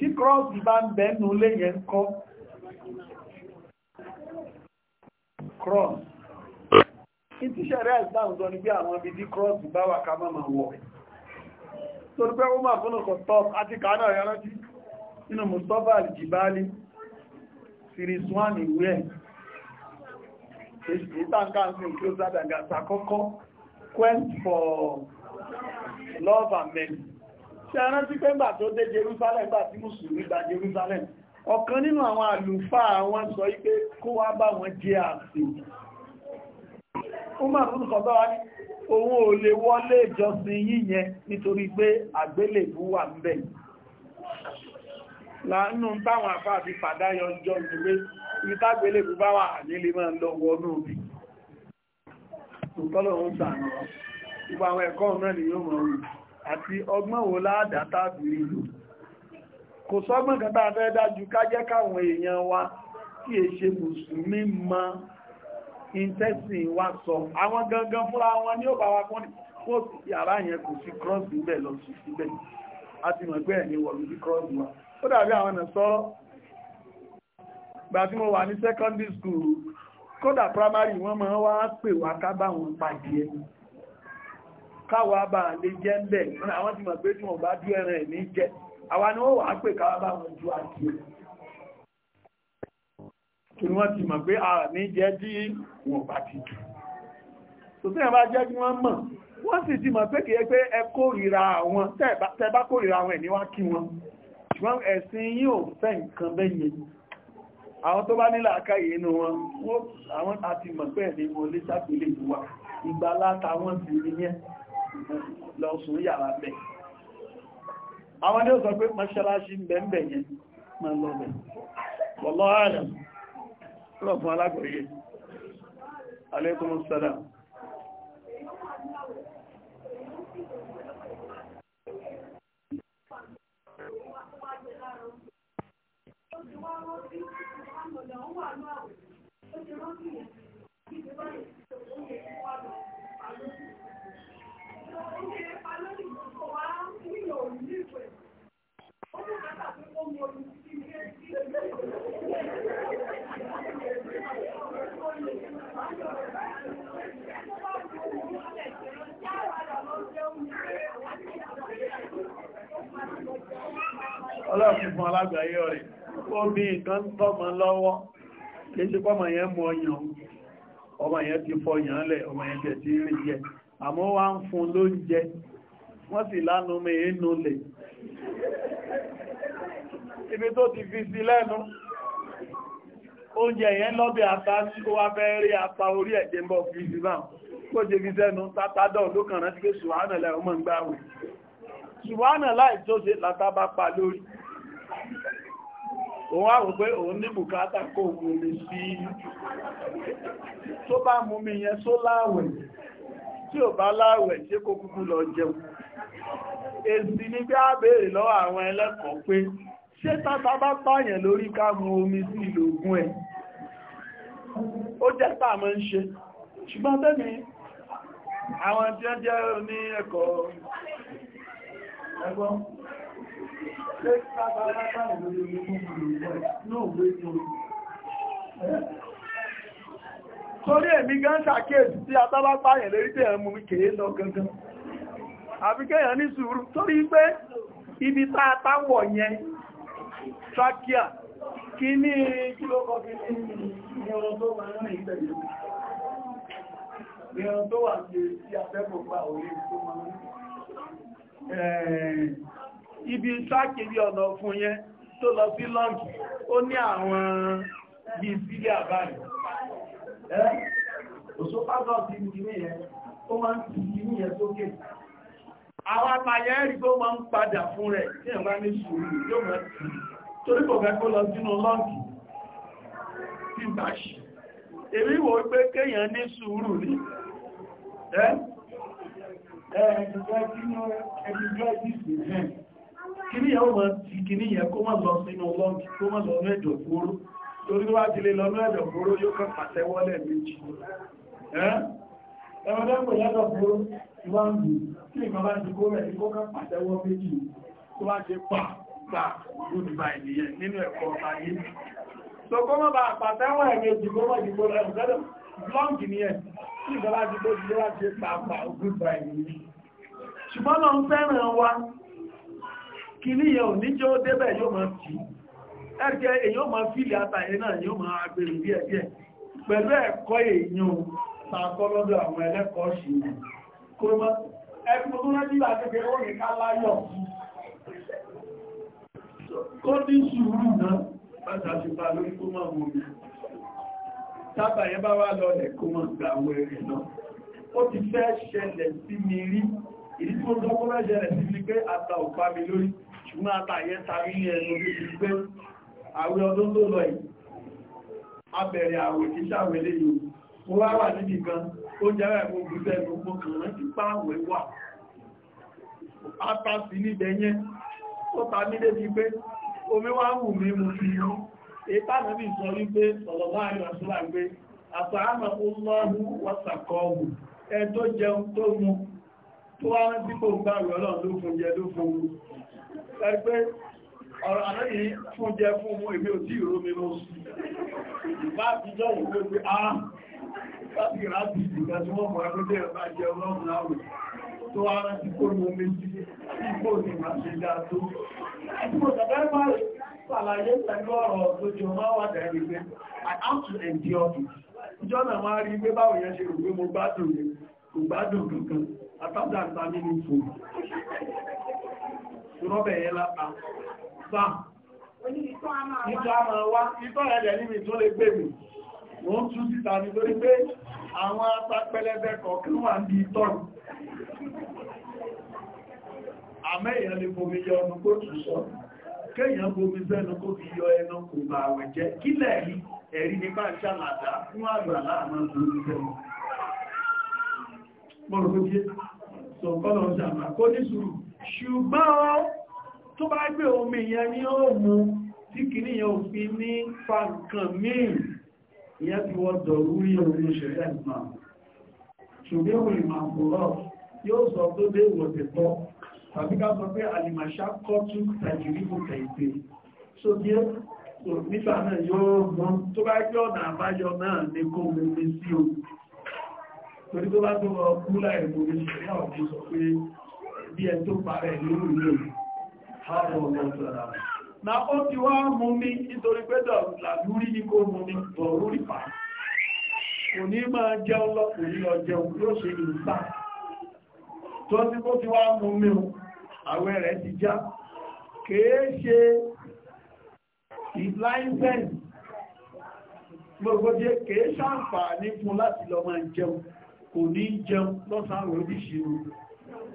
tí kírọ́ọ̀sì bá ń bẹ́nu lé yẹn kọ́ kírọ́ọ̀sì ìtí ṣẹ̀rẹ́ ìsìláàmù sọ ní bí àwọn ibi tí kírọ́ọ̀sì bá wà ká máa wọ̀ torí pé wọ́n máa fún ọkọ̀ top àti kàánà ìrántí nínú Mustapha Al-Jibali series 1 ìwé ẹ̀ ìtànkánsì ìkílósádàgà sàkọ́kọ́ quest for love and mercy ṣe arántí pé ńgbà tó dé Jerusalem gbà tí mùsùlùmí gba Jerusalem ọ̀kan nínú àwọn àlùfáà wọn sọ wípé kó wá bá wọn jẹ àṣì Umar bin Khattab ní òun ò lè wọlé ìjọsìn yíyẹn nítorí pé àgbélébù wà ń bẹ̀ láàánú táwọn àfáà ti fàdáyọ jọ ìgbé ìtàgbélébù bá wà nílé máa lọ wọnú òbí tòtọ́lọ̀ ń sàn àwọn ẹ̀kọ́ náà yóò mọ̀ orí àti ọgbọ́n wo láàdá tàbí ìlú kò sọ́gbọ́n kan tàà fẹ́ dájú ká jẹ́ káwọn èèyàn wa kí è ṣe mùsùlùmí mọ intestine wa sọ àwọn gangan fúnra wọn ní ó bá wa kún kó yàrá yẹn kò sí cross níbẹ̀ lọ sí síbẹ̀ àti mọ̀gbẹ́ ẹ̀ ní wọ̀lú sí cross wa ó dàbí àwọn ọ̀nà sọ́rọ̀ secondary school kódà primary wọ́n máa wá pè wá ká bá wọn pàdé káwa bá lè jẹ́ ń bẹ̀ àwọn ti mọ̀ pé tí wọ́n bá dú ẹran ẹ̀ ní jẹ́ àwa ni wọ́n wà á pè káwa bá wọn ju àti kí wọ́n ti mọ̀ pé a ní jẹ́ tí wọ́n bá ti dù tòsí ẹ̀bá jẹ́ kí wọ́n mọ̀ wọ́n sì ti mọ̀ pé kìí pé ẹ kórìíra àwọn tẹ́ẹ̀bá kórìíra àwọn ẹ̀ kí wọn ṣùgbọ́n ẹ̀sìn yìí ò fẹ́ nǹkan bẹ́yẹ àwọn tó bá nílà akáyè inú wọn àwọn àti mọ̀ pé ẹ̀mí wọn lé sápìlẹ̀ ìwà ìgbàlá táwọn ti rí yẹn lọ sùn yàrá bẹ̀ àwọn ni ó sọ pé mọ́ṣálásí ń bẹ̀m̀bẹ̀ yẹn ma lọ bẹ̀ wọ́lọ́ ààrẹ rọ̀ fún alágbòye alékùnmù sọ́dá Thank you. ọlọ́run fún alágbàáyé ọ̀rẹ́ ó bí nǹkan tọ́mọ lọ́wọ́ kí ṣe pọ́mọ yẹn mú ọyàn ọmọ yẹn ti fọyàn lẹ̀ ọmọ yẹn tẹ̀ sí rí jẹ àmọ́ wá ń fún lóúnjẹ wọ́n sì lánú mi inú lè ibi tó ti fi sí lẹ́nu oúnjẹ yẹn lọ́bẹ̀ ata tí ó wá fẹ́ rí ata orí ẹ̀jẹ̀ ń bọ̀ fi sí bá kó jẹ́ fi sẹ́nu tátádọ̀ lókàn rántí pé lórí òun àwọn pé òun ní bùkátà kò wò lè sí tó bá mú mi yẹn só láàwẹ̀ tí ò bá láàwẹ̀ tí kò kúkú lọ jẹun èsì ní bí a béèrè lọ́wọ́ àwọn ẹlẹ́kọ̀ọ́ pé ṣé tátá bá pààyàn lórí ká mu omi sí ìlògún ẹ̀ ó jẹ́ tààmọ́ ń ṣe ṣùgbọ́n tẹ́mi àwọn tí ó jẹ́ ní ẹ̀kọ́ ẹgbọ́n Torí èmi gan ṣàkíyèsí tí atábá pààyàn lérí tí ẹ̀mù kèé lọ gangan. Àfikẹ́yàn ní sùúrù torí pé ibi táa táwọ̀ yẹn, trákíà, kí ní kílókọ́ ní tó wà tó wà ní ibi sákèrí ọ̀nà fún yẹn tó lọ sí lọ́nkì ó ní àwọn bíi sílé àbáyé ẹ́ òṣópágọ́ sí ìdílé yẹn ó máa ń ti ìdílé yẹn sókè àwọn àpàyẹ rí tó máa ń padà fún rẹ̀ tí ẹ̀wá ní sùúrù yóò mọ̀ sí torí kò fẹ́ kó lọ sínú tí ní sùúrù ní ẹ́ kìní yẹn ó mọ̀ ti kìní yẹn kó mọ̀ lọ sínú lọ́nkì kó mọ̀ lọ ẹ̀dọ̀ fóró torí wá ti lè lọ́nà ẹ̀dọ̀ fóró yóò kàn pàtẹ́wọ́lẹ̀ méjì ẹ̀mọ̀dẹ́gbò lẹ́dọ̀ fóró ìwá ń bù tí ìkan bá ti kó rẹ̀ ní kó kàn pàtẹ́wọ́ méjì tó bá ṣe pà gbà lónìbà ènìyàn nínú ẹ̀kọ́ ayé so kó mọ̀ bá pàtẹ́wọ́ ẹ̀mẹ́jì kó mọ̀ kì ní yẹ òní jẹ́ ó débẹ̀ yóò máa tí ẹgbẹ́ èyàn máa fílì àtàyẹ náà yóò máa agbèrè díẹ̀ díẹ̀ pẹ̀lú ẹ̀kọ́ èyàn tààkọ́ àwọn ẹlẹ́kọ́ sí Ó ti fẹ́ ṣẹlẹ̀ sí mi rí, ìdí tí ó dọ́kọ́ mẹ́ṣẹlẹ̀ sí mi pé òpá mi lórí. ṣùgbọ́n àtàyẹ tàbí ẹnu bí i pé àwẹ́ ọdún tó lọ yìí abẹ̀rẹ̀ àwẹ̀ tí sàwẹ̀ lè yóò ó wá wà níbi kan ó jẹ́rẹ̀ gbogbo ẹnu gbogbo kan láti pa àwẹ̀ wà átà sí níbẹ̀ ó ta nílé ti pé omi wá wù mí mú fi ètà náà sọ wípé gbé ẹgbẹ́ ọ̀rọ̀ àdáyìí fún jẹ fún mú èmi ò tí ìró mi ló sí ìbá àtijọ́ ìwé pé ah, a láti ráàbì ìgbà tí wọ́n mọ̀ ẹgbẹ́ ẹ̀bá jẹ ọlọ́run láwẹ̀ tó ara ti kó mú mi sí ipò ní ìràṣẹ́dá tó ẹgbẹ́ ọ̀tàbẹ́ máa ṣàlàyé pẹ̀lú ọ̀rọ̀ tó jẹ ọmọ wà dẹ̀rí pé I have to endure it ìjọ́ náà máa rí pé báwo yẹn ṣe rò pé mo gbádùn kò gbádùn kankan àtàdà ìtàmínú fò ìrọ́bẹ̀ yẹn lápá sam ìtọ́ àmà wá ìtọ́ ẹ̀rẹ̀ ní mi tó lè gbé mi mo ń tú síta nítorí pé àwọn apapẹlẹbẹ kọ̀ọ̀kan wà ní ìtọ́rù àmẹ́yàn lè bomi yọ ọnu kó tù sọ kéèyàn bomi sẹ́nu kó fi yọ ẹnu kò bà àwẹ̀ jẹ́ kílẹ̀ rí ẹ̀rí ní bá ṣàlàdá fún àgbà láàrín bomi sẹ́nu mọ́rọ̀ tó bí sọ kọ́lọ̀ ṣàmà kó ní sùúrù ṣùgbọ́n tó bá gbé omi ìyẹn ní ó mú tí kìíní yẹn òfin ní fa nǹkan míì ìyẹn ti wọ́n dọ̀rú rí orí òṣèré ìmọ̀ ṣùgbọ́n ìwò ìmọ̀ àpòrọ̀ yóò sọ tó dé ìwọ̀dẹ̀ tọ́ tàbí ká sọ pé àlìmàṣá kọ́tù so bí nígbà náà yóò mọ́ tó bá gbé ọ̀nà àbáyọ náà ní kó mú mi sí o torí tó bá tó wọ kúlà ìmọ̀ òṣèré àwọn sọ pé bí ẹ tó parẹ́ nínú ilé na ó ti wá mú mi nítorí pé làlúrí ní kó mú mi bọ̀rú rí pa kò ní máa jẹun lọ kò ní lọ jẹun yóò ṣe ìgbà tó ti kó ti wá mú mi o àwẹ̀ rẹ̀ ti já kèé ṣe ìláìsẹ̀nsì gbogbo jẹ́ kèé ṣàǹfà ní fún láti lọ máa jẹun kò ní jẹun lọ́sàn-án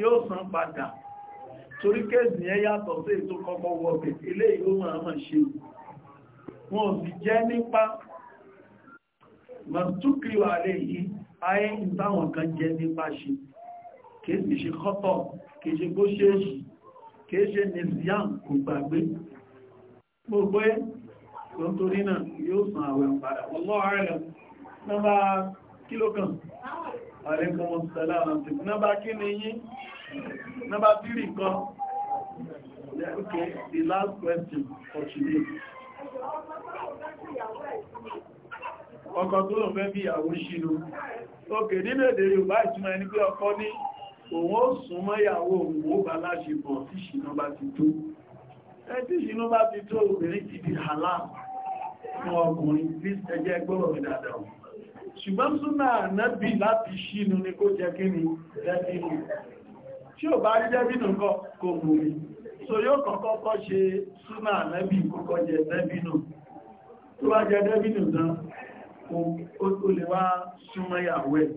yóò san padà torí kéèsì yẹn yàtọ̀ sí ètò kọ́kọ́ wọ́pẹ̀ ilé ìlú máa mọ̀ ṣe wọn ò sì jẹ́ nípa mọ̀túkìwà lè yí ayé ìbáwọn kan jẹ́ nípa ṣe kéèsì ṣe kọ́tọ̀ kéèṣe bó ṣeéṣì kéèṣe nìsíyàn kò gbàgbé gbogbo ẹ́ tó ń torí náà yóò Àríkọmọ̀ sẹ́lá àti nọ́bá kí ni yí? Nọ́bá tírì kan. Okay, the last question for today. Ọkọ tó lọ fẹ́ bí ìyàwó ṣínú. Okay, nínú èdè Yorùbá ìtumọ̀ ẹni pé ọkọ ní òun ó sún mọ́ ìyàwó òun ó bá láṣepọ̀ tí ṣìnà bá ti tó. Ẹ tí ṣìnà bá ti tó obìnrin ti di halal fún ọkùnrin, please ẹjẹ́ gbọ́rọ̀ mi dáadáa ṣùgbọ́n súnà ànábì láti ṣínú ni kó jẹ kí ni dẹ́bìnù tí ò bá rí dẹ́bìnù kò mú mi so yóò kọ́kọ́ kọ́ ṣe súnà ànábì kọ́kọ́ jẹ dẹ́bìnù tó bá jẹ dẹ́bìnù tán ó lè wá súnmọ́ ìyàwó ẹ̀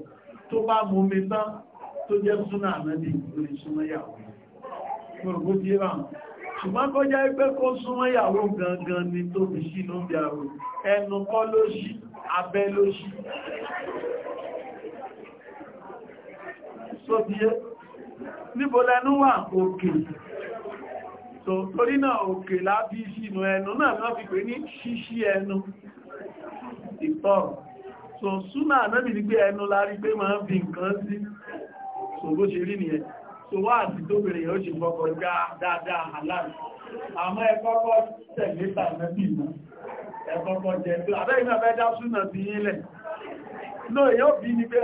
tó bá mú mi tán tó jẹ́ súnà ànábì lè súnmọ́ ṣùgbọ́n kó jẹ́ pé kó súnmọ́ ìyàwó gangan ni tó fi sí ló ń bí àrò ẹnu kọ́ ló ṣí abẹ́ ló ṣí sóbíyé níbo lẹ́nu wà òkè torí náà òkè lábí sínú ẹnu náà náà fi pè ní ṣíṣí ẹnu ìtọ́rọ̀ so súnà náà bí ní pé ẹnu lárí pé máa ń fi nǹkan sí so bó ṣe rí nìyẹn tó wá ya tó bèèrè yóò ṣe gbọ́kọ̀ gbá dáadáa aláàrùn àmọ́ ẹkọ́kọ́ tẹ̀lé tàbí ìmọ̀ ẹkọ́kọ́ jẹ́ tó abẹ́yìn abẹ́ dá súnà sí ilẹ̀ ló yóò bí ní pé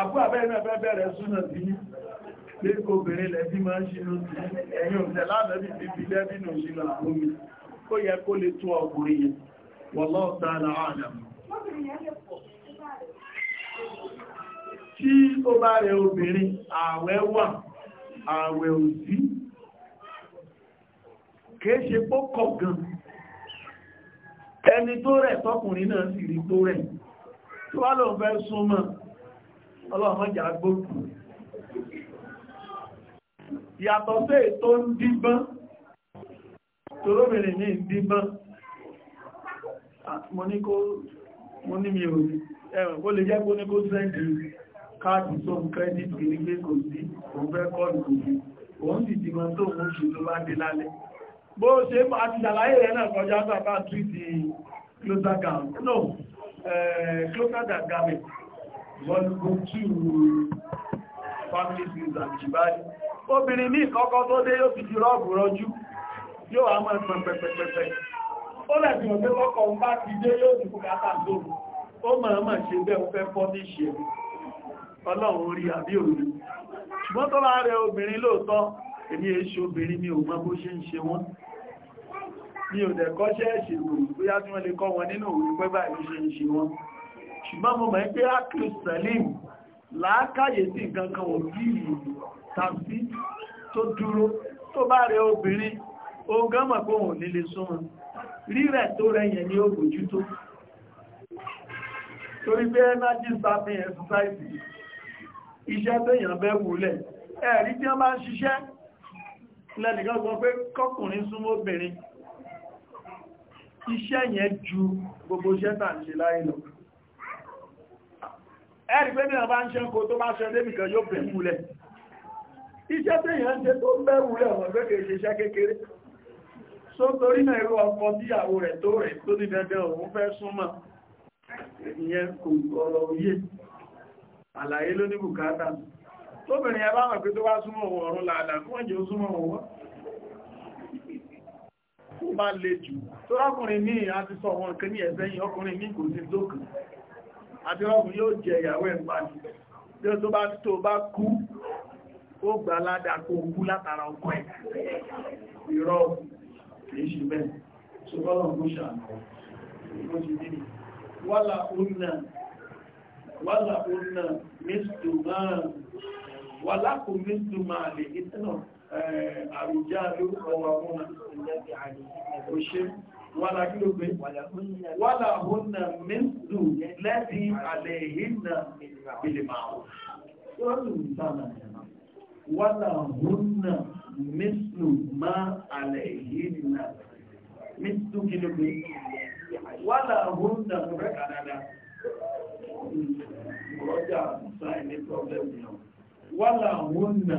àbú abẹ́yìn abẹ́ súnà sí ẹ̀yìn òṣẹ̀ lánàbí ti fi lẹ́bí nù tí ó bá rẹ obìnrin ààwẹ̀ wà ààwẹ̀ ò sí kìí ṣe pọ́kọ̀ gan ẹni tó rẹ̀ tọkùnrin náà sì rí tó rẹ̀ tó wá lọ fẹ́ súnmọ́ ọlọ́mọjà gbókù yàtọ̀ sí ètò ń díbọ́n torobìnrin ah, ní díbọ́n mo ní mi ò ẹ̀wọ̀n kó lè jẹ́ kó ní kó sẹ́ndì káàdì tó ń credit kìí gbé kò sí òun fẹ́ kọ́ọ̀lù kò sí òun sì ti mọ́ tó mú ṣe tó bá dé lálẹ́ bó ṣe àti ìdàláyé rẹ̀ náà kọjá sábà tríti closer gown no eh, closer than garment volume 2 family things and jibari obìnrin ní ìkọ́kọ́ tó dé yóò fi ti rọ́ọ̀bù rọjú yóò àmọ́ ẹ̀sán pẹ̀pẹ̀pẹ̀pẹ̀ ó lẹ̀sìn ọ̀dẹ́ lọ́kọ̀ọ́ bá ti dé yóò ti fún kátà lóòrùn ó mọ̀ọ́mọ̀ ṣe bẹ́ẹ̀ fọ́ ní ṣe ọlọ́run orí àbí òní ṣùgbọ́n tó láàrẹ obìnrin lóòtọ́ èmi èṣù obìnrin mi ò mọ bó ṣe ń ṣe wọ́n mi ò dẹ̀ kọ́ṣẹ́ ìṣègùn bóyá tí wọ́n lè kọ́ wọn nínú òun pẹ́ báyìí ṣe ń ṣe wọ́n ṣùgbọ́n mo mọ̀ pé ákìlù salim làákàyè sí nǹkan kan ò bí tàbí tó dúró tó bá rẹ obìnrin ohun gan mọ̀ pé òun nílé súnmọ́ rírẹ̀ tó rẹ̀yẹn ní ó bójútó torí pé energy sapping exercise iṣẹ́ tẹ́yàn bẹ́ wùlẹ̀ ẹ̀rí tí wọ́n bá ń ṣiṣẹ́ lẹ́nìkan sọ pé kọkùnrin súnmọ́ obìnrin iṣẹ́ yẹn ju gbogbo iṣẹ́ tà ń ṣe láyé lọ ẹ̀rí pé bí wọ́n bá ń ṣe kó tó bá ṣe débìkan yóò bẹ̀ wùlẹ̀ iṣẹ́ tẹ́yàn ṣe tó bẹ́ wùlẹ̀ wọ́n pé kèé ṣe iṣẹ́ kékeré so torí náà irú ọkọ tíyàwó rẹ̀ tó rẹ̀ tó ní dandan òun fẹ́ súnmọ́ ìyẹn kò ọ̀rọ̀ òye àlàyé ló ní bùkátà tóbìnrin ẹ bá mọ̀ pé tó wá súnmọ́ òun ọ̀run làálàá fún ẹjọ́ súnmọ́ òun wá ó bá lè jù tó rákùnrin ní àti sọ wọn kan ní ẹ̀sẹ́yìn ọkùnrin ní kò sí tókàn àti ọkùnrin yóò jẹ ìyàwó ẹ̀ pa wàlá òun náà mr man wàlá kò mr man lè ní tẹ́nà àrùjá lórúkọ wa fún ọṣẹ wàlá kí ló gbé wàlá òun náà mr lẹ́bí alẹ́ yìí náà bìlẹ̀ máa wàlá òun náà kí ló gbé wàlá òun náà mẹ́kàdáadáa ọjà àmúsá ẹni pọ́blẹ́mù yàn wà láwọn nà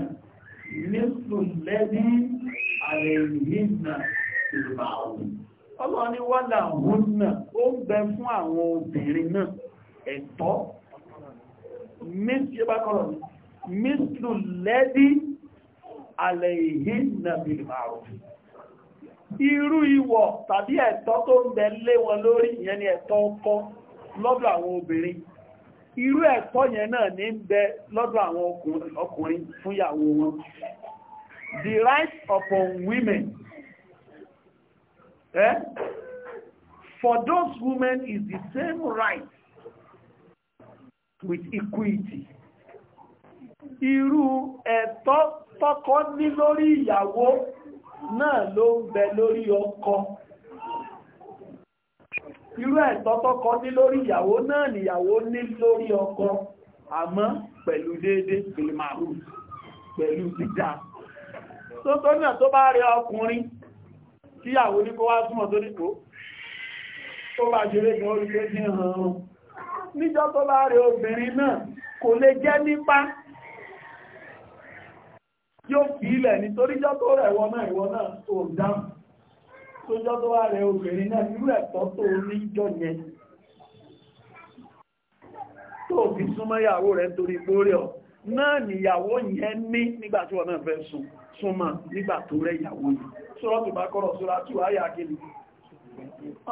nísù lẹ́ní ààrẹ ìrìnà ìrìnàwó ọlọ́run ni wà láwọn nà ó ń bẹ fún àwọn obìnrin náà ẹ̀tọ́ mísù lẹ́ní ààrẹ ìrìnà ìrìnàwó irú ìwọ̀ tàbí ẹ̀tọ́ tó ń bẹ lé wọn lórí ìyẹn ni ẹ̀tọ́ ọkọ lọ́dọ̀ àwọn obìnrin irú ẹ̀tọ́ yẹn náà ní ń bẹ lọ́dọ̀ àwọn ọkùnrin fúnyàwó wọn the right upon women eh? for those women is the same right with equity irú ẹ̀tọ́ tọkọ ní lórí ìyàwó náà ló ń bẹ lórí ọkọ irú ẹ̀tọ́ tọ́kọ ní lórí ìyàwó náà nìyàwó ní lórí ọkọ àmọ́ pẹ̀lú déédé pèlèmàrú pẹ̀lú dídá tó tó náà tó bá rẹ ọkùnrin tí ìyàwó ní kó wá súnmọ́ tó nípò tó bá ṣeré gan orí pé ní ọ̀run níjọ́ tó bá rẹ obìnrin jẹ́ nípa yóò fi ilẹ̀ nítoríjọ́ tó rẹ̀ náà ìwọ náà tó dáhùn tó jọ́ tó wà rẹ̀ obìnrin náà irú ẹ̀tọ́ tó ní jọ yẹn tó fi súnmọ́ ìyàwó rẹ̀ torí gbórí ọ̀ náà nìyàwó yẹn ní nígbà tí wọ́n náà fẹ́ sùn súnmọ́ nígbà tó rẹ̀ ìyàwó yìí sọ́rọ̀ tó bá kọ́rọ̀ sọ́rọ̀ tó ayà kìlì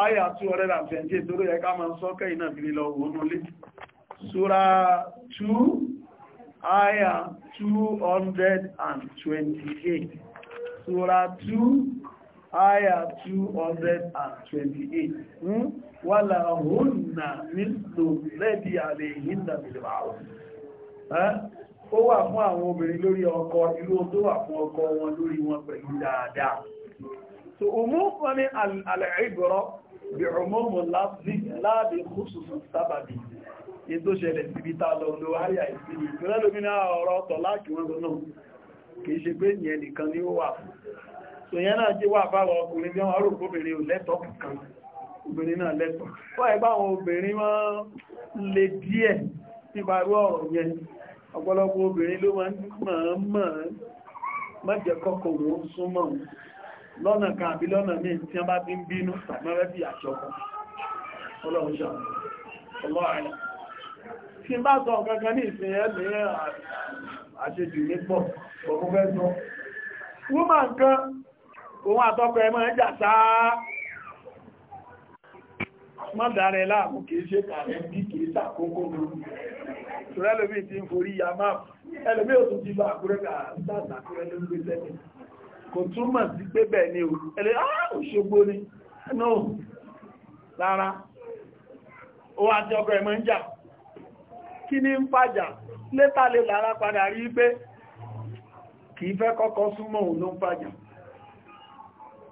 ayà tó rẹ̀ ràfẹ́ntì torí ẹ̀ká máa sọ́kẹ́ iná fi lọ wọnú lé sọ́rọ̀ 2 ayà 228 sura 2 Aya 228. Wà láhùn náà nílò lẹ́bí àlè ìhìndà bìlìbàwọ̀. Ó wà fún àwọn obìnrin lórí ọkọ, irú tó wà fún ọkọ wọn lórí wọn pẹ̀lú dáadáa. So, òmú fún ní àlẹ̀ẹ́gbọ́rọ̀ bí ọmọ́mù láàbí kúsùsù sábàbí. Ètò ṣẹlẹ̀ síbi tá lọ lo àyà ìsinmi. Ìpínlẹ̀ lómìnà ọ̀rọ̀ ọ̀tọ̀ láàkì wọn lọ náà. Kìí ṣe pé ìyẹn nìkan ni ó wà fún tòyẹn náà jí wà báwọn ọkùnrin bí wọ́n rò obìnrin ò lẹ́tọ̀ọ́ kankan obìnrin náà lẹ́tọ̀ọ́ wọ́n ẹgbà àwọn obìnrin wọ́n lè díẹ̀ nípa irú ọ̀rọ̀ yẹn ọ̀pọ̀lọpọ̀ obìnrin ló máa ń mọ̀ mọ́jẹ̀ kọ́kọ́ òun súnmọ́ lọ́nà kan àbí lọ́nà míì tí wọ́n bá ti ń bínú tàbí bí àṣọkọ ọlọ́run ṣàmù ọlọ́run tí bá sọ kankan ní ìsìn ẹ̀mí àṣejù ní kan òun àtọ́kọ ẹmọ́ ẹjà sáà mọ́ dárẹ láàmú kìí ṣe kààrẹ bí kìí sàkókò lórí ṣùgbọ́n ẹlòmí ti ń forí ya máa ẹlòmí ò ti lọ àkúrẹ́ kààrẹ lórí sẹ́lẹ̀ kò túmọ̀ sí pé bẹ́ẹ̀ ni òṣogbo ni no lára ó àtọ́kọ ẹmọ́ ẹjà kí ní ń fàjà létàlé lára padà rí pé kìí fẹ́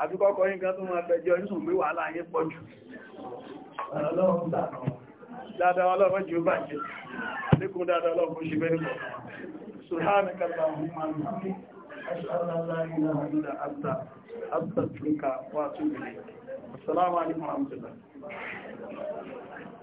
àti kọ́kọ́ yínká tó máa fẹjọ́ yín sùn pé wàhálà yín pọ̀ jù dáadáa ọlọ́run jù bàjẹ́ àlékún dáadáa ọlọ́run ṣe bẹ́ẹ̀ pọ̀ سبحانك اللهم وبحمدك أشهد أن لا إله إلا أنت أستغفرك وأتوب إليك السلام عليكم ورحمة الله